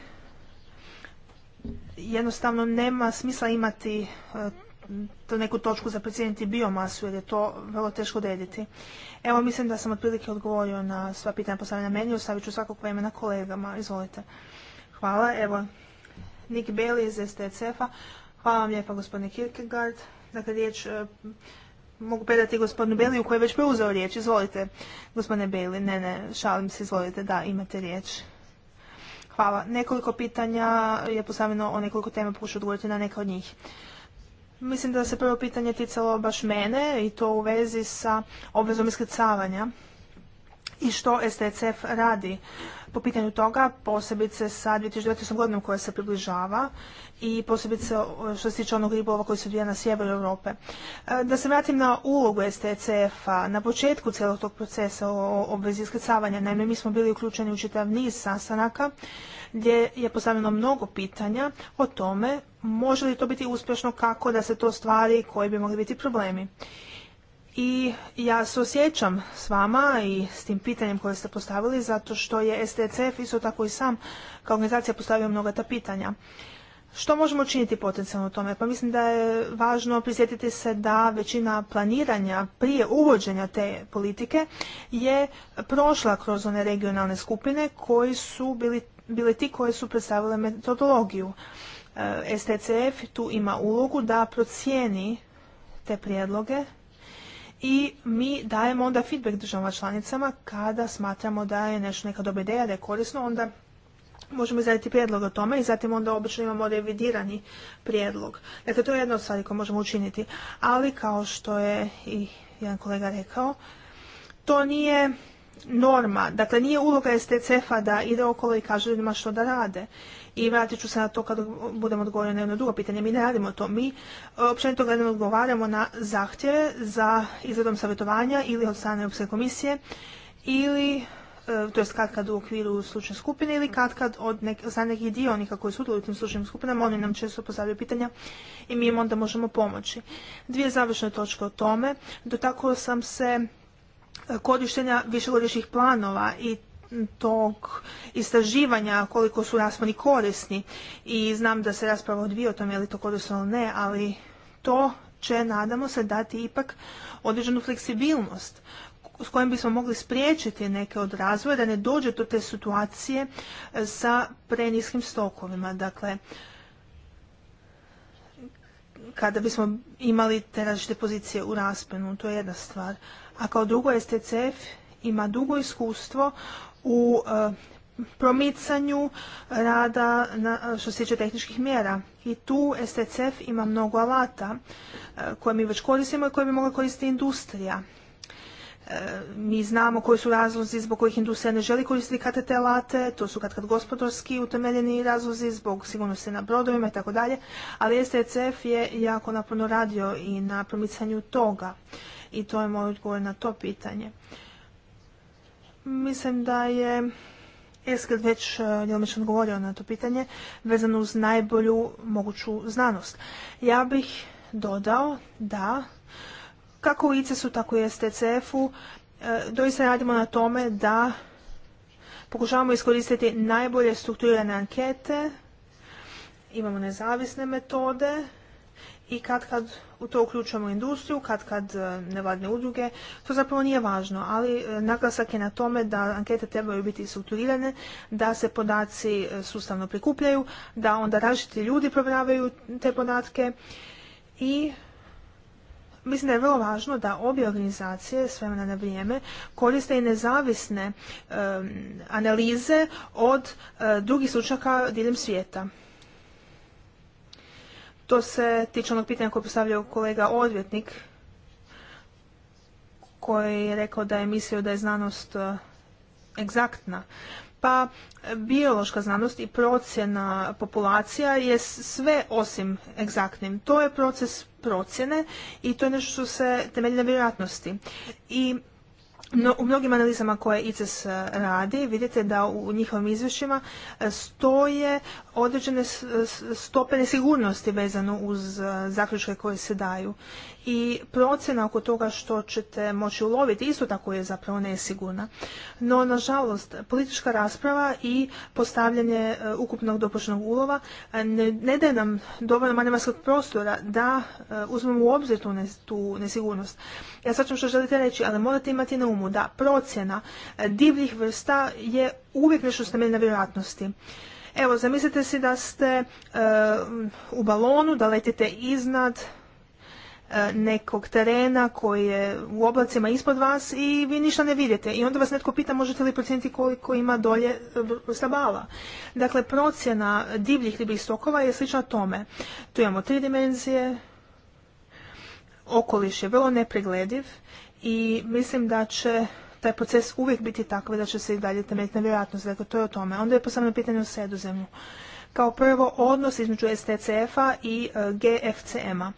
jednostavno nema smisla imati e, to neku točku za procijeniti biomasu jer je to vrlo teško odrediti. Evo mislim da sam otprilike odgovorio na sva pitanja postavljena meni, ostavit ću svakog vremena kolegama. Izvolite. Hvala. Evo, Nick Beli iz STCF-a. Hvala vam lijepa gospodine Kierkegaard. Dakle, riječ e, mogu predati gospodinu Beli u koji je već preuzeo riječ. Izvolite, gospodine Beli. Ne, ne, šalim se, izvolite, da, imate riječ. Hvala. Nekoliko pitanja je postavljeno o nekoliko tema, pokušu odgovoriti na neka od njih. Mislim da se prvo pitanje ticalo baš mene i to u vezi sa obvezom iskrcavanja i što STCF radi po pitanju toga, posebice sa 2019. godinom koja se približava i posebice što se tiče onog ribova koji se odvija na sjeveru Europe. E, da se vratim na ulogu STCF-a, na početku cijelog tog procesa o obvezi iskrcavanja, naime mi smo bili uključeni u čitav niz sastanaka gdje je postavljeno mnogo pitanja o tome može li to biti uspješno, kako da se to stvari koji bi mogli biti problemi. I ja se osjećam s vama i s tim pitanjem koje ste postavili zato što je STCF isto tako i sam kao organizacija postavio mnoga ta pitanja. Što možemo učiniti potencijalno u tome? Pa mislim da je važno prisjetiti se da većina planiranja prije uvođenja te politike je prošla kroz one regionalne skupine koji su bili, bili ti koje su predstavile metodologiju. E, STCF tu ima ulogu da procijeni te prijedloge i mi dajemo onda feedback državama članicama kada smatramo da je nešto neka dobra ideja, da je korisno, onda možemo izraditi prijedlog o tome i zatim onda obično imamo revidirani prijedlog. Dakle, to je jedna od stvari koje možemo učiniti. Ali, kao što je i jedan kolega rekao, to nije norma. Dakle, nije uloga STCF-a da ide okolo i kaže ljudima što da rade. I vratit ću se na to kad budem odgovorili na jedno drugo pitanje. Mi ne radimo to. Mi e, općenito gledamo, odgovaramo na zahtjeve za izradom savjetovanja ili od strane Europske komisije ili e, to jest kad kad u okviru slučne skupine ili kad kad od nek, za nekih dionika koji su u tim slučnim skupinama, oni nam često postavljaju pitanja i mi im onda možemo pomoći. Dvije završne točke o tome. Dotakao sam se e, korištenja višegodišnjih planova i tog istraživanja koliko su rasponi korisni i znam da se rasprava odvija o tome je li to korisno ili ne, ali to će, nadamo se, dati ipak određenu fleksibilnost s kojim bismo mogli spriječiti neke od razvoja da ne dođe do te situacije e, sa preniskim stokovima. Dakle, kada bismo imali te različite pozicije u raspenu, to je jedna stvar. A kao drugo, STCF ima dugo iskustvo u e, promicanju rada što se tiče tehničkih mjera. I tu STCF ima mnogo alata e, koje mi već koristimo i koje bi mogla koristiti industrija. E, mi znamo koji su razlozi zbog kojih industrija ne želi koristiti te alate, to su kad kad gospodarski utemeljeni razlozi zbog sigurnosti na brodovima i tako dalje, ali STCF je jako naporno radio i na promicanju toga i to je moj odgovor na to pitanje. Mislim da je Eskild već e, djelomično odgovorio na to pitanje vezano uz najbolju moguću znanost. Ja bih dodao da kako u ICES-u, tako i STCF-u e, doista radimo na tome da pokušavamo iskoristiti najbolje strukturirane ankete, imamo nezavisne metode i kad kad u to uključujemo industriju, kad kad e, nevladne udruge, to zapravo nije važno, ali e, naglasak je na tome da ankete trebaju biti strukturirane, da se podaci e, sustavno prikupljaju, da onda različiti ljudi provjeravaju te podatke i Mislim da je vrlo važno da obje organizacije s vremena na vrijeme koriste i nezavisne analize od drugih slučaka diljem svijeta. To se tiče onog pitanja koje postavljao kolega odvjetnik, koji je rekao da je mislio da je znanost e, egzaktna. Pa biološka znanost i procjena populacija je sve osim egzaktnim. To je proces procjene i to je nešto što se temelji na vjerojatnosti. I u mnogim analizama koje ICES radi vidite da u njihovim izvješćima e, stoje određene stope nesigurnosti vezano uz e, zaključke koje se daju i procjena oko toga što ćete moći uloviti isto tako je zapravo nesigurna. No, nažalost, politička rasprava i postavljanje e, ukupnog dopuštenog ulova e, ne, daje nam dovoljno manevarskog prostora da e, uzmemo u obzir tu, nesigurnost. Ja ću što želite reći, ali morate imati na umu da procjena divljih vrsta je uvijek nešto što na vjerojatnosti. Evo, zamislite si da ste u balonu, da letite iznad E, nekog terena koji je u oblacima ispod vas i vi ništa ne vidite. I onda vas netko pita možete li procijeniti koliko ima dolje e, stabala. Dakle, procjena divljih ribih stokova je slična tome. Tu imamo tri dimenzije, okoliš je vrlo nepreglediv i mislim da će taj proces uvijek biti takav da će se i dalje temeljiti na vjerojatnost. Dakle, to je o tome. Onda je posebno pitanje o sredozemlju. Kao prvo, odnos između STCF-a i e, GFCM-a.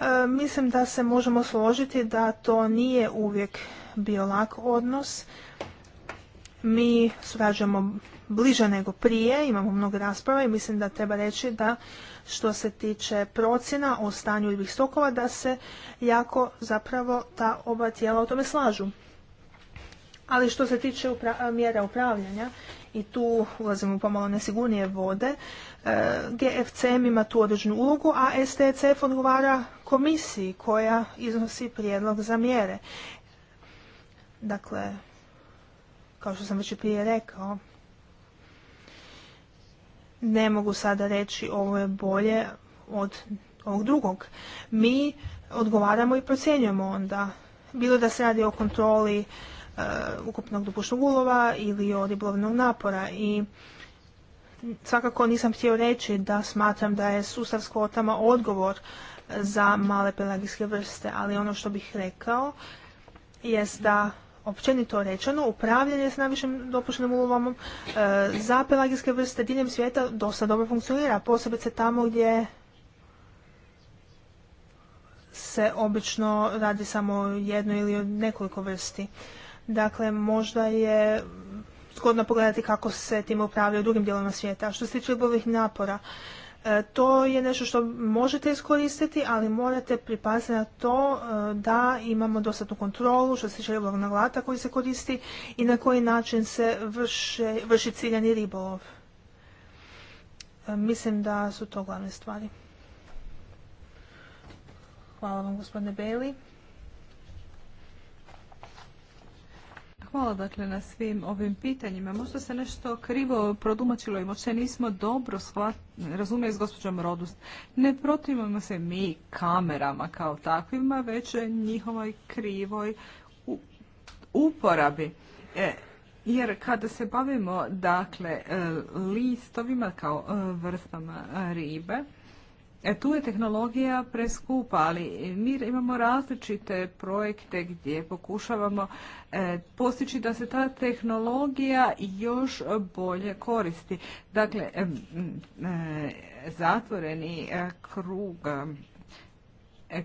E, mislim da se možemo složiti da to nije uvijek bio lak odnos. Mi surađujemo bliže nego prije, imamo mnogo rasprava i mislim da treba reći da što se tiče procjena o stanju ljubih stokova da se jako zapravo ta oba tijela o tome slažu. Ali što se tiče mjera upravljanja i tu ulazimo u pomalo nesigurnije vode, e, GFCM ima tu određenu ulogu, a STCF odgovara komisiji koja iznosi prijedlog za mjere. Dakle, kao što sam već i prije rekao, ne mogu sada reći ovo je bolje od ovog drugog. Mi odgovaramo i procjenjujemo onda. Bilo da se radi o kontroli e, ukupnog dopuštnog ulova ili o ribolovnog napora i svakako nisam htio reći da smatram da je sustav s kvotama odgovor za male pelagijske vrste, ali ono što bih rekao jest da općenito rečeno upravljanje s najvišim dopuštenim ulovom e, za pelagijske vrste diljem svijeta dosta dobro funkcionira, posebice tamo gdje se obično radi samo jedno ili nekoliko vrsti. Dakle, možda je zgodno pogledati kako se tim upravlja u drugim dijelovima svijeta. A što se tiče ljubavih napora, E, to je nešto što možete iskoristiti, ali morate pripaziti na to e, da imamo dostatnu kontrolu što se tiče ribolovnog alata koji se koristi i na koji način se vrše, vrši ciljani ribolov. E, mislim da su to glavne stvari. Hvala vam gospodine Beli. hvala dakle na svim ovim pitanjima. Možda se nešto krivo produmačilo i možda nismo dobro razumijeli s gospođom Rodust. Ne protivimo se mi kamerama kao takvima, već njihovoj krivoj uporabi. E, jer kada se bavimo dakle e, listovima kao e, vrstama ribe, E, tu je tehnologija preskupa, ali mi imamo različite projekte gdje pokušavamo e, postići da se ta tehnologija još bolje koristi. Dakle, e, zatvoreni krug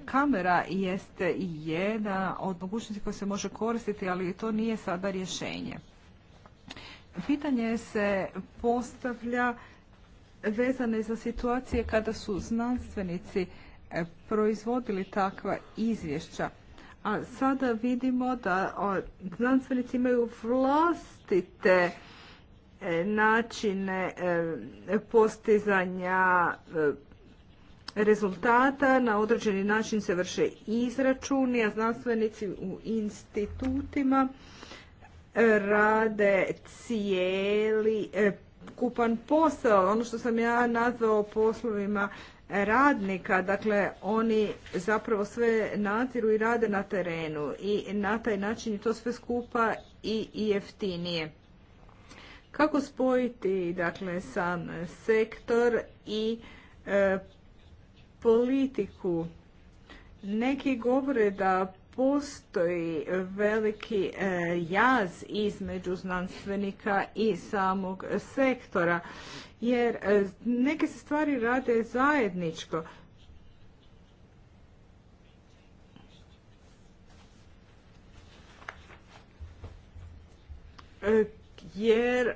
kamera jeste jedna od mogućnosti koja se može koristiti, ali to nije sada rješenje. Pitanje se postavlja vezane za situacije kada su znanstvenici e, proizvodili takva izvješća. A sada vidimo da znanstvenici imaju vlastite e, načine e, postizanja rezultata, na određeni način se vrše izračuni, a znanstvenici u institutima rade cijeli ukupan posao, ono što sam ja nazvao poslovima radnika, dakle oni zapravo sve nadziru i rade na terenu i na taj način je to sve skupa i jeftinije. Kako spojiti dakle sam sektor i e, politiku? Neki govore da postoji veliki e, jaz između znanstvenika i samog sektora, jer e, neke se stvari rade zajedničko. E, jer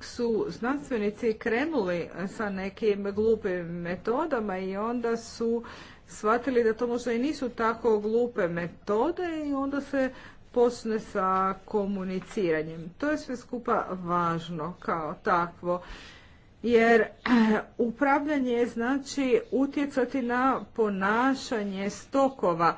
su znanstvenici krenuli sa nekim glupim metodama i onda su shvatili da to možda i nisu tako glupe metode i onda se počne sa komuniciranjem. To je sve skupa važno kao takvo. Jer upravljanje znači utjecati na ponašanje stokova.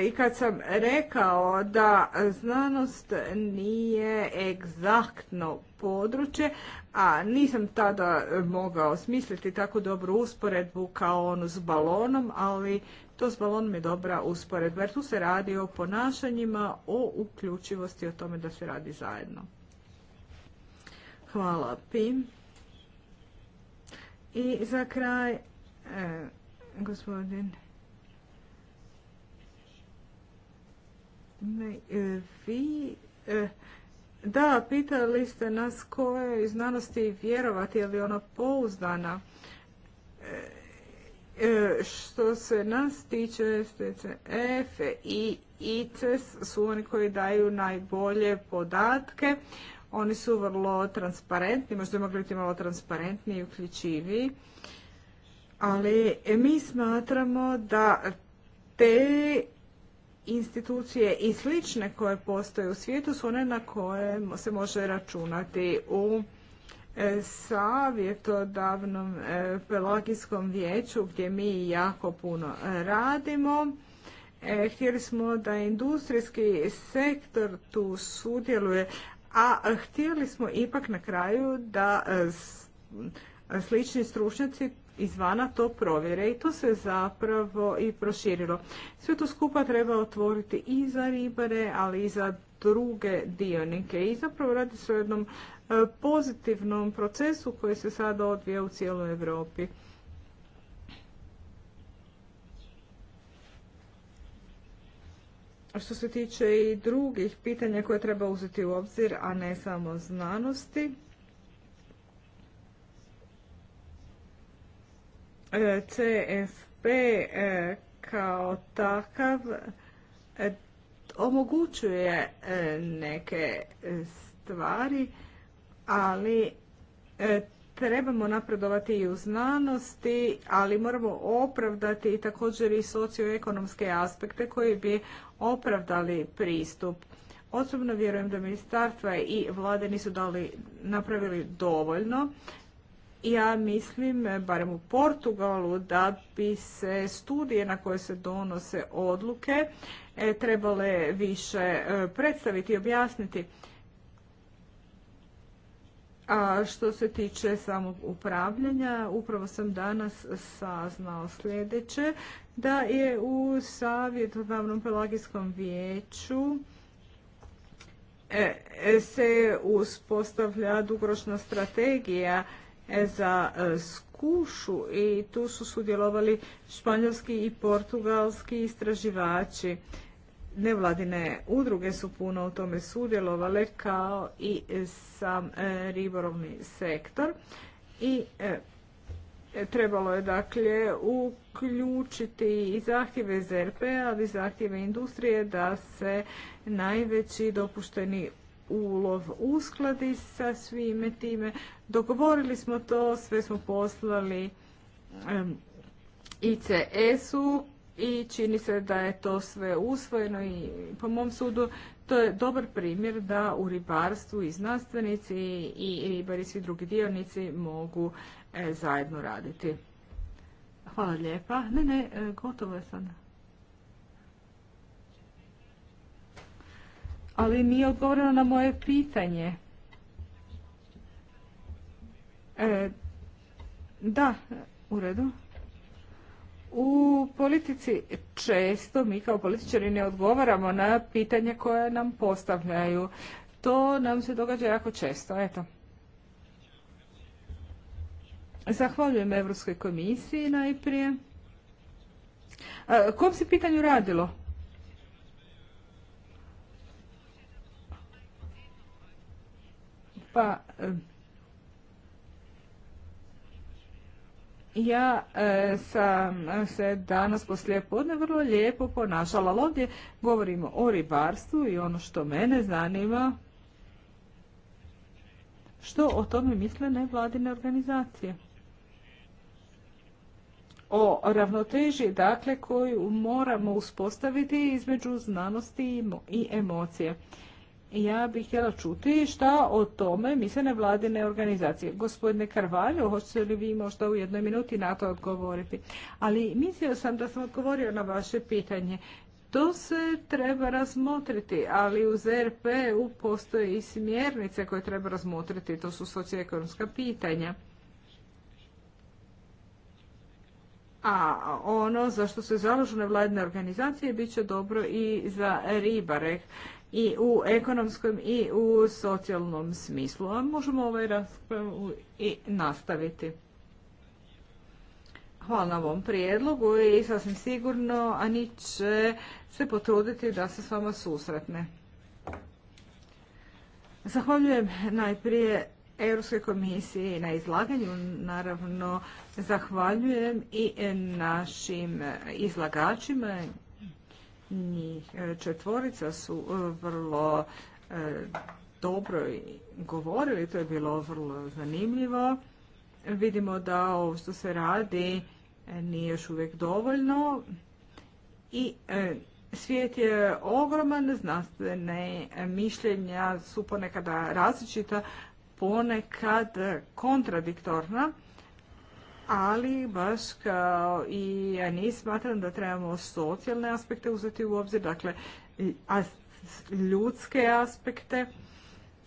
I kad sam rekao da znanost nije egzaktno područje, a nisam tada e, mogao smisliti tako dobru usporedbu kao onu s balonom, ali to s balonom je dobra usporedba, jer tu se radi o ponašanjima, o uključivosti, o tome da se radi zajedno. Hvala, Pim. I za kraj, e, gospodin e, vi da, pitali ste nas koje znanosti vjerovati, je li ona pouzdana. E, e, što se nas tiče, STCF i ICES su oni koji daju najbolje podatke. Oni su vrlo transparentni, možda mogli biti malo transparentniji i uključivi, Ali e, mi smatramo da te institucije i slične koje postoje u svijetu su one na koje se može računati u e, savjetodavnom e, pelagijskom vijeću gdje mi jako puno radimo. E, htjeli smo da industrijski sektor tu sudjeluje, a htjeli smo ipak na kraju da slični stručnjaci izvana to provjere i to se zapravo i proširilo. Sve to skupa treba otvoriti i za ribare, ali i za druge dionike i zapravo radi se o jednom e, pozitivnom procesu koji se sada odvija u cijeloj Europi. Što se tiče i drugih pitanja koje treba uzeti u obzir, a ne samo znanosti, E, CFP e, kao takav e, omogućuje neke stvari, ali trebamo napredovati i u znanosti, ali moramo opravdati također i socioekonomske aspekte koji bi opravdali pristup. Osobno vjerujem da ministarstva i vlade nisu napravili dovoljno ja mislim, barem u Portugalu, da bi se studije na koje se donose odluke e, trebale više e, predstaviti i objasniti. A što se tiče samog upravljanja, upravo sam danas saznao sljedeće, da je u savjetodavnom pelagijskom vijeću e, se uspostavlja dugoročna strategija E, za e, skušu i tu su sudjelovali španjolski i portugalski istraživači. Nevladine udruge su puno u tome sudjelovale kao i sam e, riborovni sektor i trebalo je dakle uključiti i zahtjeve ZRP, ali i zahtjeve industrije da se najveći dopušteni ulov uskladi sa svime time. Dogovorili smo to, sve smo poslali ICS-u i čini se da je to sve usvojeno i po mom sudu to je dobar primjer da u ribarstvu i znanstvenici i ribari i svi drugi dionici mogu e, zajedno raditi. Hvala lijepa. Ne, ne, e, gotovo je ali nije odgovoreno na moje pitanje. E, da, u redu. U politici često mi kao političari ne odgovaramo na pitanje koja nam postavljaju. To nam se događa jako često. Eto. Zahvaljujem Europskoj komisiji najprije. E, kom se pitanju radilo? Pa e, ja e, sam se danas poslije podne vrlo lijepo ponašala, ali ovdje govorimo o ribarstvu i ono što mene zanima, što o tome misle nevladine organizacije. O ravnoteži, dakle, koju moramo uspostaviti između znanosti i emocije. Ja bih htjela čuti šta o tome misle nevladine organizacije. Gospodine Karvalju, hoćete li vi možda u jednoj minuti na to odgovoriti? Ali mislio sam da sam odgovorio na vaše pitanje. To se treba razmotriti, ali u RP-u postoje i smjernice koje treba razmotriti, to su socioekonomska pitanja. A ono za što se zalažu nevladine organizacije bit će dobro i za ribarek i u ekonomskom i u socijalnom smislu. A možemo ovaj raspravu i nastaviti. Hvala na ovom prijedlogu i sasvim sigurno Ani će se potruditi da se s vama susretne. Zahvaljujem najprije Europskoj komisiji na izlaganju. Naravno, zahvaljujem i našim izlagačima njih e, četvorica su e, vrlo e, dobro govorili, to je bilo vrlo zanimljivo. Vidimo da ovo što se radi nije još uvijek dovoljno i svijet je ogroman, znanstvene mišljenja su ponekada različita, ponekad kontradiktorna ali baš kao i ja ni smatram da trebamo socijalne aspekte uzeti u obzir, dakle ljudske aspekte.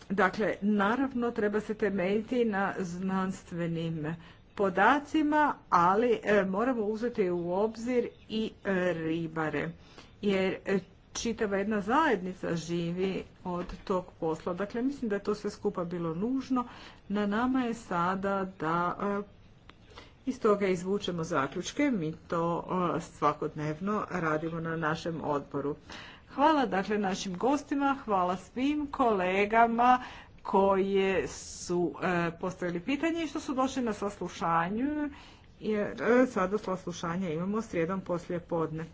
Dakle, naravno treba se temeljiti na znanstvenim podacima, ali e, moramo uzeti u obzir i e, ribare. Jer e, čitava jedna zajednica živi od tog posla. Dakle, mislim da je to sve skupa bilo nužno. Na nama je sada da iz toga izvučemo zaključke, mi to e, svakodnevno radimo na našem odboru. Hvala dakle našim gostima, hvala svim kolegama koje su e, postavili pitanje i što su došli na saslušanju jer e, sada saslušanje imamo srijedom poslije podne.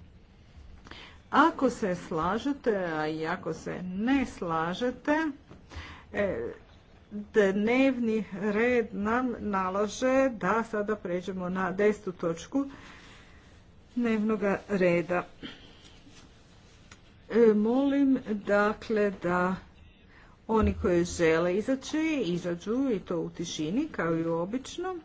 Ako se slažete, a i ako se ne slažete, dnevni red nam nalaže da sada pređemo na desnu točku dnevnog reda. E, molim dakle da oni koji žele izaći, izađu i to u tišini kao i obično.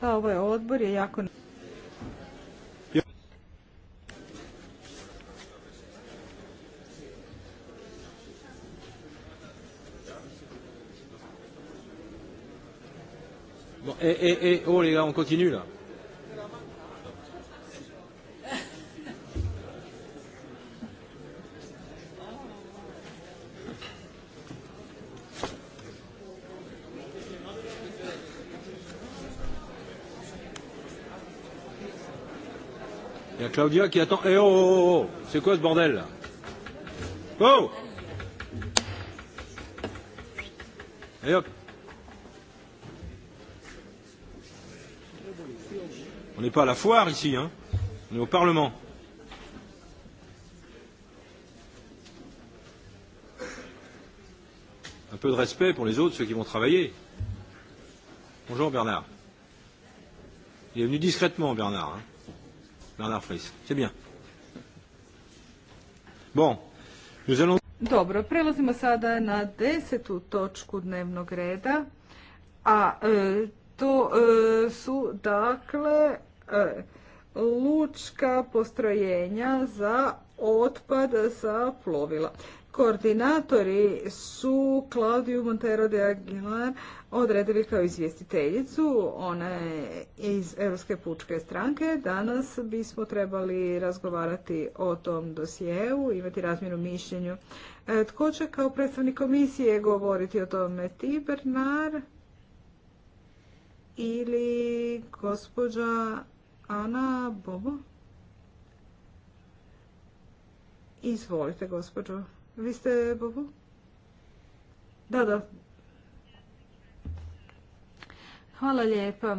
Pa ovaj odbor je jako... et, et, et, oh les gars, on continue là. Claudia qui attend. Eh oh, oh, oh, oh C'est quoi ce bordel là Oh Et eh, hop On n'est pas à la foire ici, hein On est au Parlement. Un peu de respect pour les autres, ceux qui vont travailler. Bonjour Bernard. Il est venu discrètement Bernard. Hein dobro, prelazimo sada na desetu točku dnevnog reda, a e, to e, su dakle e, lučka postrojenja za otpad za plovila. Koordinatori su Claudiju Montero de Aguilar odredili kao izvjestiteljicu. Ona je iz Europske pučke stranke. Danas bismo trebali razgovarati o tom dosjeu, imati razmjenu mišljenju. E, tko će kao predstavnik komisije govoriti o tome? Ti, Bernard? Ili gospođa Ana Bobo? Izvolite, gospođo. Vi ste... Da, da. Hvala lijepa.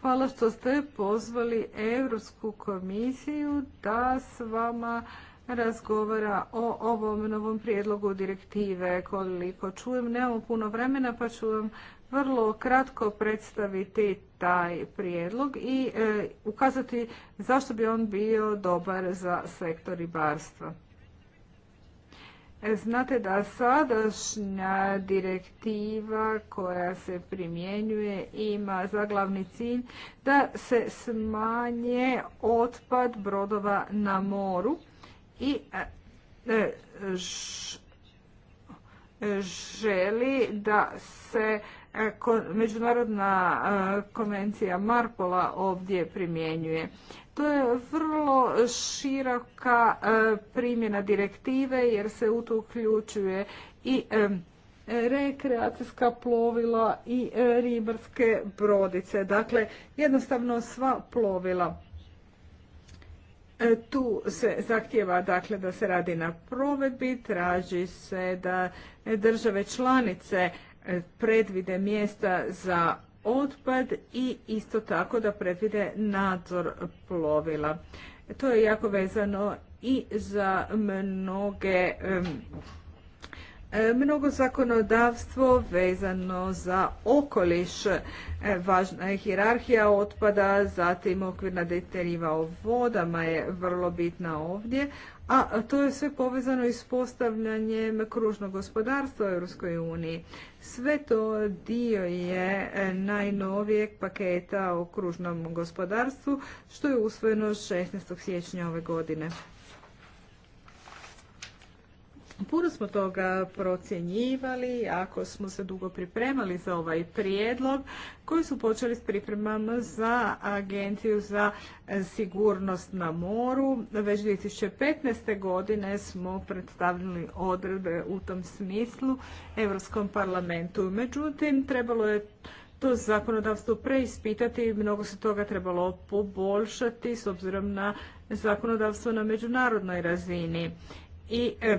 Hvala što ste pozvali Europsku komisiju da s vama razgovara o ovom novom prijedlogu direktive. Koliko čujem, nemamo puno vremena pa ću vam vrlo kratko predstaviti taj prijedlog i e, ukazati zašto bi on bio dobar za sektor ribarstva. E, znate da sadašnja direktiva koja se primjenjuje ima za glavni cilj da se smanje otpad brodova na moru i e, želi da se E, međunarodna e, konvencija Marpola ovdje primjenjuje. To je vrlo široka e, primjena direktive jer se u to uključuje i rekreacijska plovila i ribarske brodice. Dakle, jednostavno sva plovila. Tu se zahtjeva dakle, da se radi na provedbi, traži se da države članice E, predvide mjesta za otpad i isto tako da predvide nadzor plovila. To je jako vezano i za mnoge e, mnogo zakonodavstvo vezano za okoliš. E, važna je hirarhija otpada, zatim okvirna deteriva o vodama je vrlo bitna ovdje, a to je sve povezano i s postavljanjem kružnog gospodarstva u EU. Sve to dio je e, najnovijeg paketa o kružnom gospodarstvu, što je usvojeno 16. siječnja ove godine. Puno smo toga procjenjivali, ako smo se dugo pripremali za ovaj prijedlog, koji su počeli s pripremama za Agenciju za sigurnost na moru. Već 2015. godine smo predstavili odredbe u tom smislu Europskom parlamentu. Međutim, trebalo je to zakonodavstvo preispitati i mnogo se toga trebalo poboljšati s obzirom na zakonodavstvo na međunarodnoj razini. I eh,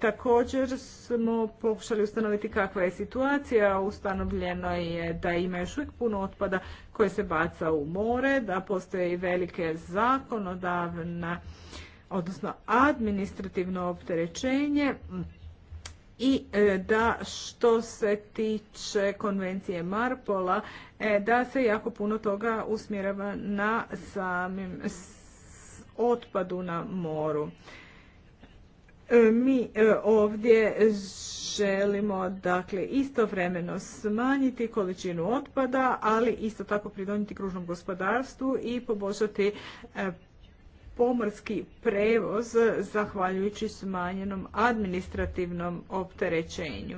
Također smo pokušali ustanoviti kakva je situacija. Ustanovljeno je da ima još uvijek puno otpada koje se baca u more, da postoje i velike zakonodavna, odnosno administrativno opterećenje i e, da što se tiče konvencije Marpola, e, da se jako puno toga usmjerava na samim otpadu na moru. E, mi e, ovdje želimo dakle istovremeno smanjiti količinu otpada, ali isto tako pridoniti kružnom gospodarstvu i poboljšati e, pomorski prevoz zahvaljujući smanjenom administrativnom opterećenju.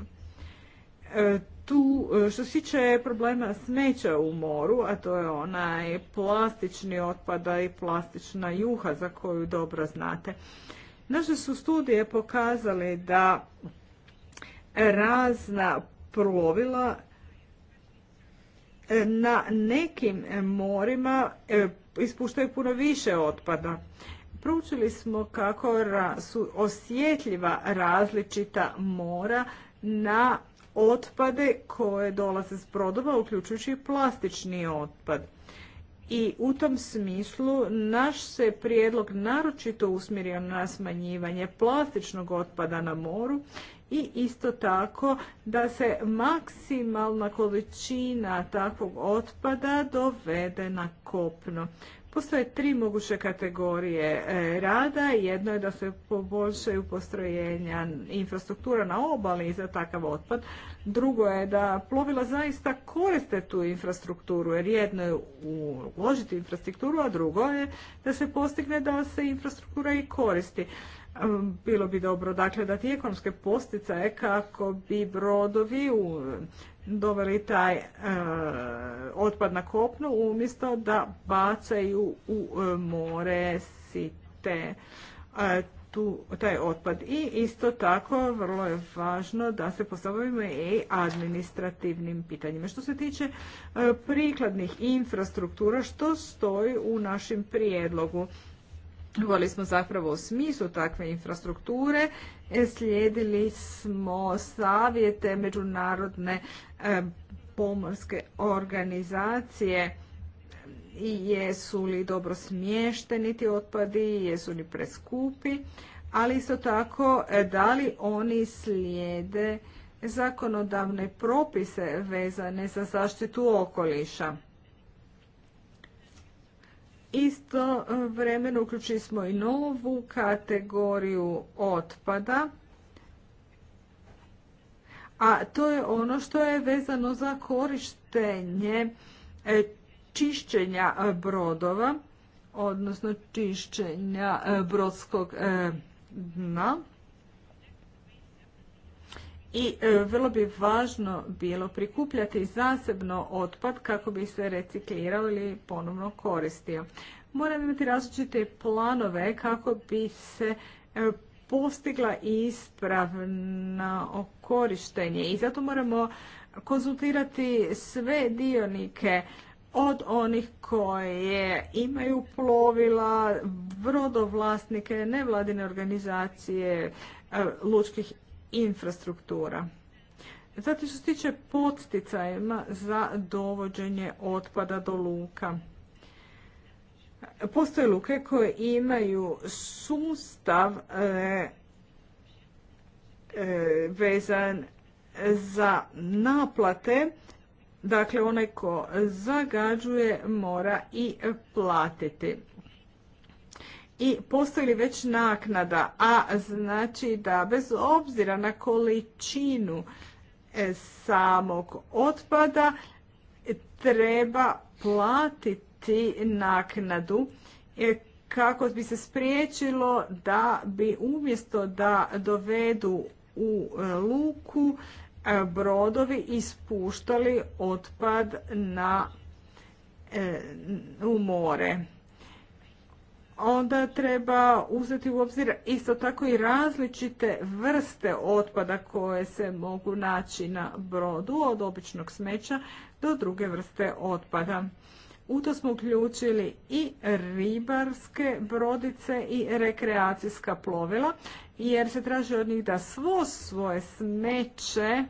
Tu što se tiče problema smeća u moru, a to je onaj plastični otpada i plastična juha za koju dobro znate. Naše su studije pokazale da razna plovila e, na nekim morima e, ispuštaju puno više otpada. Proučili smo kako su osjetljiva različita mora na otpade koje dolaze s brodova, uključujući i plastični otpad i u tom smislu naš se prijedlog naročito usmjerio na smanjivanje plastičnog otpada na moru i isto tako da se maksimalna količina takvog otpada dovede na kopno. Postoje tri moguće kategorije e, rada. Jedno je da se poboljšaju postrojenja infrastruktura na obali za takav otpad. Drugo je da plovila zaista koriste tu infrastrukturu, jer jedno je uložiti infrastrukturu, a drugo je da se postigne da se infrastruktura i koristi. E, bilo bi dobro dakle ti ekonomske postice kako bi brodovi u doveli taj e, otpad na kopnu umjesto da bacaju u e, more site e, taj otpad. I isto tako vrlo je važno da se postavimo i administrativnim pitanjima. Što se tiče prikladnih infrastruktura, što stoji u našem prijedlogu? Voli smo zapravo o smislu takve infrastrukture, e, slijedili smo savjete međunarodne e, pomorske organizacije i jesu li dobro smješteni ti otpadi, jesu li preskupi, ali isto tako e, da li oni slijede zakonodavne propise vezane za zaštitu okoliša. Isto vremeno uključili smo i novu kategoriju otpada, a to je ono što je vezano za korištenje e, čišćenja e, brodova, odnosno čišćenja e, brodskog dna i e, vrlo bi važno bilo prikupljati zasebno otpad kako bi se reciklirao ili ponovno koristio. Moramo imati različite planove kako bi se e, postigla ispravna korištenje i zato moramo konzultirati sve dionike od onih koje imaju plovila, brodovlasnike, nevladine organizacije, e, lučkih infrastruktura. Zatim što se tiče podsticajima za dovođenje otpada do luka. Postoje luke koje imaju sustav e, e, vezan za naplate, dakle onaj ko zagađuje mora i platiti i postoji li već naknada, a znači da bez obzira na količinu e, samog otpada treba platiti naknadu e, kako bi se spriječilo da bi umjesto da dovedu u e, luku brodovi ispuštali otpad na, u more onda treba uzeti u obzir isto tako i različite vrste otpada koje se mogu naći na brodu od običnog smeća do druge vrste otpada. U to smo uključili i ribarske brodice i rekreacijska plovila jer se traži od njih da svo svoje smeće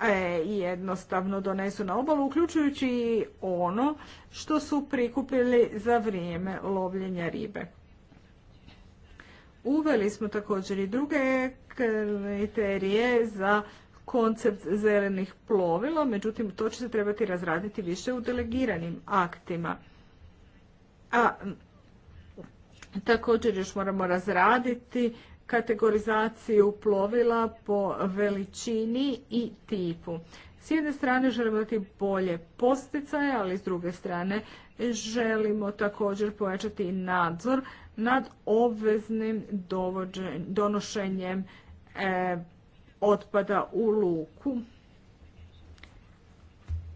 E, jednostavno donesu na obalu, uključujući i ono što su prikupili za vrijeme lovljenja ribe. Uveli smo također i druge kriterije za koncept zelenih plovila, međutim to će se trebati razraditi više u delegiranim aktima. A također još moramo razraditi kategorizaciju plovila po veličini i tipu. S jedne strane želimo dati bolje posticaje, ali s druge strane želimo također pojačati nadzor nad obveznim donošenjem e, otpada u luku.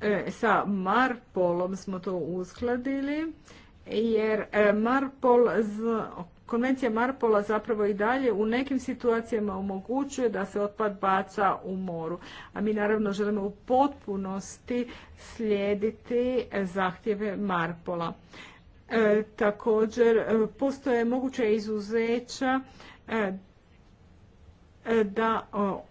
E, sa Marpolom smo to uskladili jer e, Marpol z Konvencija Marpola zapravo i dalje u nekim situacijama omogućuje da se otpad baca u moru. A mi naravno želimo u potpunosti slijediti zahtjeve Marpola. E, također e, postoje moguće izuzeća e, e da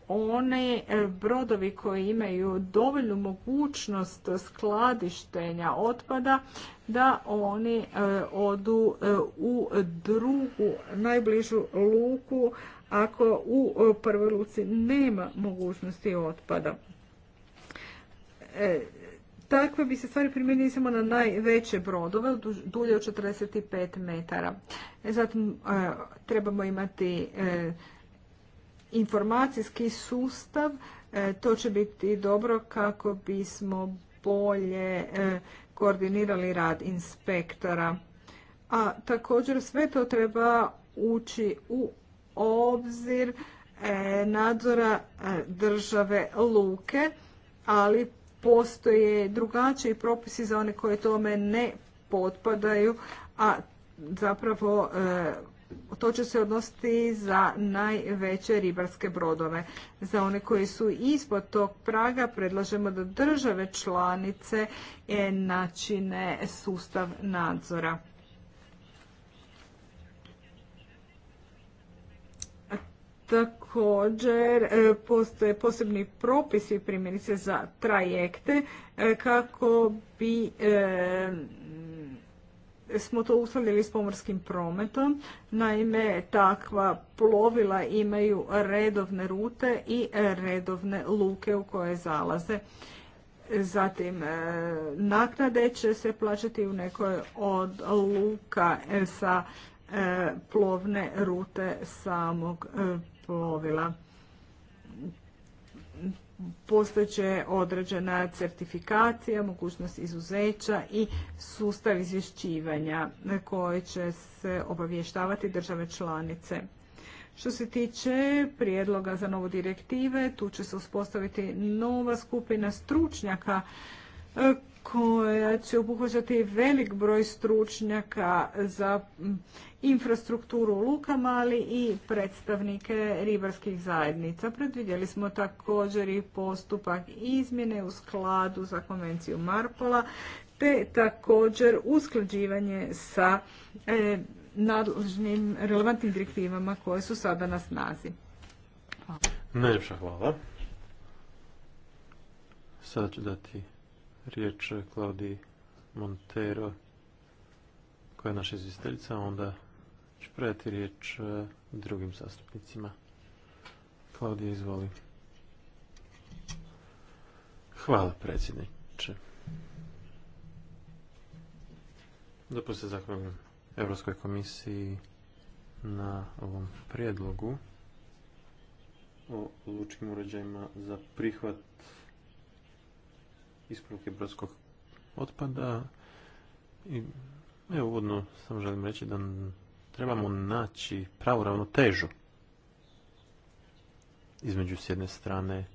one e, brodovi koji imaju dovoljnu mogućnost skladištenja otpada da oni e, odu e, u drugu najbližu luku ako u e, prvoj luci nema mogućnosti otpada. takve bi se stvari primjenili samo na najveće brodove, dulje od 45 metara. zatim trebamo imati informacijski sustav, to će biti dobro kako bismo bolje koordinirali rad inspektora. A također sve to treba ući u obzir e, nadzora e, države luke, ali postoje drugačiji propisi za one koje tome ne potpadaju, a zapravo e, to će se odnositi za najveće ribarske brodove. Za one koji su ispod tog praga predlažemo da države članice e, načine sustav nadzora. Također e, postoje posebni propisi primjerice za trajekte e, kako bi smo to uskladili s pomorskim prometom. Naime, takva plovila imaju redovne rute i redovne luke u koje zalaze. Zatim, e, naknade će se plaćati u nekoj od luka sa e, plovne rute samog e, plovila postojeće određena certifikacija, mogućnost izuzeća i sustav izvješćivanja koje će se obavještavati države članice. Što se tiče prijedloga za novo direktive, tu će se uspostaviti nova skupina stručnjaka e, koja će obuhvaćati velik broj stručnjaka za infrastrukturu u lukama, ali i predstavnike ribarskih zajednica. Predvidjeli smo također i postupak izmjene u skladu za konvenciju Marpola, te također usklađivanje sa e, nadležnim relevantnim direktivama koje su sada na snazi. Najljepša hvala. Sada ću dati riječ Klaudi Montero, koja je naša izvjestiteljica, onda ću predati riječ e, drugim zastupnicima. Klaudija, izvoli. Hvala, predsjedniče. Dopo se zahvalim Europskoj komisiji na ovom prijedlogu o lučkim uređajima za prihvat isporuke brodskog otpada. I, evo, uvodno samo želim reći da trebamo naći pravu ravnotežu između s jedne strane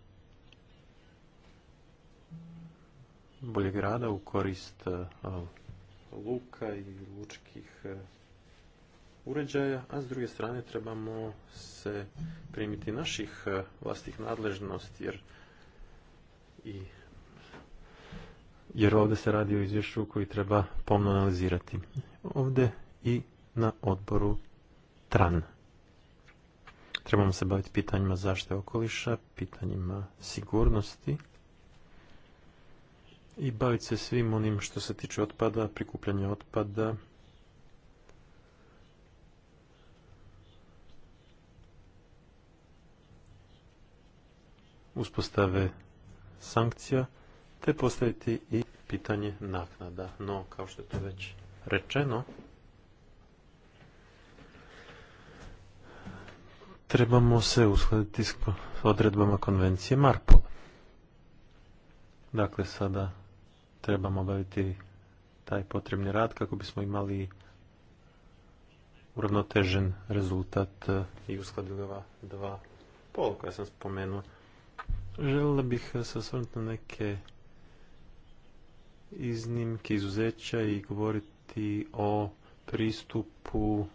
boljeg rada u korist e, luka i lučkih e, uređaja, a s druge strane trebamo se primiti naših e, vlastih nadležnosti, jer i jer ovdje se radi o izvješću koji treba pomno analizirati. Ovdje i na odboru TRAN. Trebamo se baviti pitanjima zašte okoliša, pitanjima sigurnosti i baviti se svim onim što se tiče otpada, prikupljanja otpada, uspostave sankcija, te postaviti i pitanje naknada. No, kao što je to već rečeno, trebamo se uskladiti s odredbama konvencije Marpol. Dakle, sada trebamo obaviti taj potrebni rad kako bismo imali uravnotežen rezultat eh, i uskladili ova dva pola koja sam spomenuo. Želila bih eh, se osvrnuti na neke iznimke izuzeća i govoriti o pristupu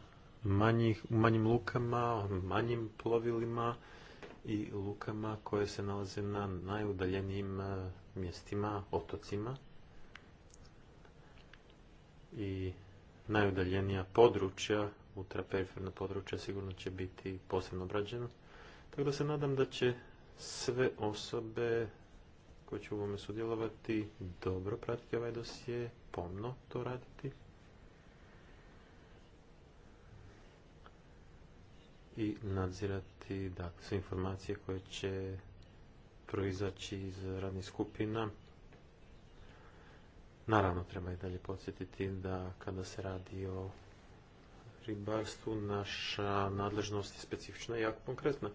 manjih, u manjim lukama, manjim plovilima i lukama koje se nalaze na najudaljenijim e, mjestima, otocima i najudaljenija područja, ultraperiferna područja sigurno će biti posebno obrađena. Tako da se nadam da će sve osobe koje će u ovome sudjelovati dobro pratiti ovaj dosije, pomno to raditi. i nadzirati da dakle, sve informacije koje će proizaći iz radnih skupina. Naravno, treba i dalje podsjetiti da kada se radi o ribarstvu, naša nadležnost je specifična i jako konkretna,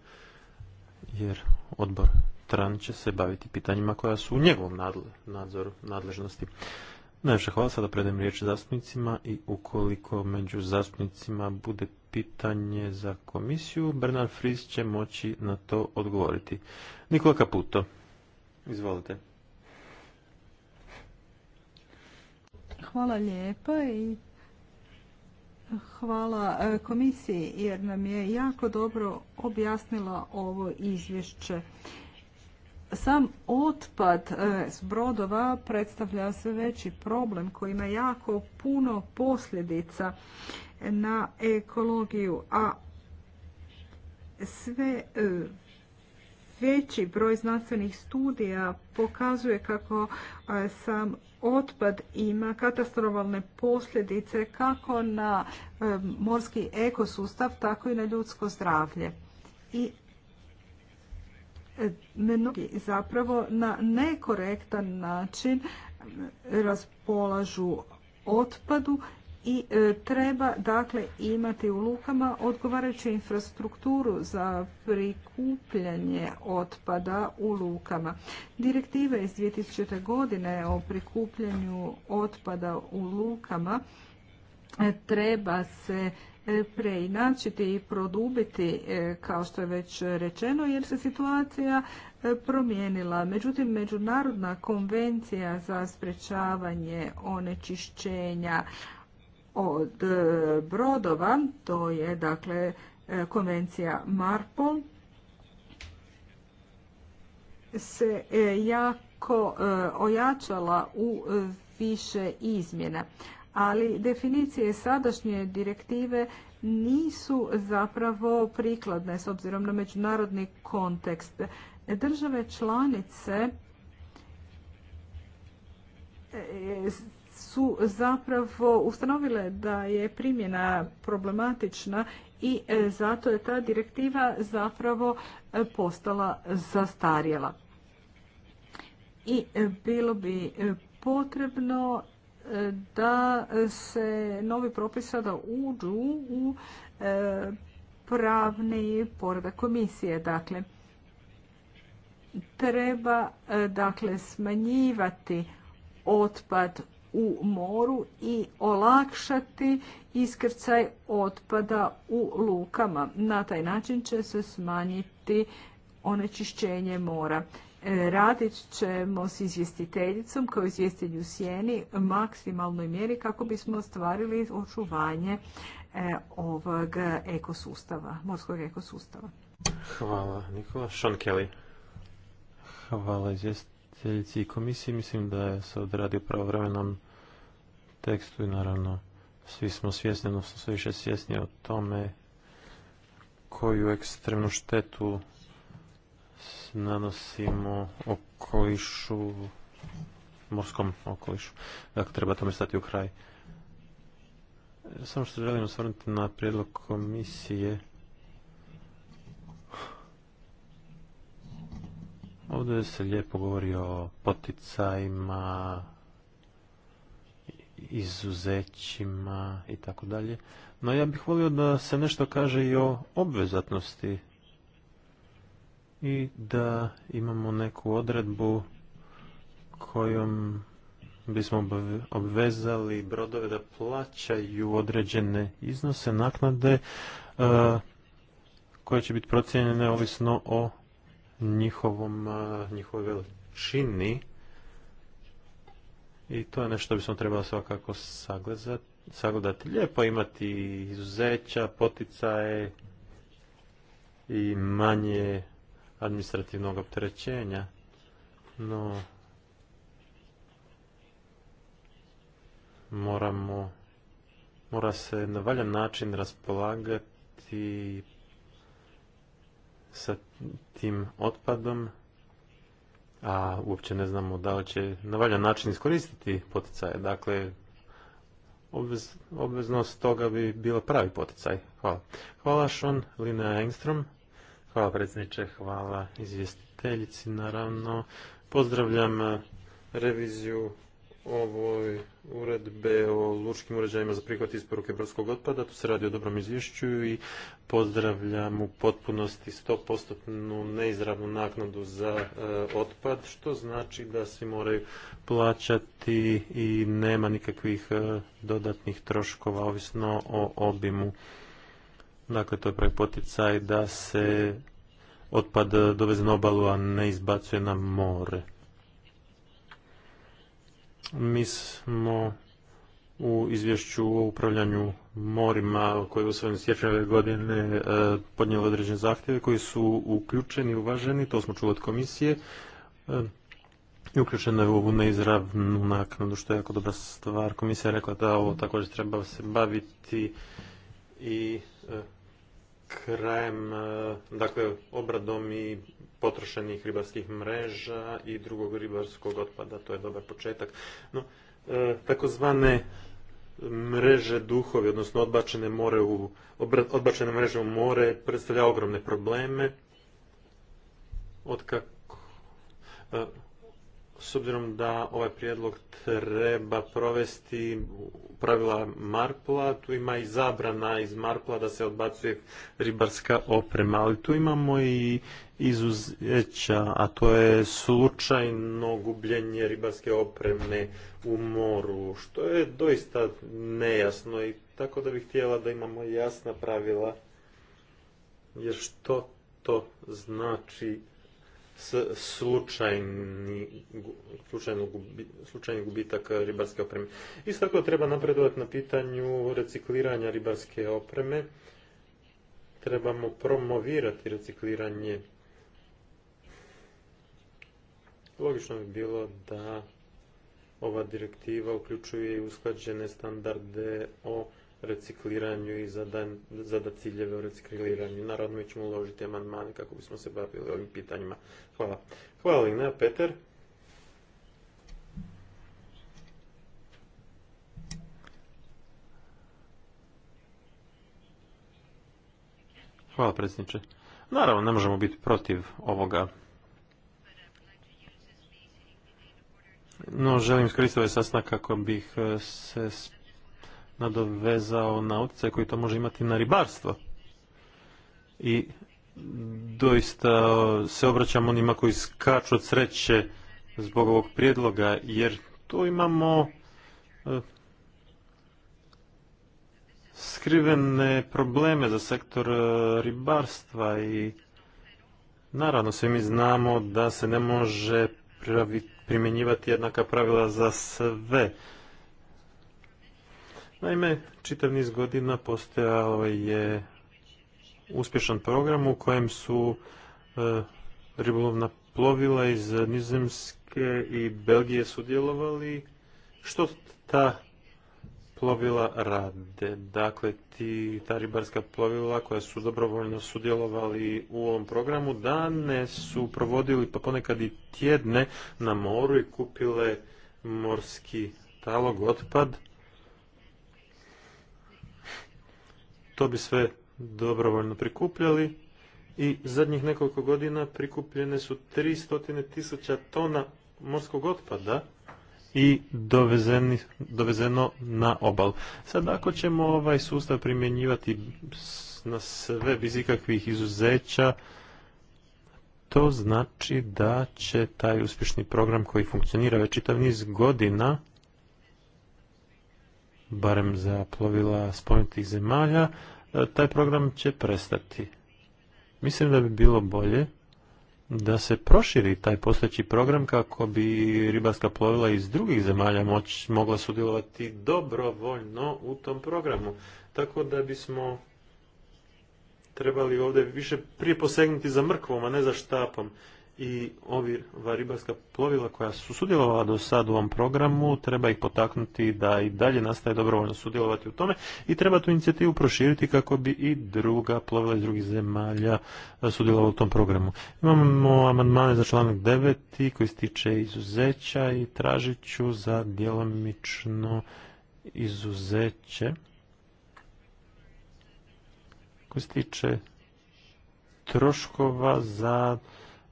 jer odbor TRAN će se baviti pitanjima koja su u njegovom nadzoru, nadležnosti. Najviše hvala, sada predajem riječ zastupnicima i ukoliko među zastupnicima bude pitanje za komisiju, Bernard Fries će moći na to odgovoriti. Nikola Caputo, izvolite. Hvala lijepa i hvala e, komisiji jer nam je jako dobro objasnila ovo izvješće. Sam otpad e, s brodova predstavlja sve veći problem koji ima jako puno posljedica na ekologiju, a sve e, veći broj znanstvenih studija pokazuje kako e, sam otpad ima katastrofalne posljedice kako na morski ekosustav, tako i na ljudsko zdravlje. I mnogi zapravo na nekorektan način raspolažu otpadu i e, treba dakle imati u lukama odgovarajuću infrastrukturu za prikupljanje otpada u lukama. Direktiva iz 2000. godine o prikupljanju otpada u lukama e, treba se E, preinačiti i produbiti e, kao što je već rečeno jer se situacija e, promijenila. Međutim, Međunarodna konvencija za sprečavanje onečišćenja od brodova, to je dakle konvencija Marpol, se jako ojačala u više izmjena ali definicije sadašnje direktive nisu zapravo prikladne s obzirom na međunarodni kontekst. Države članice e, su zapravo ustanovile da je primjena problematična i e, zato je ta direktiva zapravo e, postala zastarjela. I bilo bi potrebno da se novi propis sada uđu u e, pravni poredak komisije. Dakle, treba e, dakle, smanjivati otpad u moru i olakšati iskrcaj otpada u lukama. Na taj način će se smanjiti onečišćenje mora. Radit ćemo s izvjestiteljicom kao u sjeni maksimalnoj mjeri kako bismo ostvarili očuvanje e, ovog ekosustava, morskog ekosustava. Hvala Nikola. Sean Kelly. Hvala izvjestiteljici i komisiji. Mislim da je se odradio pravovremenom tekstu i naravno svi smo svjesni, odnosno sve više svjesni o tome koju ekstremnu štetu nanosimo okolišu, morskom okolišu. Dakle, treba tome stati u kraj. Samo što želim osvrnuti na prijedlog komisije. Ovdje se lijepo govori o poticajima, izuzećima i tako dalje. No ja bih volio da se nešto kaže i o obvezatnosti i da imamo neku odredbu kojom bismo obvezali brodove da plaćaju određene iznose naknade e, koje će biti procijenjene ovisno o njihovom, e, njihovoj veličini i to je nešto bismo trebali svakako sagledati. Lijepo imati izuzeća, poticaje i manje administrativnog opterećenja, no moramo mora se na valjan način raspolagati sa tim otpadom, a uopće ne znamo da li će na valjan način iskoristiti poticaje. Dakle, obveznost toga bi bila pravi poticaj. Hvala. Hvala Šon, Lina Engstrom. Hvala predsjedniče, hvala izvjestiteljici naravno. Pozdravljam e, reviziju ovoj uredbe o lučkim uređajima za prihvat isporuke brodskog otpada. Tu se radi o dobrom izvješću i pozdravljam u potpunosti 100% neizravnu naknadu za e, otpad, što znači da svi moraju plaćati i nema nikakvih e, dodatnih troškova, ovisno o obimu Dakle, to je pravi poticaj da se otpad doveze na obalu, a ne izbacuje na more. Mi smo u izvješću o upravljanju morima koje je usvojeno siječnja godine e, podnijeli određene zahtjeve koji su uključeni i uvaženi, to smo čuli od komisije. E, I uključeno je u ovu neizravnu naknadu, što je jako dobra stvar. Komisija je rekla da ovo također treba se baviti i e, krajem, e, dakle, obradom i potrošenih ribarskih mreža i drugog ribarskog otpada, to je dobar početak. No, e, takozvane mreže duhovi, odnosno odbačene, more u, odbačene mreže u more, predstavlja ogromne probleme. kako, e, s obzirom da ovaj prijedlog treba provesti pravila Marpla, tu ima i zabrana iz Marpla da se odbacuje ribarska oprema, ali tu imamo i izuzeća, a to je slučajno gubljenje ribarske opreme u moru, što je doista nejasno i tako da bih htjela da imamo jasna pravila, jer što to znači slučajni, gubitak ribarske opreme. Isto tako treba napredovati na pitanju recikliranja ribarske opreme. Trebamo promovirati recikliranje. Logično bi bilo da ova direktiva uključuje i usklađene standarde o recikliranju i zada ciljeve u recikliranju. Naravno, mi ćemo uložiti amandmane kako bismo se bavili ovim pitanjima. Hvala. Hvala Lina, Peter. Hvala predsjedniče. Naravno, ne možemo biti protiv ovoga. No, želim iskoristiti ovaj sastanak kako bih eh, se nadovezao na utjecaj koji to može imati na ribarstvo. I doista se obraćamo onima koji skaču od sreće zbog ovog prijedloga, jer tu imamo skrivene probleme za sektor ribarstva i naravno svi mi znamo da se ne može primjenjivati jednaka pravila za sve. Naime, čitav niz godina postojao je uspješan program u kojem su e, ribolovna plovila iz Nizemske i Belgije sudjelovali. Što ta plovila rade? Dakle, ti, ta ribarska plovila koja su dobrovoljno sudjelovali u ovom programu dane su provodili pa ponekad i tjedne na moru i kupile morski talog, otpad to bi sve dobrovoljno prikupljali i zadnjih nekoliko godina prikupljene su stotine tisuća tona morskog otpada i dovezeno na obal. Sad ako ćemo ovaj sustav primjenjivati na sve bez ikakvih izuzeća, to znači da će taj uspješni program koji funkcionira već čitav niz godina barem za plovila spomenutih zemalja, e, taj program će prestati. Mislim da bi bilo bolje da se proširi taj postojeći program kako bi ribarska plovila iz drugih zemalja moć, mogla sudjelovati dobrovoljno u tom programu. Tako da bismo trebali ovdje više prije posegnuti za mrkvom, a ne za štapom i ovi ribarska plovila koja su sudjelovala do sad u ovom programu, treba ih potaknuti da i dalje nastaje dobrovoljno sudjelovati u tome i treba tu inicijativu proširiti kako bi i druga plovila iz drugih zemalja e, sudjelovala u tom programu. Imamo amandmane za članak 9 koji se tiče izuzeća i tražit ću za djelomično izuzeće koji se tiče troškova za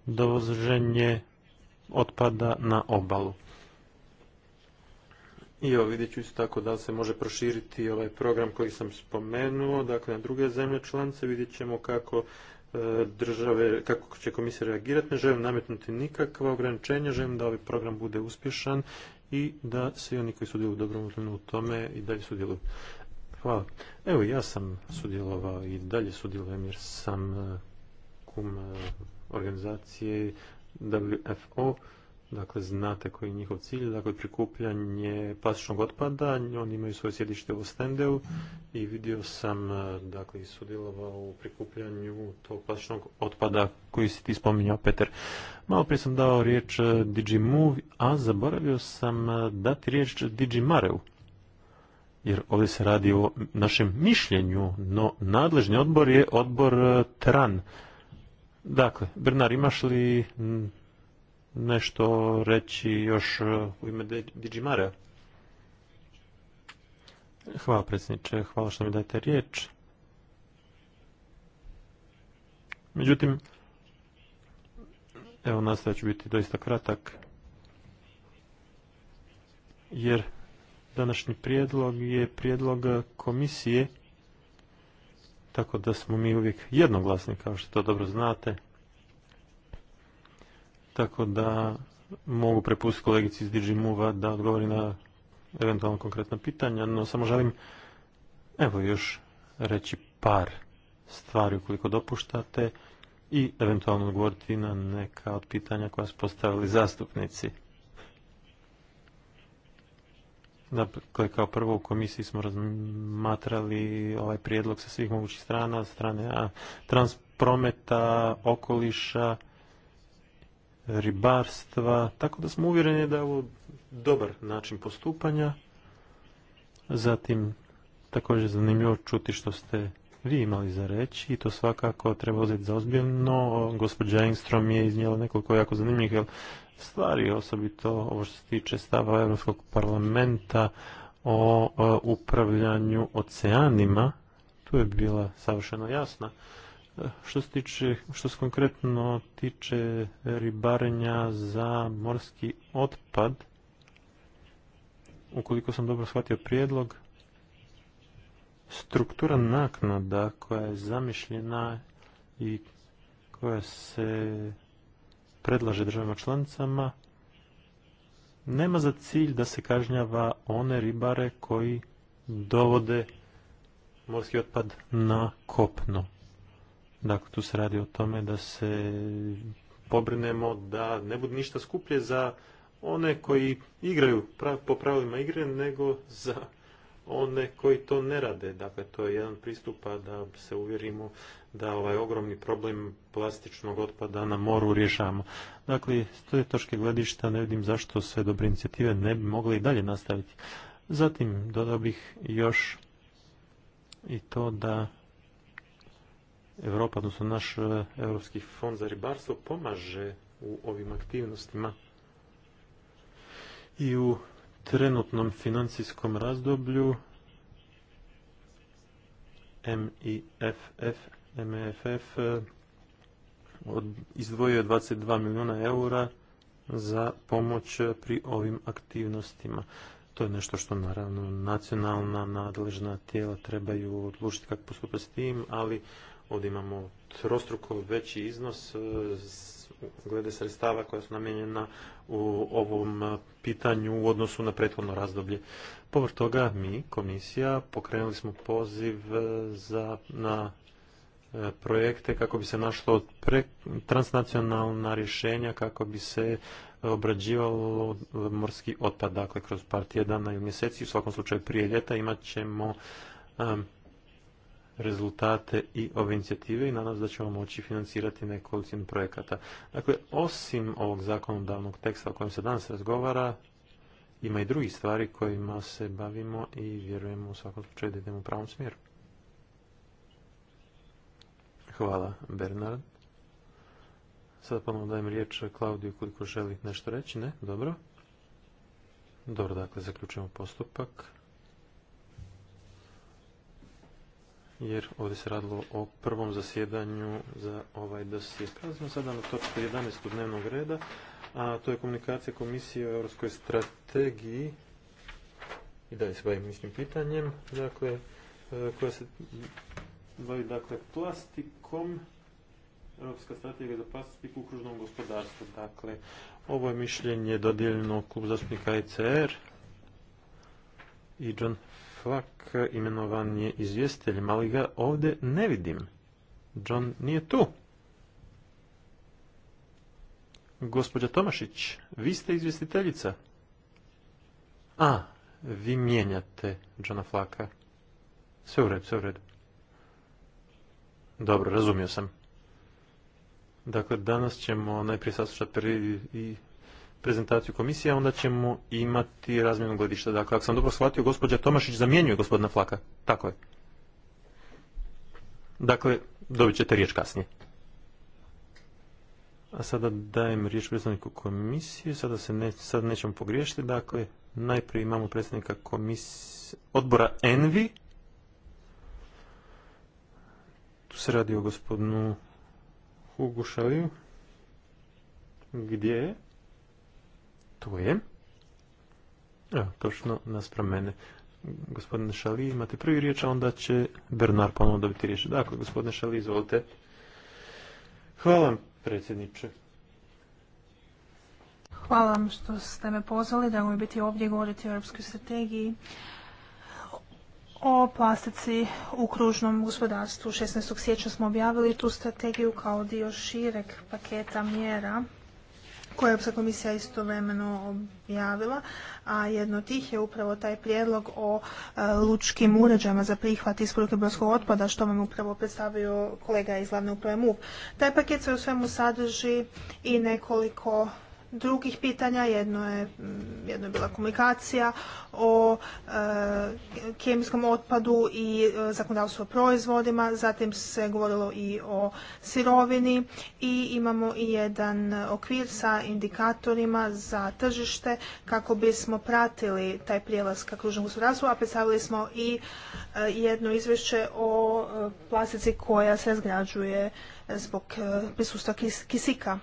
dovoženje otpada na obalu. I evo vidjet ću isto tako da se može proširiti ovaj program koji sam spomenuo, dakle na druge zemlje članice vidjet ćemo kako e, države, kako će komisija reagirati, ne želim nametnuti nikakva ograničenja, želim da ovaj program bude uspješan i da svi oni koji sudjeluju dobrovoljno u tome i dalje sudjeluju. Hvala. Evo ja sam sudjelovao i dalje sudjelujem jer sam e, kum e, organizacije WFO, dakle znate koji je njihov cilj, dakle prikupljanje plastičnog otpada, oni imaju svoje sjedište u Ostendeu i vidio sam, dakle i sudjelovao u prikupljanju tog plastičnog otpada koji si ti spominjao, Peter. Malo prije sam dao riječ eh, Digimove, a zaboravio sam eh, dati riječ Digimareu. Jer ovdje se radi o našem mišljenju, no nadležni odbor je odbor eh, TRAN. Dakle, Brnar, imaš li mm, nešto reći još e, u ime Digimara? Hvala predsjedniče, hvala što mi dajete riječ. Međutim, evo nastavit ću biti doista kratak, jer današnji prijedlog je prijedlog komisije tako da smo mi uvijek jednoglasni, kao što to dobro znate. Tako da mogu prepustiti kolegici iz Digimuva da odgovori na eventualno konkretna pitanja, no samo želim evo još reći par stvari ukoliko dopuštate i eventualno odgovoriti na neka od pitanja koja su postavili zastupnici. Dakle, kao prvo u komisiji smo razmatrali ovaj prijedlog sa svih mogućih strana, strane a, transprometa, okoliša, ribarstva, tako da smo uvjereni da je ovo dobar način postupanja. Zatim, također zanimljivo čuti što ste vi imali za reći i to svakako treba uzeti za ozbiljno. Gospođa Engstrom je iznijela nekoliko jako zanimljivih stvari, osobito ovo što se tiče stava Europskog parlamenta o e, upravljanju oceanima. Tu je bila savršeno jasna. E, što se što se konkretno tiče ribarenja za morski otpad, ukoliko sam dobro shvatio prijedlog, struktura naknada koja je zamišljena i koja se predlaže državama članicama nema za cilj da se kažnjava one ribare koji dovode morski otpad na kopno. Dakle, tu se radi o tome da se pobrinemo da ne bude ništa skuplje za one koji igraju po pravilima igre, nego za one koji to ne rade. Dakle, to je jedan pristupa da se uvjerimo da ovaj ogromni problem plastičnog otpada na moru rješavamo. Dakle, s toj točke gledišta ne vidim zašto sve dobre inicijative ne bi mogle i dalje nastaviti. Zatim, dodao bih još i to da Europa, odnosno naš e, Europski fond za ribarstvo pomaže u ovim aktivnostima i u trenutnom financijskom razdoblju MIFF, MFF e izdvojio je 22 milijuna eura za pomoć pri ovim aktivnostima. To je nešto što naravno nacionalna nadležna tijela trebaju odlučiti kako postupati s tim, ali Ovdje imamo trostruko veći iznos e, glede sredstava koja su namijenjena u ovom e, pitanju u odnosu na prethodno razdoblje. Povr toga mi, komisija, pokrenuli smo poziv e, za, na projekte kako bi se našlo pre, transnacionalna rješenja kako bi se obrađivalo morski otpad. Dakle, kroz partije dana i mjeseci, u svakom slučaju prije ljeta, imat ćemo rezultate i ove inicijative i nadam se da ćemo moći financirati nekolicinu projekata. Dakle, osim ovog zakonodavnog teksta o kojem se danas razgovara, ima i drugih stvari kojima se bavimo i vjerujemo u svakom slučaju da idemo u pravom smjeru. Hvala, Bernard. Sada ponovno dajem riječ Klaudiju koliko želi nešto reći. Ne? Dobro. Dobro, dakle, zaključujemo postupak. jer ovdje se radilo o prvom zasjedanju za ovaj dosje. Prelazimo sada na točku 11. dnevnog reda, a to je komunikacija komisije o europskoj strategiji i dalje se bavim pitanjem, dakle, e, koja se bavi dakle, plastikom, Europska strategija za plastiku u kružnom gospodarstvu. Dakle, ovo je mišljenje dodijeljeno klub zastupnika ICR e i John Flak imenovan je izvjestiteljem, ali ga ovdje ne vidim. John nije tu. Gospođa Tomašić, vi ste izvjestiteljica. A, vi mijenjate Johna Flaka. Sve u redu, sve u redu. Dobro, razumio sam. Dakle, danas ćemo najprije saslušati i prezentaciju komisije, onda ćemo imati razmjenu godišta Dakle, ako sam dobro shvatio, gospođa Tomašić zamjenjuje gospodina Flaka. Tako je. Dakle, dobit ćete riječ kasnije. A sada dajem riječ predstavniku komisije, sada se ne, sad nećemo pogriješiti, dakle, najprije imamo predstavnika komisije, odbora ENVI, tu se radi o gospodinu Hugu gdje je? Tu je. Evo, točno naspram mene. Gospodine Šali, imate prvi riječ, a onda će Bernard ponovno dobiti riječ. Dakle, gospodine Šali, izvolite. Hvala vam, predsjedniče. Hvala vam što ste me pozvali da mi biti ovdje govoriti o europskoj strategiji o plastici u kružnom gospodarstvu. 16. siječnja smo objavili tu strategiju kao dio šireg paketa mjera koje je Europska komisija istovremeno objavila, a jedno od tih je upravo taj prijedlog o e, lučkim uređajima za prihvat isporuke brodskog otpada, što vam upravo predstavio kolega iz glavne uprave MUP. Taj paket se u svemu sadrži i nekoliko drugih pitanja. Jedno je, mm, jedno je bila komunikacija o e, kemijskom otpadu i e, zakonodavstvu o proizvodima, zatim se govorilo i o sirovini i imamo i jedan okvir sa indikatorima za tržište kako bismo pratili taj prijelaz ka kružnom gospodarstvu, a predstavili smo i e, jedno izvješće o e, plastici koja se zgrađuje zbog prisustva kisika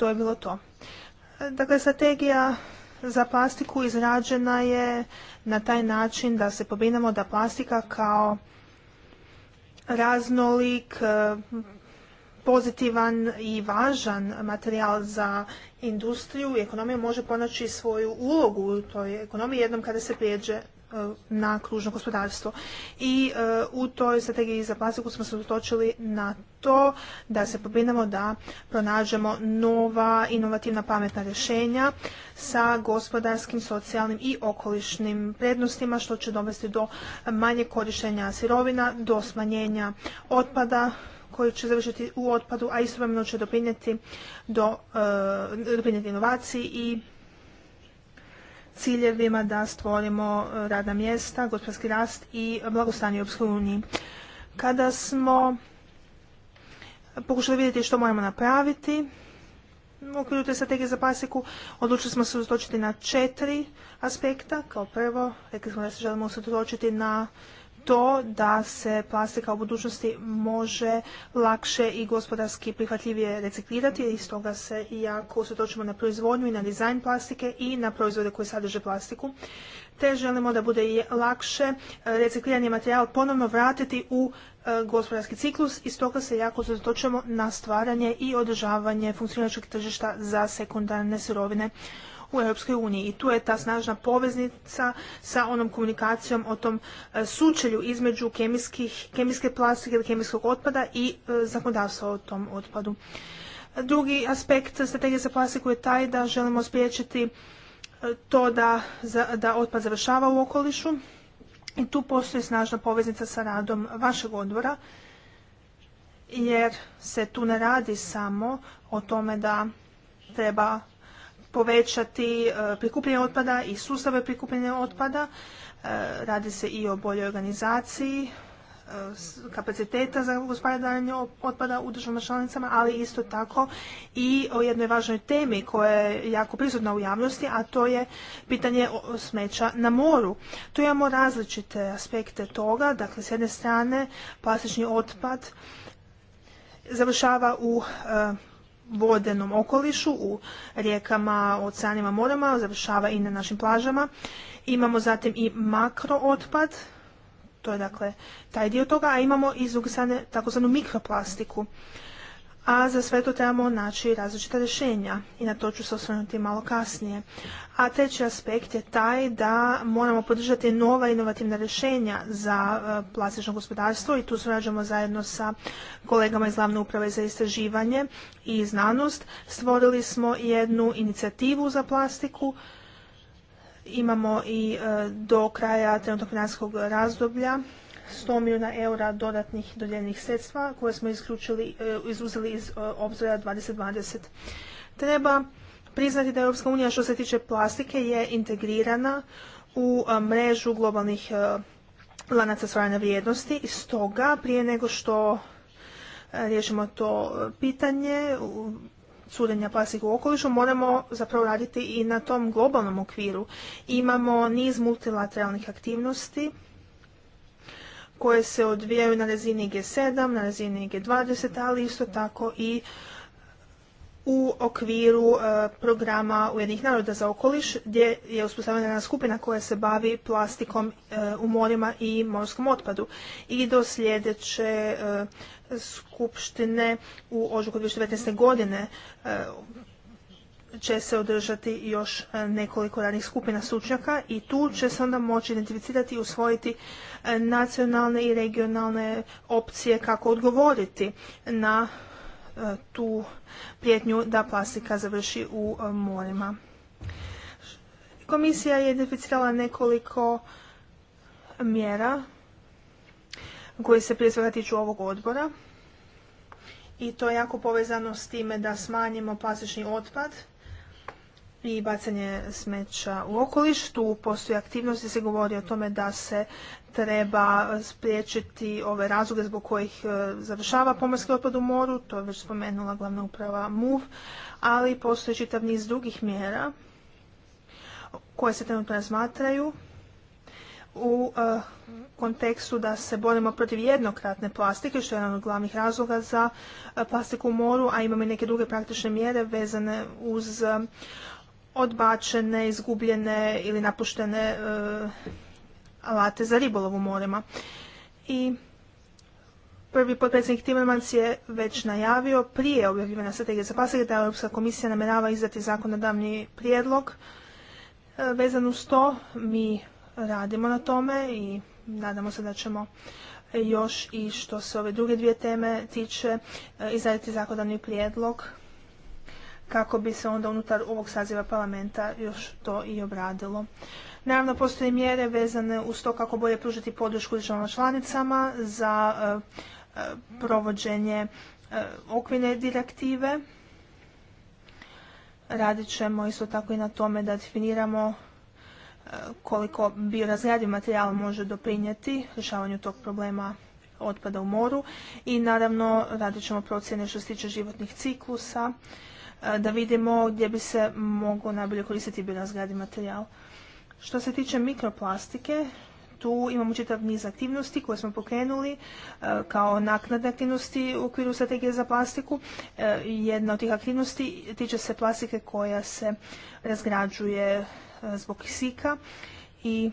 to je bilo to. Dakle, strategija za plastiku izrađena je na taj način da se pobrinemo da plastika kao raznolik, e, pozitivan i važan materijal za industriju i ekonomiju može ponaći svoju ulogu u toj ekonomiji jednom kada se prijeđe E, na kružno gospodarstvo. I e, u toj strategiji za plastiku smo se utočili na to da se pobrinemo da pronađemo nova inovativna pametna rješenja sa gospodarskim, socijalnim i okolišnim prednostima što će dovesti do manje korištenja sirovina, do smanjenja otpada koji će završiti u otpadu, a istovremeno će doprinijeti do e, doprinjeti inovaciji i ciljevima da stvorimo e, radna mjesta, gospodarski rast i blagostanje u EU. Kada smo pokušali vidjeti što moramo napraviti, u okviru te strategije za pasiku odlučili smo se usredotočiti na četiri aspekta. Kao prvo, rekli smo da se želimo usredotočiti na to da se plastika u budućnosti može lakše i gospodarski prihvatljivije reciklirati i stoga se jako usvjetočimo na proizvodnju i na dizajn plastike i na proizvode koji sadrže plastiku te želimo da bude i lakše e, reciklirani materijal ponovno vratiti u e, gospodarski ciklus i stoga se jako usredotočimo na stvaranje i održavanje funkcionalnog tržišta za sekundarne sirovine u Europskoj uniji. I tu je ta snažna poveznica sa onom komunikacijom o tom e, sučelju između kemijske plastike ili kemijskog otpada i e, zakonodavstva o tom otpadu. Drugi aspekt strategije za plastiku je taj da želimo spriječiti e, to da, da otpad završava u okolišu i tu postoji snažna poveznica sa radom vašeg odbora jer se tu ne radi samo o tome da treba povećati e, prikupljanje otpada i sustave prikupljanja otpada. E, radi se i o boljoj organizaciji e, kapaciteta za gospodaranje otpada u državama članicama, ali isto tako i o jednoj važnoj temi koja je jako prisutna u javnosti, a to je pitanje smeća na moru. Tu imamo različite aspekte toga, dakle s jedne strane plastični otpad završava u vodenom okolišu u rijekama, oceanima, morama, završava i na našim plažama. Imamo zatim i makrootpad, to je dakle taj dio toga, a imamo i zvuk takozvanu mikroplastiku a za sve to trebamo naći različita rješenja i na to ću se osvrnuti malo kasnije. A treći aspekt je taj da moramo podržati nova inovativna rješenja za e, plastično gospodarstvo i tu surađujemo zajedno sa kolegama iz glavne uprave za istraživanje i znanost. Stvorili smo jednu inicijativu za plastiku imamo i e, do kraja trenutnog finanskog razdoblja 100 milijuna eura dodatnih dodijeljenih sredstva koje smo e, izuzeli iz e, obzora 2020. Treba priznati da Europska unija što se tiče plastike je integrirana u e, mrežu globalnih lanaca stvaranja vrijednosti i stoga prije nego što riješimo to pitanje curenja plastike u okolišu, moramo zapravo raditi i na tom globalnom okviru. Imamo niz multilateralnih aktivnosti koje se odvijaju na razini G7, na razini G20, ali isto tako i u okviru e, programa Ujednih naroda za okoliš gdje je uspostavljena jedna skupina koja se bavi plastikom e, u morima i morskom otpadu. I do sljedeće e, skupštine u ožuku 2019. godine će se održati još e, nekoliko radnih skupina stručnjaka i tu će se onda moći identificirati i usvojiti e, nacionalne i regionalne opcije kako odgovoriti na e, tu prijetnju da plastika završi u morima. Komisija je identificirala nekoliko mjera koje se prije svega tiču ovog odbora i to je jako povezano s time da smanjimo plastični otpad i bacanje smeća u okoliš. Tu postoji aktivnost se govori o tome da se treba spriječiti ove razloge zbog kojih e, završava pomorski otpad u moru, to je već spomenula glavna uprava MUV, ali postoji čitav niz drugih mjera koje se trenutno razmatraju u e, kontekstu da se borimo protiv jednokratne plastike, što je jedan od glavnih razloga za e, plastiku u moru, a imamo i neke druge praktične mjere vezane uz odbačene, izgubljene ili napuštene e, alate za ribolov u morima. I prvi potpredsjednik Timmermans je već najavio prije objavljivanja strategije za pasage da Europska komisija namjerava izdati zakonodavni prijedlog. E, vezan uz to mi radimo na tome i nadamo se da ćemo još i što se ove druge dvije teme tiče e, izraditi zakonodavni prijedlog kako bi se onda unutar ovog saziva parlamenta još to i obradilo. Naravno, postoje mjere vezane uz to kako bolje pružiti podršku državama članicama za e, e, provođenje e, okvirne direktive. Radit ćemo isto tako i na tome da definiramo koliko koliko biorazgradiv materijal može doprinijeti rješavanju tog problema otpada u moru i naravno radit ćemo procjene što se tiče životnih ciklusa da vidimo gdje bi se mogao najbolje koristiti zgradi materijal. Što se tiče mikroplastike, tu imamo čitav niz aktivnosti koje smo pokrenuli kao naknadne aktivnosti u okviru strategije za plastiku. E, jedna od tih aktivnosti tiče se plastike koja se razgrađuje e, zbog kisika i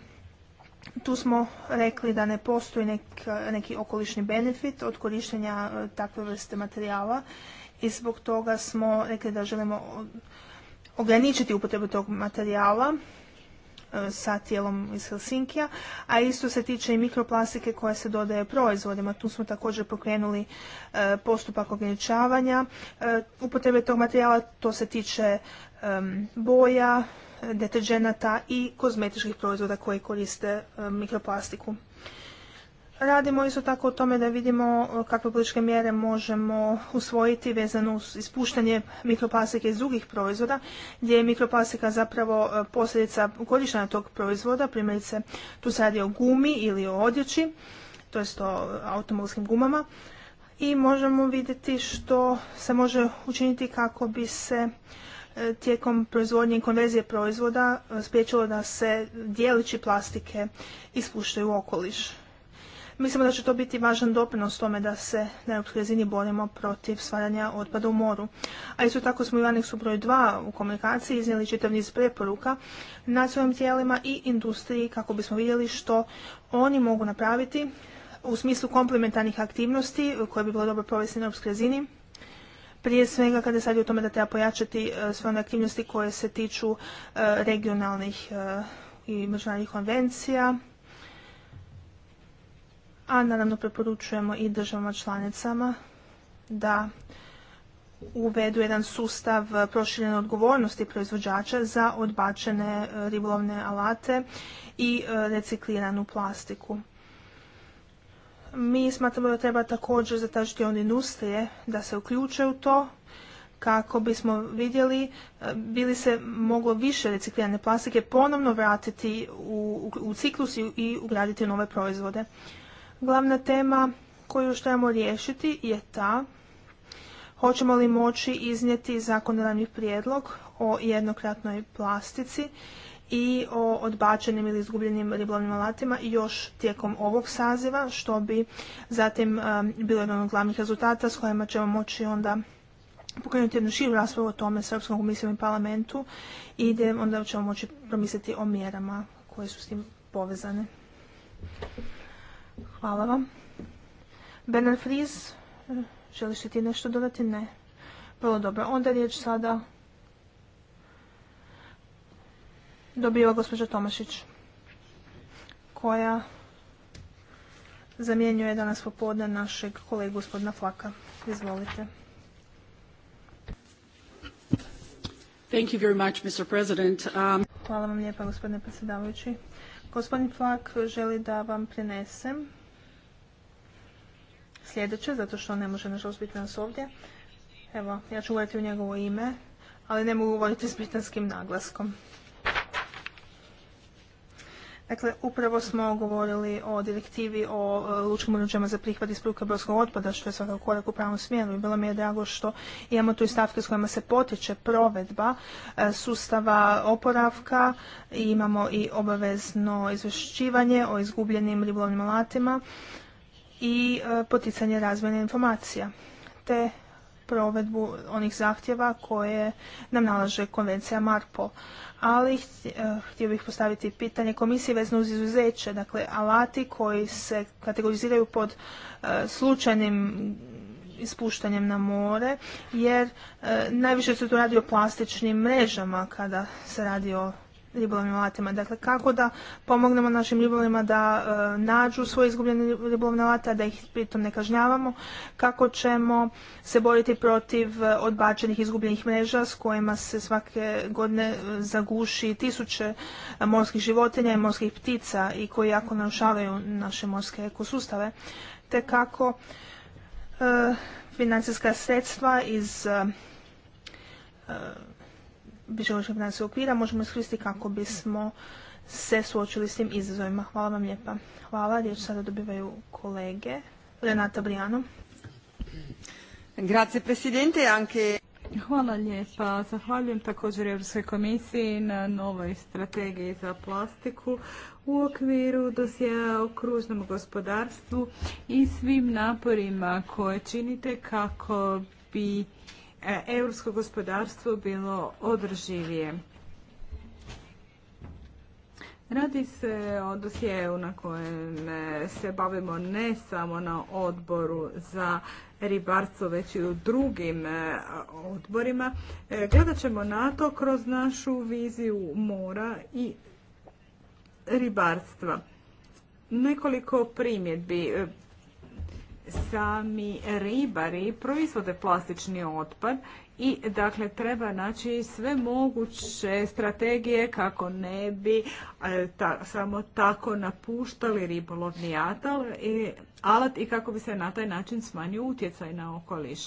tu smo rekli da ne postoji neki okolišni benefit od korištenja e, takve vrste materijala i zbog toga smo rekli da želimo ograničiti upotrebu tog materijala e, sa tijelom iz Helsinkija, a isto se tiče i mikroplastike koja se dodaje proizvodima. Tu smo također pokrenuli e, postupak ograničavanja e, upotrebe tog materijala. To se tiče boja, deteđenata i kozmetičkih proizvoda koji koriste mikroplastiku. Radimo isto tako o tome da vidimo e, kakve političke mjere možemo usvojiti vezano uz ispuštanje mikroplastike iz drugih proizvoda, gdje je mikroplastika zapravo e, posljedica korištenja tog proizvoda, primjerice tu se radi o gumi ili o odjeći, to jest o automobilskim gumama, i možemo vidjeti što se može učiniti kako bi se e, tijekom proizvodnje i konverzije proizvoda spriječilo da se dijelići plastike ispuštaju u okoliš. Mislimo da će to biti važan doprinos tome da se na europskoj razini borimo protiv stvaranja otpada u moru. A isto tako smo u Aneksu broj 2 u komunikaciji iznijeli čitav niz preporuka nacionalnim tijelima i industriji kako bismo vidjeli što oni mogu napraviti u smislu komplementarnih aktivnosti koje bi bilo dobro provesti na europskoj razini prije svega kada se radi o tome da treba pojačati e, sve one aktivnosti koje se tiču e, regionalnih e, i međunarodnih konvencija, a naravno preporučujemo i državama članicama da uvedu jedan sustav proširene odgovornosti proizvođača za odbačene e, ribolovne alate i e, recikliranu plastiku. Mi smatramo da treba također zatražiti od industrije da se uključe u to kako bismo vidjeli e, bili se moglo više reciklirane plastike ponovno vratiti u, ciklus i ugraditi nove proizvode. Glavna tema koju još trebamo riješiti je ta hoćemo li moći iznijeti zakonodavni prijedlog o jednokratnoj plastici i o odbačenim ili izgubljenim ribolovnim alatima još tijekom ovog saziva, što bi zatim e, bilo jedan od glavnih rezultata s kojima ćemo moći onda pokrenuti jednu širu raspravu o tome s Europskom komisijom i parlamentu i onda ćemo moći promisliti o mjerama koje su s tim povezane. Hvala vam. Bernard Fries, želiš li ti nešto dodati? Ne. Vrlo dobro. Onda riječ sada dobiva gospođa Tomašić, koja zamjenjuje danas popodne našeg kolegu gospodina Flaka. Izvolite. Thank um, Hvala vam lijepa, gospodine predsjedavajući. Gospodin Flak želi da vam prenesem sljedeće, zato što ne može nažalost biti nas ovdje. Evo, ja ću govoriti u njegovo ime, ali ne mogu govoriti s britanskim naglaskom. Dakle, upravo smo govorili o direktivi o e, lučkim uređajima za prihvat isporuke brodskog otpada, što je svakako korak u pravom smjeru. I bilo mi je drago što imamo tu i stavke s kojima se potiče provedba e, sustava oporavka i imamo i obavezno izvješćivanje o izgubljenim ribolovnim alatima i e, poticanje razmjene informacija. Te provedbu onih zahtjeva koje nam nalaže konvencija Marpo. Ali eh, htio bih postaviti pitanje komisije vezno uz izuzeće, dakle alati koji se kategoriziraju pod eh, slučajnim ispuštanjem na more, jer eh, najviše se tu radi o plastičnim mrežama kada se radi o ribolovnim alatima. Dakle, kako da pomognemo našim ribolovima da e, nađu svoje izgubljene ribolovne alate, da ih pritom ne kažnjavamo, kako ćemo se boriti protiv e, odbačenih izgubljenih mreža s kojima se svake godine e, zaguši tisuće morskih životinja i morskih ptica i koji jako narušavaju naše morske ekosustave, te kako financijska sredstva iz biološkog okvira možemo iskoristiti kako bismo se suočili s tim izazovima. Hvala vam lijepa. Hvala. Riječ sada dobivaju kolege. Renata Brijano. Grazie Presidente, anche... Hvala lijepa. Zahvaljujem također Europskoj komisiji na novoj strategiji za plastiku u okviru dosjeja o kružnom gospodarstvu i svim naporima koje činite kako bi E, europsko gospodarstvo bilo održivije. Radi se o dosjeu na kojem se bavimo ne samo na odboru za ribarstvo, već i u drugim e, odborima. E, gledat ćemo na to kroz našu viziju mora i ribarstva. Nekoliko primjedbi sami ribari proizvode plastični otpad i dakle treba naći sve moguće strategije kako ne bi e, ta, samo tako napuštali ribolovni atal i alat i kako bi se na taj način smanjio utjecaj na okoliš.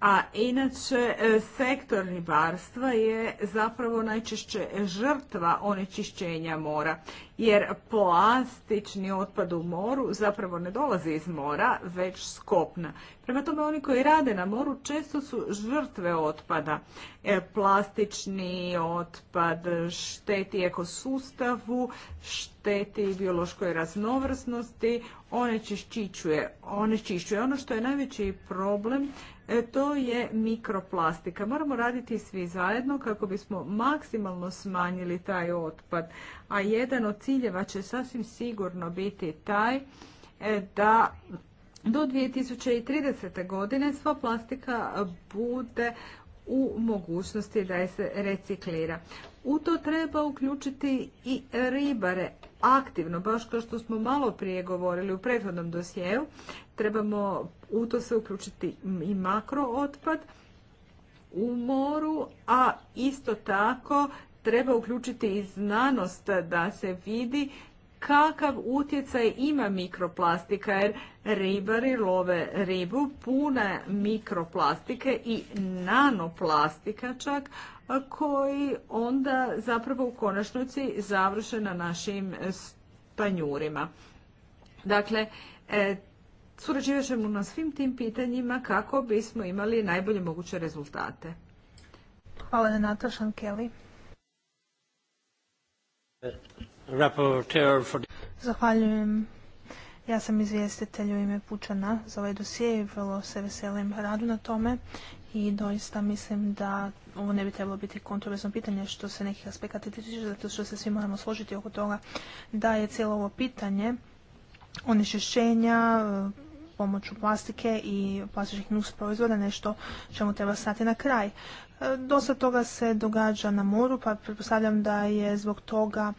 A inače, e, sektor ribarstva je zapravo najčešće žrtva onečišćenja mora, jer plastični otpad u moru zapravo ne dolazi iz mora, već skopna. Prema tome, oni koji rade na moru često su žrtve otpada. E, plastični otpad šteti ekosustavu, šteti biološkoj raznovrsnosti, onečišćuje. ono što je najveći problem E, to je mikroplastika. Moramo raditi svi zajedno kako bismo maksimalno smanjili taj otpad, a jedan od ciljeva će sasvim sigurno biti taj e, da do 2030. godine sva plastika bude u mogućnosti da je se reciklira. U to treba uključiti i ribare aktivno, baš kao što smo malo prije govorili u prethodnom dosjeu, trebamo u to se uključiti i makrootpad u moru, a isto tako treba uključiti i znanost da se vidi kakav utjecaj ima mikroplastika jer ribari love ribu pune mikroplastike i nanoplastika čak koji onda zapravo u konačnici završe na našim panjurima. Dakle, e, Surađivat ćemo na svim tim pitanjima kako bismo imali najbolje moguće rezultate. Hvala na Natošan Kelly. Zahvaljujem. Ja sam izvjestitelj u ime Pučana za ovaj dosije i vrlo se veselim radu na tome i doista mislim da ovo ne bi trebalo biti kontroverzno pitanje što se nekih aspekata tiče, zato što se svi moramo složiti oko toga da je cijelo ovo pitanje onečišćenja, pomoću plastike i plastičnih nus proizvoda nešto čemu treba stati na kraj. E, dosta toga se događa na moru, pa pretpostavljam da je zbog toga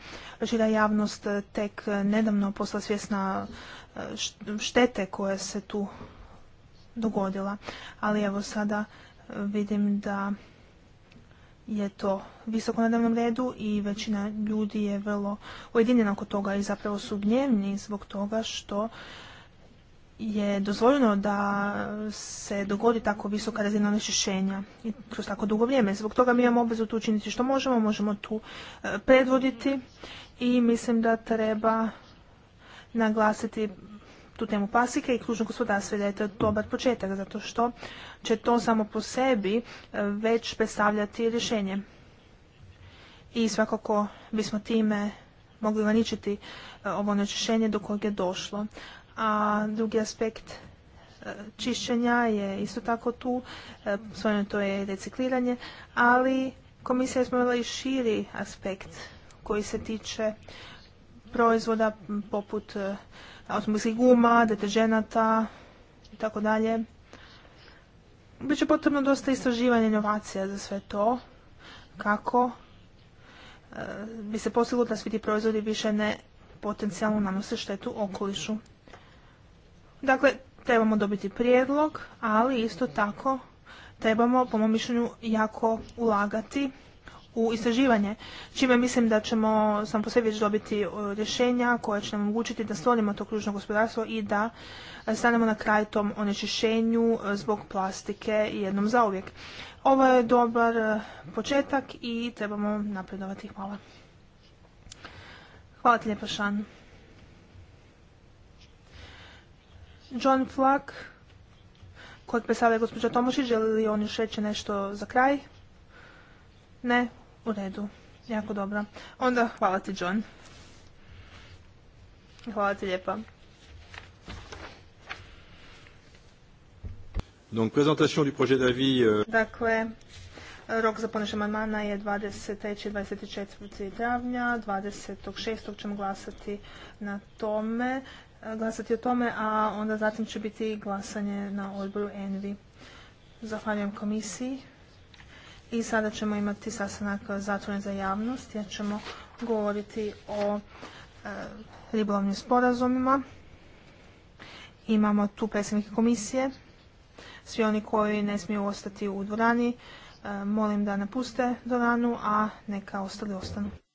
šira javnost tek nedavno postala svjesna e, štete koja se tu dogodila. Ali evo sada e, vidim da je to visoko na dnevnom redu i većina ljudi je vrlo ujedinjena oko toga i zapravo su gnjevni zbog toga što je dozvoljeno da se dogodi tako visoka razina onečišćenja i kroz tako dugo vrijeme. Zbog toga mi imamo obvezu tu učiniti što možemo, možemo tu e, predvoditi i mislim da treba naglasiti tu temu pasike i kružnog gospodarstva da je to dobar početak zato što će to samo po sebi e, već predstavljati rješenje. I svakako bismo time mogli vaničiti e, ovo onečišćenje do kojeg je došlo a drugi aspekt e, čišćenja je isto tako tu, e, svojno to je recikliranje, ali komisija je spomenula i širi aspekt koji se tiče proizvoda poput e, automobilskih guma, deteženata i tako dalje. Biće potrebno dosta istraživanja inovacija za sve to, kako bi se postiglo da svi ti proizvodi više ne potencijalno nanose štetu okolišu. Dakle, trebamo dobiti prijedlog, ali isto tako trebamo, po mom mišljenju, jako ulagati u istraživanje, čime mislim da ćemo sam po sebi već dobiti e, rješenja koja će nam omogućiti da stvorimo to kružno gospodarstvo i da stanemo na kraj tom onečišćenju e, zbog plastike jednom zauvijek. Ovo je dobar e, početak i trebamo napredovati. Hvala. Hvala ti lijepa, Šan. John Flack, kod predstavlja gospođa Tomošić, želi li on još reći nešto za kraj? Ne? U redu. Jako dobro. Onda hvala ti, John. Hvala ti lijepa. Donc, présentation du projet d'avis. Euh, dakle, rok za podnošenje manmana je 23. i 24. travnja, 26. ćemo glasati na tome. E, glasati o tome, a onda zatim će biti glasanje na odboru ENVI. Zahvaljujem komisiji. I sada ćemo imati sastanak zatvoren za javnost jer ćemo govoriti o e, ribolovnim sporazumima. Imamo tu predsjednike komisije. Svi oni koji ne smiju ostati u dvorani, e, molim da napuste dvoranu, a neka ostali ostanu.